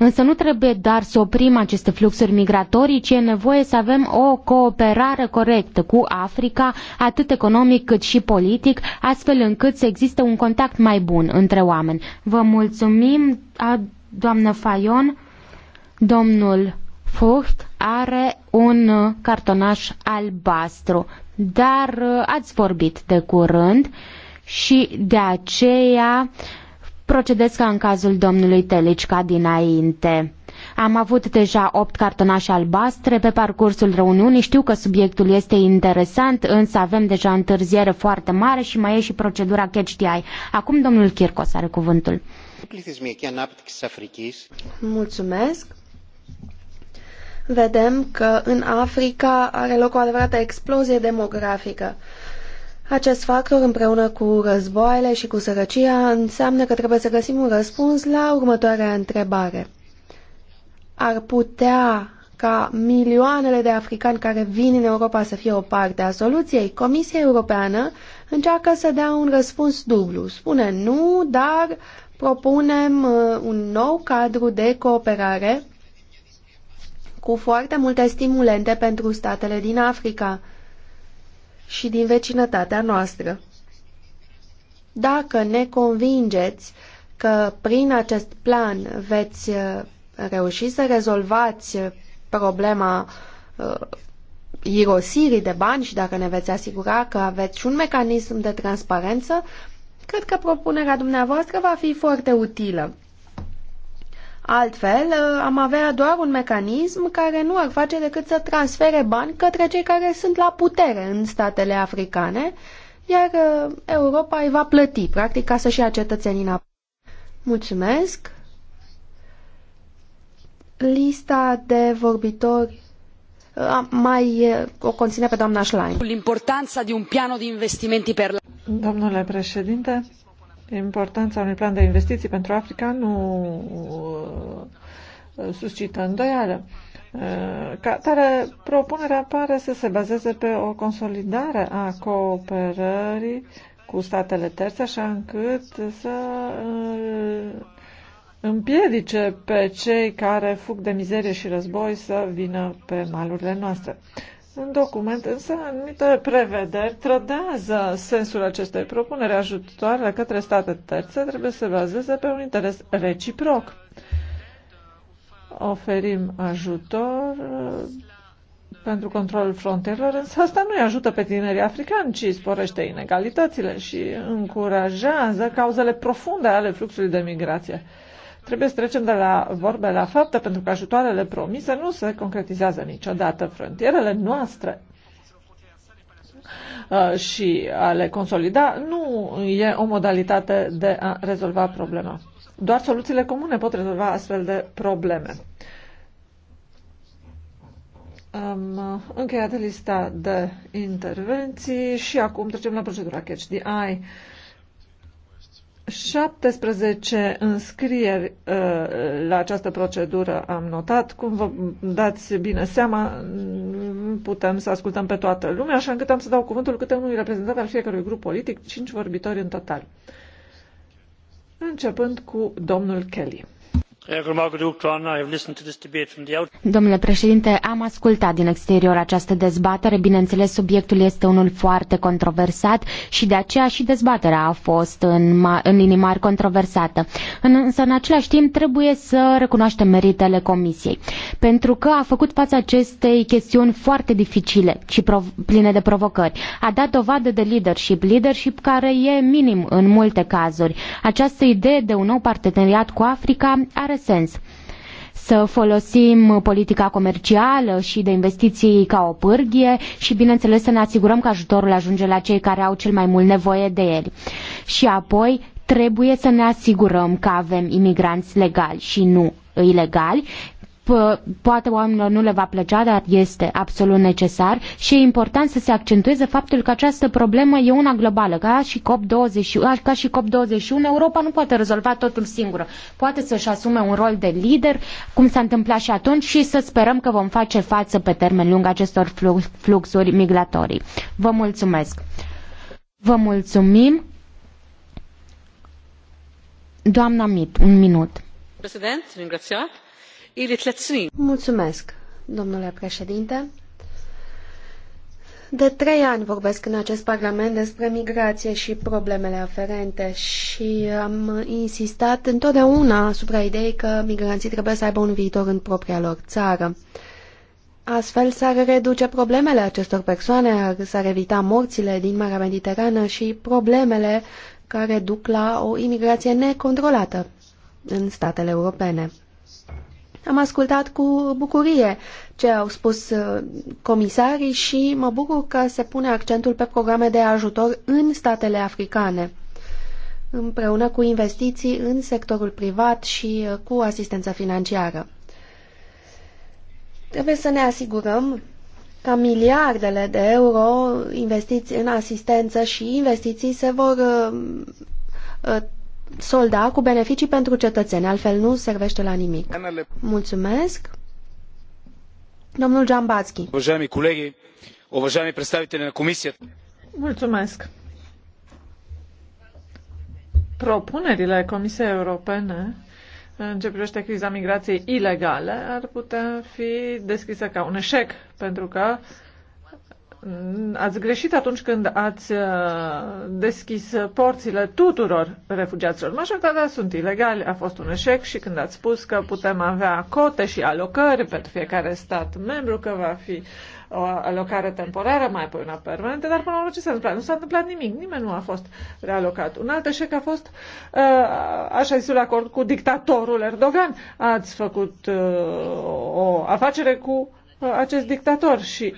[SPEAKER 3] Însă nu trebuie doar să oprim aceste fluxuri migratorii, ci e nevoie să avem o cooperare corectă cu Africa, atât economic cât și politic, astfel încât să existe un contact mai bun între oameni. Vă mulțumim, doamnă Fayon, domnul Fucht are un cartonaș albastru, dar ați vorbit de curând și de aceea Procedez ca în cazul domnului Telicca dinainte. Am avut deja opt cartonașe albastre pe parcursul reuniunii. Știu că subiectul este interesant, însă avem deja întârziere foarte mare și mai e și procedura catch the eye. Acum domnul Chircos are cuvântul. Mulțumesc.
[SPEAKER 6] Vedem că în Africa are loc o adevărată explozie demografică. Acest factor, împreună cu războaiele și cu sărăcia, înseamnă că trebuie să găsim un răspuns la următoarea întrebare. Ar putea ca milioanele de africani care vin în Europa să fie o parte a soluției, Comisia Europeană încearcă să dea un răspuns dublu. Spune nu, dar propunem uh, un nou cadru de cooperare cu foarte multe stimulente pentru statele din Africa și din vecinătatea noastră. Dacă ne convingeți că prin acest plan veți uh, reuși să rezolvați uh, problema uh, irosirii de bani și dacă ne veți asigura că aveți și un mecanism de transparență, cred că propunerea dumneavoastră va fi foarte utilă. Altfel, uh, am avea doar un mecanism care nu ar face decât să transfere bani către cei care sunt la putere în statele africane, iar uh, Europa îi va plăti, practic, ca să-și ia cetățenii înapoi. Mulțumesc! Lista de vorbitori uh, mai o conține pe doamna Schlein.
[SPEAKER 3] L'importanța
[SPEAKER 5] di un piano di investimenti per la... Domnule președinte, Importanța unui plan de investiții pentru Africa nu uh, suscită îndoială. Uh, ca tare, propunerea pare să se bazeze pe o consolidare a cooperării cu statele terțe, așa încât să uh, împiedice pe cei care fug de mizerie și război să vină pe malurile noastre. În document, însă, anumite prevederi trădează sensul acestei propuneri. ajutătoare către state terțe trebuie să bazeze pe un interes reciproc. Oferim ajutor uh, pentru controlul frontierelor, însă asta nu i ajută pe tinerii africani, ci sporește inegalitățile și încurajează cauzele profunde ale fluxului de migrație. Trebuie să trecem de la vorbe la fapte, pentru că ajutoarele promise nu se concretizează niciodată. Frontierele noastre uh, și a le consolida nu e o modalitate de a rezolva problema. Doar soluțiile comune pot rezolva astfel de probleme. Am uh, încheiat lista de intervenții și acum trecem la procedura Catch the Eye. 17 înscrieri uh, la această procedură am notat. Cum vă dați bine seama, putem să ascultăm pe toată lumea, așa încât am să dau cuvântul câte unui reprezentant al fiecărui grup politic, 5 vorbitori în total. Începând cu domnul Kelly.
[SPEAKER 3] Domnule președinte, am ascultat din exterior această dezbatere. Bineînțeles, subiectul este unul foarte controversat și de aceea și dezbaterea a fost în, în linii mari controversată. Însă, în același timp, trebuie să recunoaștem meritele Comisiei, pentru că a făcut față acestei chestiuni foarte dificile și pline de provocări. A dat dovadă de leadership, leadership care e minim în multe cazuri. Această idee de un nou parteneriat cu Africa are sens să folosim politica comercială și de investiții ca o pârghie și, bineînțeles, să ne asigurăm că ajutorul ajunge la cei care au cel mai mult nevoie de el. Și apoi trebuie să ne asigurăm că avem imigranți legali și nu ilegali, poate oamenilor nu le va plăcea, dar este absolut necesar și e important să se accentueze faptul că această problemă e una globală. Ca și COP21, ca și COP21 Europa nu poate rezolva totul singură. Poate să-și asume un rol de lider, cum s-a întâmplat și atunci, și să sperăm că vom face față pe termen lung acestor fluxuri migratorii. Vă mulțumesc! Vă mulțumim! Doamna Mit, un minut.
[SPEAKER 6] Președinte, mulțumesc domnule președinte. De trei ani vorbesc în acest parlament despre migrație și problemele aferente și am insistat întotdeauna asupra ideii că migranții trebuie să aibă un viitor în propria lor țară. Astfel s-ar reduce problemele acestor persoane, s-ar evita morțile din Marea Mediterană și problemele care duc la o imigrație necontrolată în statele europene. Am ascultat cu bucurie ce au spus uh, comisarii și mă bucur că se pune accentul pe programe de ajutor în statele africane, împreună cu investiții în sectorul privat și uh, cu asistență financiară. Trebuie să ne asigurăm ca miliardele de euro investiți în asistență și investiții se vor uh, solda cu beneficii pentru cetățeni, altfel nu servește la nimic. Mulțumesc. Domnul Jambatski.
[SPEAKER 5] Uvăjami colegi, uvăjami представители na comisie. Mulțumesc. Propunerile Comisiei Europene în ce privește criza migrației ilegale ar putea fi deschise ca un eșec, pentru că uh, ați greșit atunci când ați uh, deschis porțile tuturor refugiaților. Majoritatea da, sunt ilegali, a fost un eșec și când ați spus că putem avea cote și alocări pentru fiecare stat membru, că va fi o alocare temporară, mai apoi una permanentă, dar până la urmă ce s-a întâmplat? Nu s-a întâmplat nimic, nimeni nu a fost realocat. Un alt eșec a fost uh, așa zisul acord cu dictatorul Erdogan. Ați făcut uh, o afacere cu acest dictator și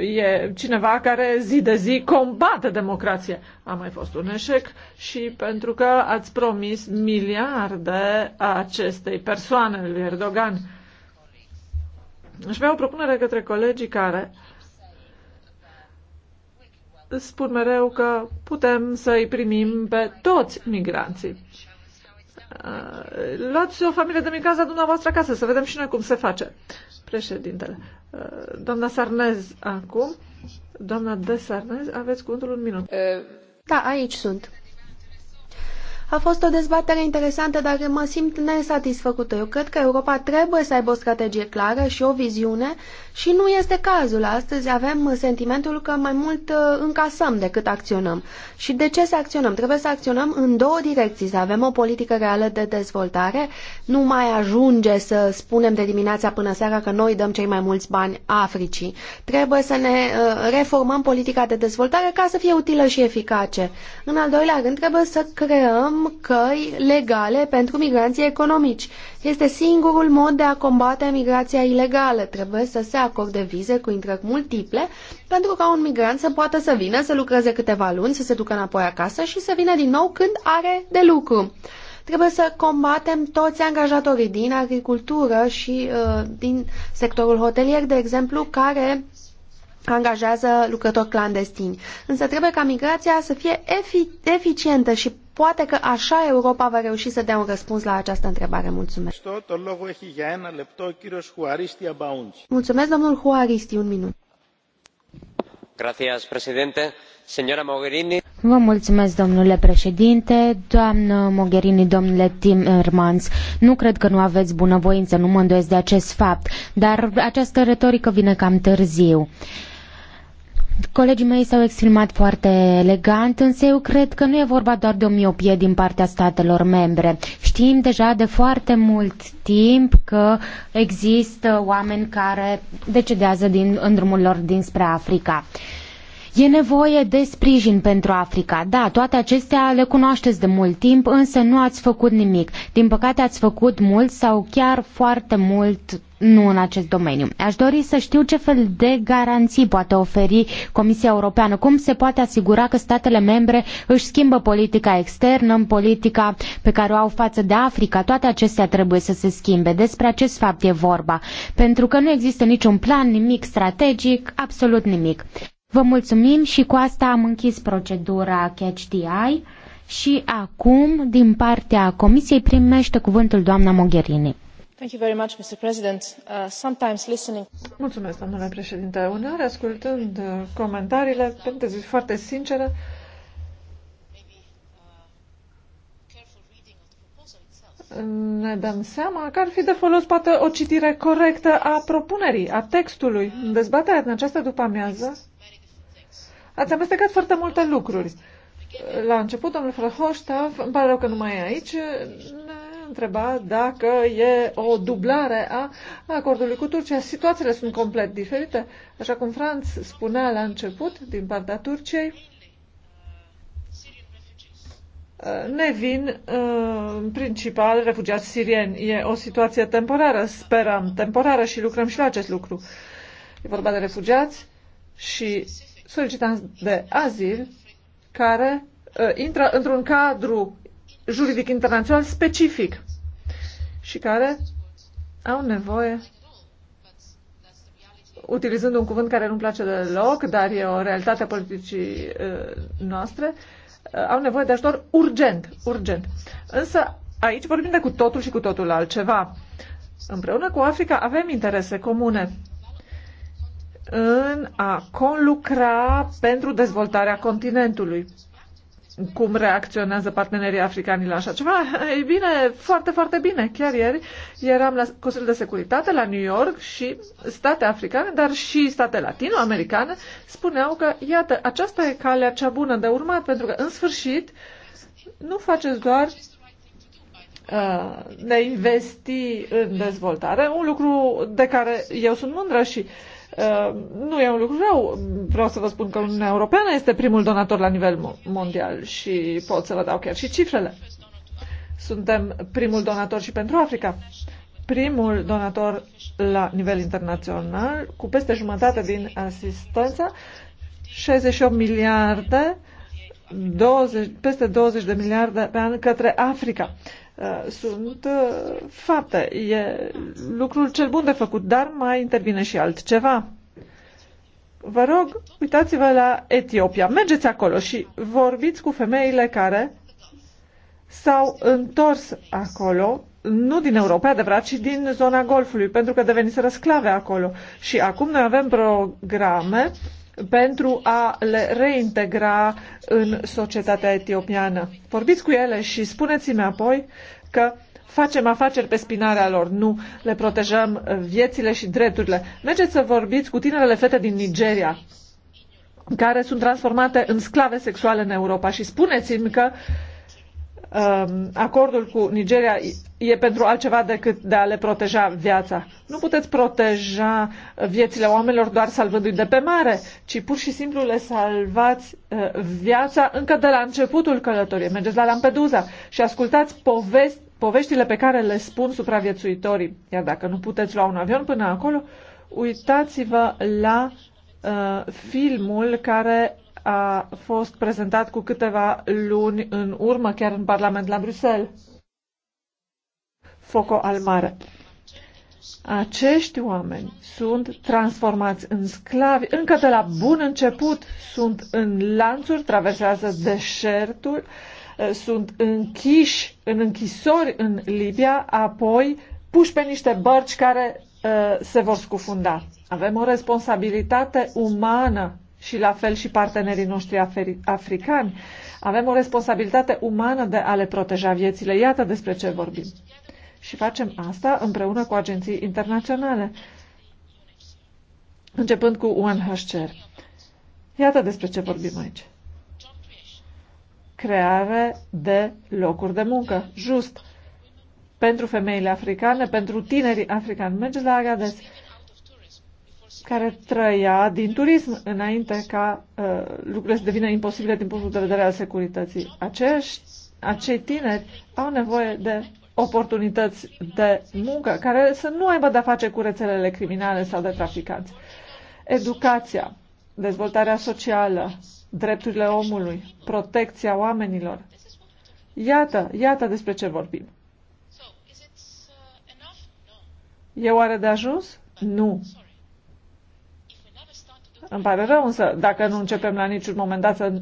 [SPEAKER 5] e cineva care zi de zi combate democrația. A mai fost un eșec și pentru că ați promis miliarde acestei persoane, lui Erdogan. Își avea o propunere către colegii care spun mereu că putem să-i primim pe toți migranții. Uh, luați o familie de mincaza dumneavoastră acasă, să vedem și noi cum se face. Președintele. Uh, doamna Sarnez, acum. Doamna de Sarnez, aveți cuvântul un minut. Uh,
[SPEAKER 6] da, aici sunt. A fost o dezbatere interesantă, dar mă simt nesatisfăcută. Eu cred că Europa trebuie să aibă o strategie clară și o viziune și nu este cazul. Astăzi avem sentimentul că mai mult uh, încasăm decât acționăm. Și de ce să acționăm? Trebuie să acționăm în două direcții, să avem o politică reală de dezvoltare. Nu mai ajunge să spunem de dimineața până seara că noi dăm cei mai mulți bani Africii. Trebuie să ne uh, reformăm politica de dezvoltare ca să fie utilă și eficace. În al doilea rând, trebuie să creăm am căi legale pentru migranții economici. Este singurul mod de a combate migrația ilegală. Trebuie să se acorde vize cu intrări multiple pentru ca un migrant să poată să vină, să lucreze câteva luni, să se ducă înapoi acasă și să vină din nou când are de lucru. Trebuie să combatem toți angajatorii din agricultură și uh, din sectorul hotelier, de exemplu, care angajează lucrători clandestini. Însă trebuie ca migrația să fie efi- eficientă și Poate că așa Europa va reuși să dea un răspuns la această întrebare. Mulțumesc.
[SPEAKER 3] Mulțumesc, domnul Huaristi, un minut.
[SPEAKER 6] Gracias, presidente. Señora Mogherini.
[SPEAKER 3] Vă mulțumesc, domnule președinte, doamnă Mogherini, domnule Timmermans. Nu cred că nu aveți bunăvoință, nu mă îndoiesc de acest fapt, dar această retorică vine cam târziu. Colegii mei s-au exprimat foarte elegant, însă eu cred că nu e vorba doar de o miopie din partea statelor membre. Știm deja de foarte mult timp că există oameni care decedează din, în drumul lor dinspre Africa. E nevoie de sprijin pentru Africa. Da, toate acestea le cunoașteți de mult timp, însă nu ați făcut nimic. Din păcate ați făcut mult sau chiar foarte mult nu în acest domeniu. Aș dori să știu ce fel de garanții poate oferi Comisia Europeană, cum se poate asigura că statele membre își schimbă politica externă în politica pe care o au față de Africa. Toate acestea trebuie să se schimbe. Despre acest fapt e vorba. Pentru că nu există niciun plan, nimic strategic, absolut nimic. Vă mulțumim și cu asta am închis procedura Catch the Eye și acum, din partea Comisiei, primește cuvântul doamna Mogherini.
[SPEAKER 6] Uh,
[SPEAKER 5] Mulțumesc, domnule președinte. Uneori, ascultând uh, comentariile, pentru zic foarte sinceră, ne dăm seama că ar fi de folos poate o citire corectă a propunerii, a textului. În dezbaterea din această după-amiază ați amestecat foarte multe lucruri. La început, domnul Frăhoștav, îmi pare rău că nu mai e aici, întreba dacă e o dublare a acordului cu Turcia. Situațiile sunt complet diferite. Așa cum Franz spunea la început, din partea Turciei, ne vin uh, în principal refugiați sirieni. E o situație temporară, sperăm, temporară și lucrăm și la acest lucru. E vorba de refugiați și solicitanți de azil care uh, intră într-un cadru juridic internațional specific și care au nevoie, utilizând un cuvânt care nu-mi place deloc, dar e o realitate a politicii uh, noastre, uh, au nevoie de ajutor urgent, urgent. Însă aici vorbim de cu totul și cu totul altceva. Împreună cu Africa avem interese comune în a conlucra pentru dezvoltarea continentului cum reacționează partenerii africani la așa ceva? Ei bine, foarte, foarte bine. Chiar ieri eram la Consiliul de Securitate la New York și state africane, dar și state latino-americane spuneau că, iată, aceasta e calea cea bună de urmat, pentru că, în sfârșit, nu faceți doar de uh, investi în dezvoltare, un lucru de care eu sunt mândră și uh, Uh, nu e un lucru rău. Vreau să vă spun că Uniunea Europeană este primul donator la nivel mondial și pot să vă dau chiar și cifrele. Suntem primul donator și pentru Africa. Primul donator la nivel internațional, cu peste jumătate din asistență, 68 miliarde, 20, peste 20 de miliarde pe an către Africa. Uh, sunt uh, fapte. E lucrul cel bun de făcut, dar mai intervine și altceva. Vă rog, uitați-vă la Etiopia. Mergeți acolo și vorbiți cu femeile care s-au întors acolo, nu din Europa, adevărat, ci din zona Golfului, pentru că deveniseră sclave acolo. Și acum noi avem programe pentru a le reintegra în societatea etiopiană. Vorbiți cu ele și spuneți-mi apoi că facem afaceri pe spinarea lor, nu le protejăm viețile și drepturile. Mergeți să vorbiți cu tinerele fete din Nigeria care sunt transformate în sclave sexuale în Europa și spuneți-mi că Um, acordul cu Nigeria e pentru altceva decât de a le proteja viața. Nu puteți proteja viețile oamenilor doar salvându-i de pe mare, ci pur și simplu le salvați uh, viața încă de la începutul călătoriei. Mergeți la Lampedusa și ascultați povesti, poveștile pe care le spun supraviețuitorii. Iar dacă nu puteți lua un avion până acolo, uitați-vă la uh, filmul care a fost prezentat cu câteva luni în urmă, chiar în Parlament la Bruxelles. Foco al mare. Acești oameni sunt transformați în sclavi, încă de la bun început sunt în lanțuri, traversează deșertul, eh, sunt închiși în închisori în Libia, apoi puși pe niște bărci care uh, se vor scufunda. Avem o responsabilitate umană și la fel și partenerii noștri africani. Avem o responsabilitate umană de a le proteja viețile. Iată despre ce vorbim. Și facem asta împreună cu agenții internaționale, începând cu UNHCR. Iată despre ce vorbim aici. Creare de locuri de muncă, just, pentru femeile africane, pentru tinerii africani. Mergeți la Agadez care trăia din turism înainte ca uh, lucrurile să devină imposibile din punctul de vedere al securității. Acești, acei tineri au nevoie de oportunități de muncă care să nu aibă de-a face cu rețelele criminale sau de traficanți. Educația, dezvoltarea socială, drepturile omului, protecția oamenilor. Iată, iată despre ce vorbim. E oare de ajuns? Nu. Îmi pare rău, însă, dacă nu începem la niciun moment dat să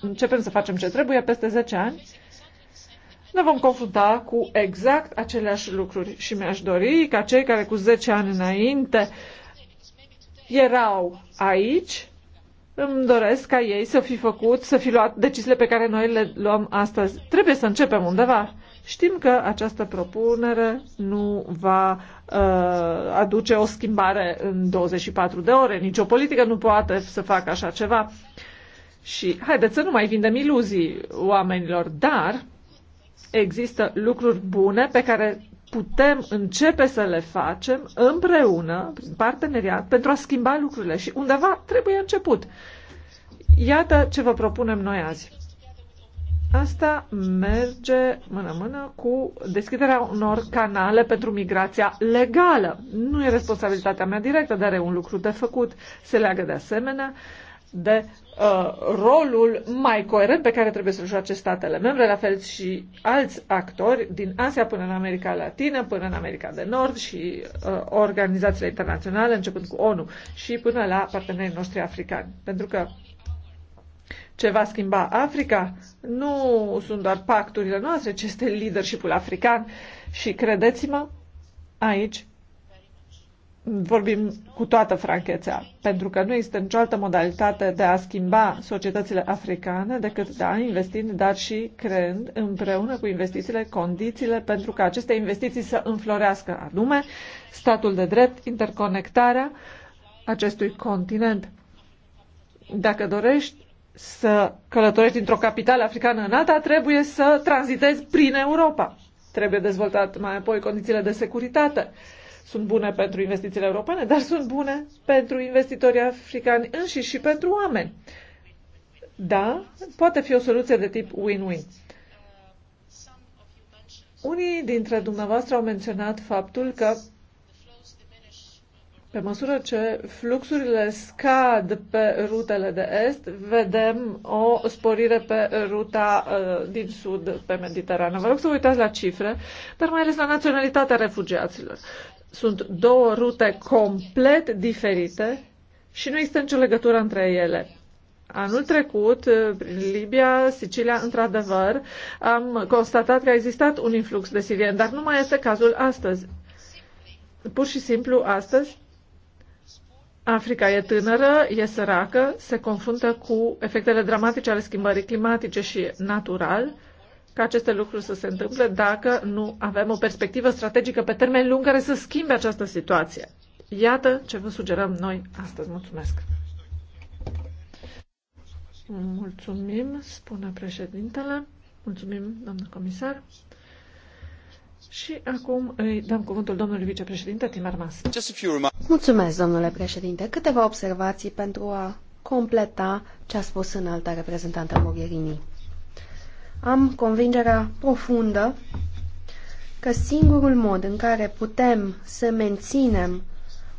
[SPEAKER 5] începem să facem ce trebuie, peste 10 ani, ne vom confrunta cu exact aceleași lucruri. Și mi-aș dori ca cei care cu 10 ani înainte erau aici, îmi doresc ca ei să fi făcut, să fi luat deciziile pe care noi le luăm astăzi. Trebuie să începem undeva. Știm că această propunere nu va uh, aduce o schimbare în 24 de ore. Nici o politică nu poate să facă așa ceva. Și haideți să nu mai vindem iluzii oamenilor, dar există lucruri bune pe care putem începe să le facem împreună, prin parteneriat, pentru a schimba lucrurile și undeva trebuie început. Iată ce vă propunem noi azi. Asta merge mână-mână cu deschiderea unor canale pentru migrația legală. Nu e responsabilitatea mea directă, dar e un lucru de făcut. Se leagă de asemenea de uh, rolul mai coerent pe care trebuie să-l joace statele membre, la fel și alți actori din Asia până în America Latină, până în America de Nord și uh, organizațiile internaționale, începând cu ONU și până la partenerii noștri africani. Pentru că ce va schimba Africa nu sunt doar pacturile noastre, ci este leadership african. Și credeți-mă, aici vorbim cu toată franchețea, pentru că nu există nicio altă modalitate de a schimba societățile africane decât de a investi, dar și creând împreună cu investițiile condițiile pentru ca aceste investiții să înflorească, anume statul de drept, interconectarea acestui continent. Dacă dorești să călătorești dintr-o capitală africană în alta, trebuie să tranzitezi prin Europa. Trebuie dezvoltat mai apoi condițiile de securitate. Sunt bune pentru investițiile europene, dar sunt bune pentru investitorii africani înșiși și pentru oameni. Da, poate fi o soluție de tip win-win. Unii dintre dumneavoastră au menționat faptul că pe măsură ce fluxurile scad pe rutele de est, vedem o sporire pe ruta uh, din sud, pe Mediterană. Vă rog să vă uitați la cifre, dar mai ales la naționalitatea refugiaților. Sunt două rute complet diferite și nu există nicio legătură între ele. Anul trecut, uh, prin Libia, Sicilia, într-adevăr, am constatat că a existat un influx de sirieni, dar nu mai este cazul astăzi. Pur și simplu, astăzi, Africa e tânără, e săracă, se confruntă cu efectele dramatice ale schimbării climatice și natural ca aceste lucruri să se întâmple dacă nu avem o perspectivă strategică pe termen lung care să schimbe această situație. Iată ce vă sugerăm noi astăzi. Mulțumesc! Mulțumim, spune președintele. Mulțumim, doamnă comisar. Și acum îi dăm cuvântul domnului vicepreședinte Timmermans.
[SPEAKER 6] Mulțumesc, domnule președinte. Câteva observații pentru a completa ce a spus în alta reprezentantă Mogherini. Am convingerea profundă că singurul mod în care putem să menținem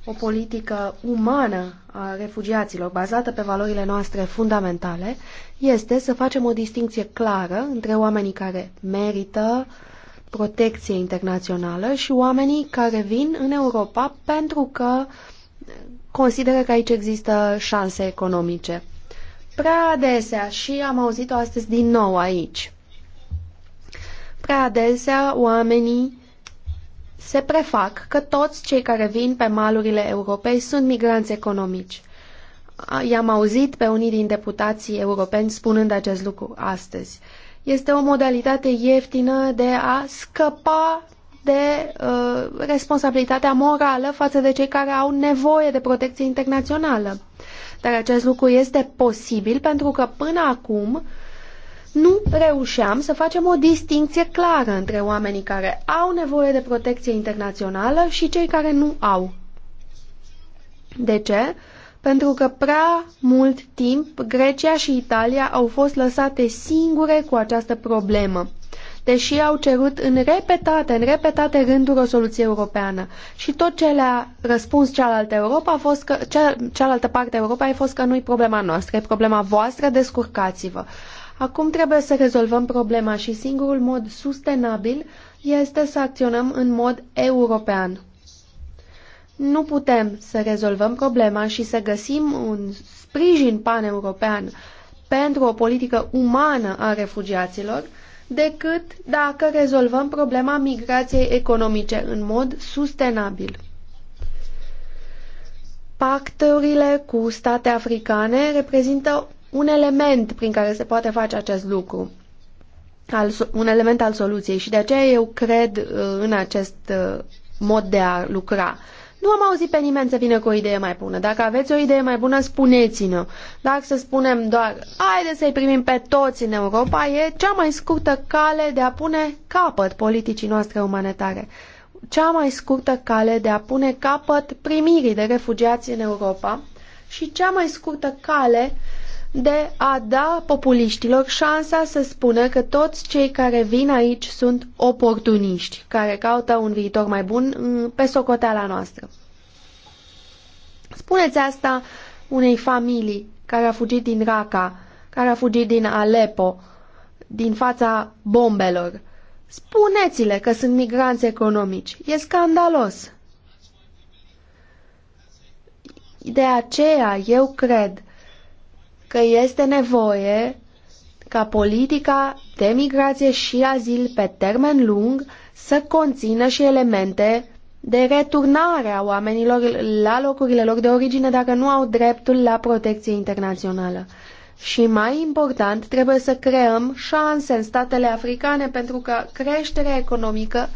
[SPEAKER 6] o politică umană a refugiaților bazată pe valorile noastre fundamentale este să facem o distinție clară între oamenii care merită uh, protecție internațională și oamenii care vin în Europa pentru că consideră că aici există șanse economice. Prea adesea, și am auzit-o astăzi din nou aici, prea adesea oamenii se prefac că toți cei care vin pe malurile Europei sunt migranți economici. I-am auzit pe unii din deputații europeni spunând acest lucru astăzi. Este o modalitate ieftină de a scăpa de uh, responsabilitatea morală față de cei care au nevoie de protecție internațională. Dar acest lucru este posibil pentru că până acum nu reușeam să facem o distinție clară între oamenii care au nevoie de protecție internațională și cei care nu au. De ce? pentru că prea mult timp Grecia și Italia au fost lăsate singure cu această problemă deși au cerut în repetate, în repetate rânduri o soluție europeană. Și tot ce le-a răspuns cealaltă Europa a fost că, cea, cealaltă parte a Europei a fost că nu-i problema noastră, e problema voastră, descurcați-vă. Acum trebuie să rezolvăm problema și singurul mod sustenabil este să acționăm în mod european nu putem să rezolvăm problema și să găsim un sprijin paneuropean pentru o politică umană a refugiaților decât dacă rezolvăm problema migrației economice în mod sustenabil. Pacturile cu state africane reprezintă un element prin care se poate face acest lucru, un element al soluției și de aceea eu cred uh, în acest uh, mod de a lucra. Nu am auzit pe nimeni să vină cu o idee mai bună. Dacă aveți o idee mai bună, spuneți-ne. Dacă să spunem doar, haide să-i primim pe toți în Europa, e cea mai scurtă cale de a pune capăt politicii noastre umanitare. Cea mai scurtă cale de a pune capăt primirii de refugiați în Europa și cea mai scurtă cale de a da populiștilor șansa să spună că toți cei care vin aici sunt oportuniști, care caută un viitor mai bun mm, pe socoteala noastră. Spuneți asta unei familii care a fugit din Raqqa, care a fugit din Aleppo, din fața bombelor. Spuneți-le că sunt migranți economici. E scandalos. De aceea eu cred că este nevoie ca politica de migrație și azil pe termen lung să conțină și elemente de returnare a oamenilor la locurile lor de origine dacă nu au dreptul la protecție internațională. Și mai important, trebuie să creăm șanse în statele africane pentru că creșterea economică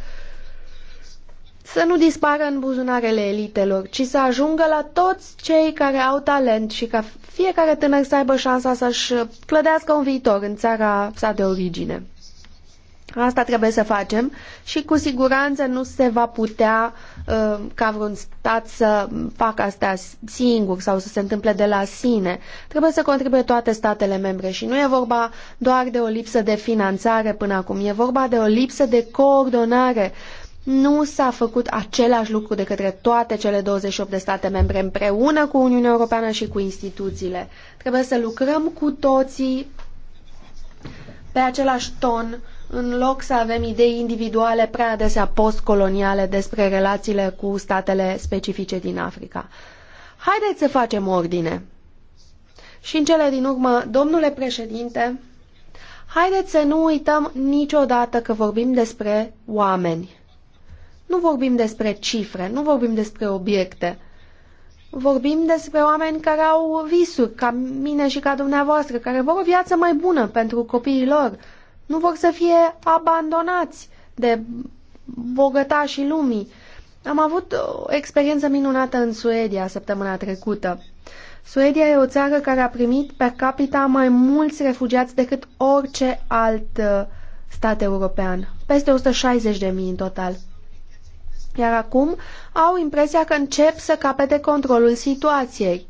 [SPEAKER 6] să nu dispară în buzunarele elitelor, ci să ajungă la toți cei care au talent și ca fiecare tânăr să aibă șansa să-și clădească un viitor în țara sa de origine. Asta trebuie să facem și cu siguranță nu se va putea uh, ca vreun stat să facă asta singur sau să se întâmple de la sine. Trebuie să contribuie toate statele membre și nu e vorba doar de o lipsă de finanțare până acum, e vorba de o lipsă de coordonare nu s-a făcut același lucru de către toate cele 28 de state membre împreună cu Uniunea Europeană și cu instituțiile. Trebuie să lucrăm cu toții pe același ton, în loc să avem idei individuale prea adesea postcoloniale despre relațiile cu statele specifice din Africa. Haideți să facem ordine. Și în cele din urmă, domnule președinte, haideți să nu uităm niciodată că vorbim despre oameni. Nu vorbim despre cifre, nu vorbim despre obiecte. Vorbim despre oameni care au visuri, ca mine și ca dumneavoastră, care vor o viață mai bună pentru copiii lor. Nu vor să fie abandonați de bogătașii lumii. Am avut o experiență minunată în Suedia săptămâna trecută. Suedia e o țară care a primit per capita mai mulți refugiați decât orice alt uh, stat european. Peste 160.000 în total iar acum au impresia că încep să capete controlul situației.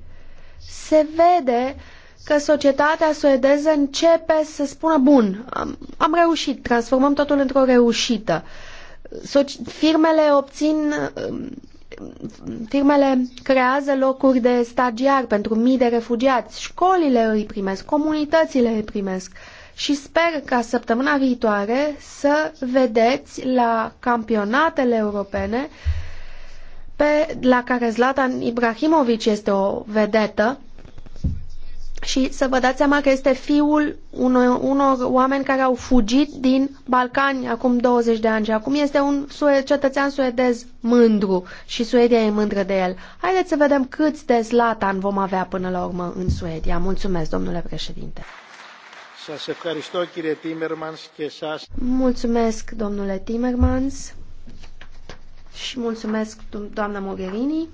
[SPEAKER 6] Se vede că societatea suedeză începe să spună, bun, am, am reușit, transformăm totul într-o reușită. firmele obțin, um, firmele creează locuri de stagiar pentru mii de refugiați, școlile îi primesc, comunitățile îi primesc. Uh, și sper ca săptămâna viitoare să vedeți la campionatele europene pe, la care Zlatan Ibrahimovic este o vedetă și să vă dați seama că este fiul unor, unor oameni care au fugit din Balcani acum 20 de ani și acum este un cetățean suedez mândru și Suedia e mândră de el. Haideți să vedem câți de Zlatan vom avea până la urmă în Suedia. Mulțumesc, domnule președinte. Mulțumesc, domnule Timmermans, și mulțumesc, doamna Mogherini.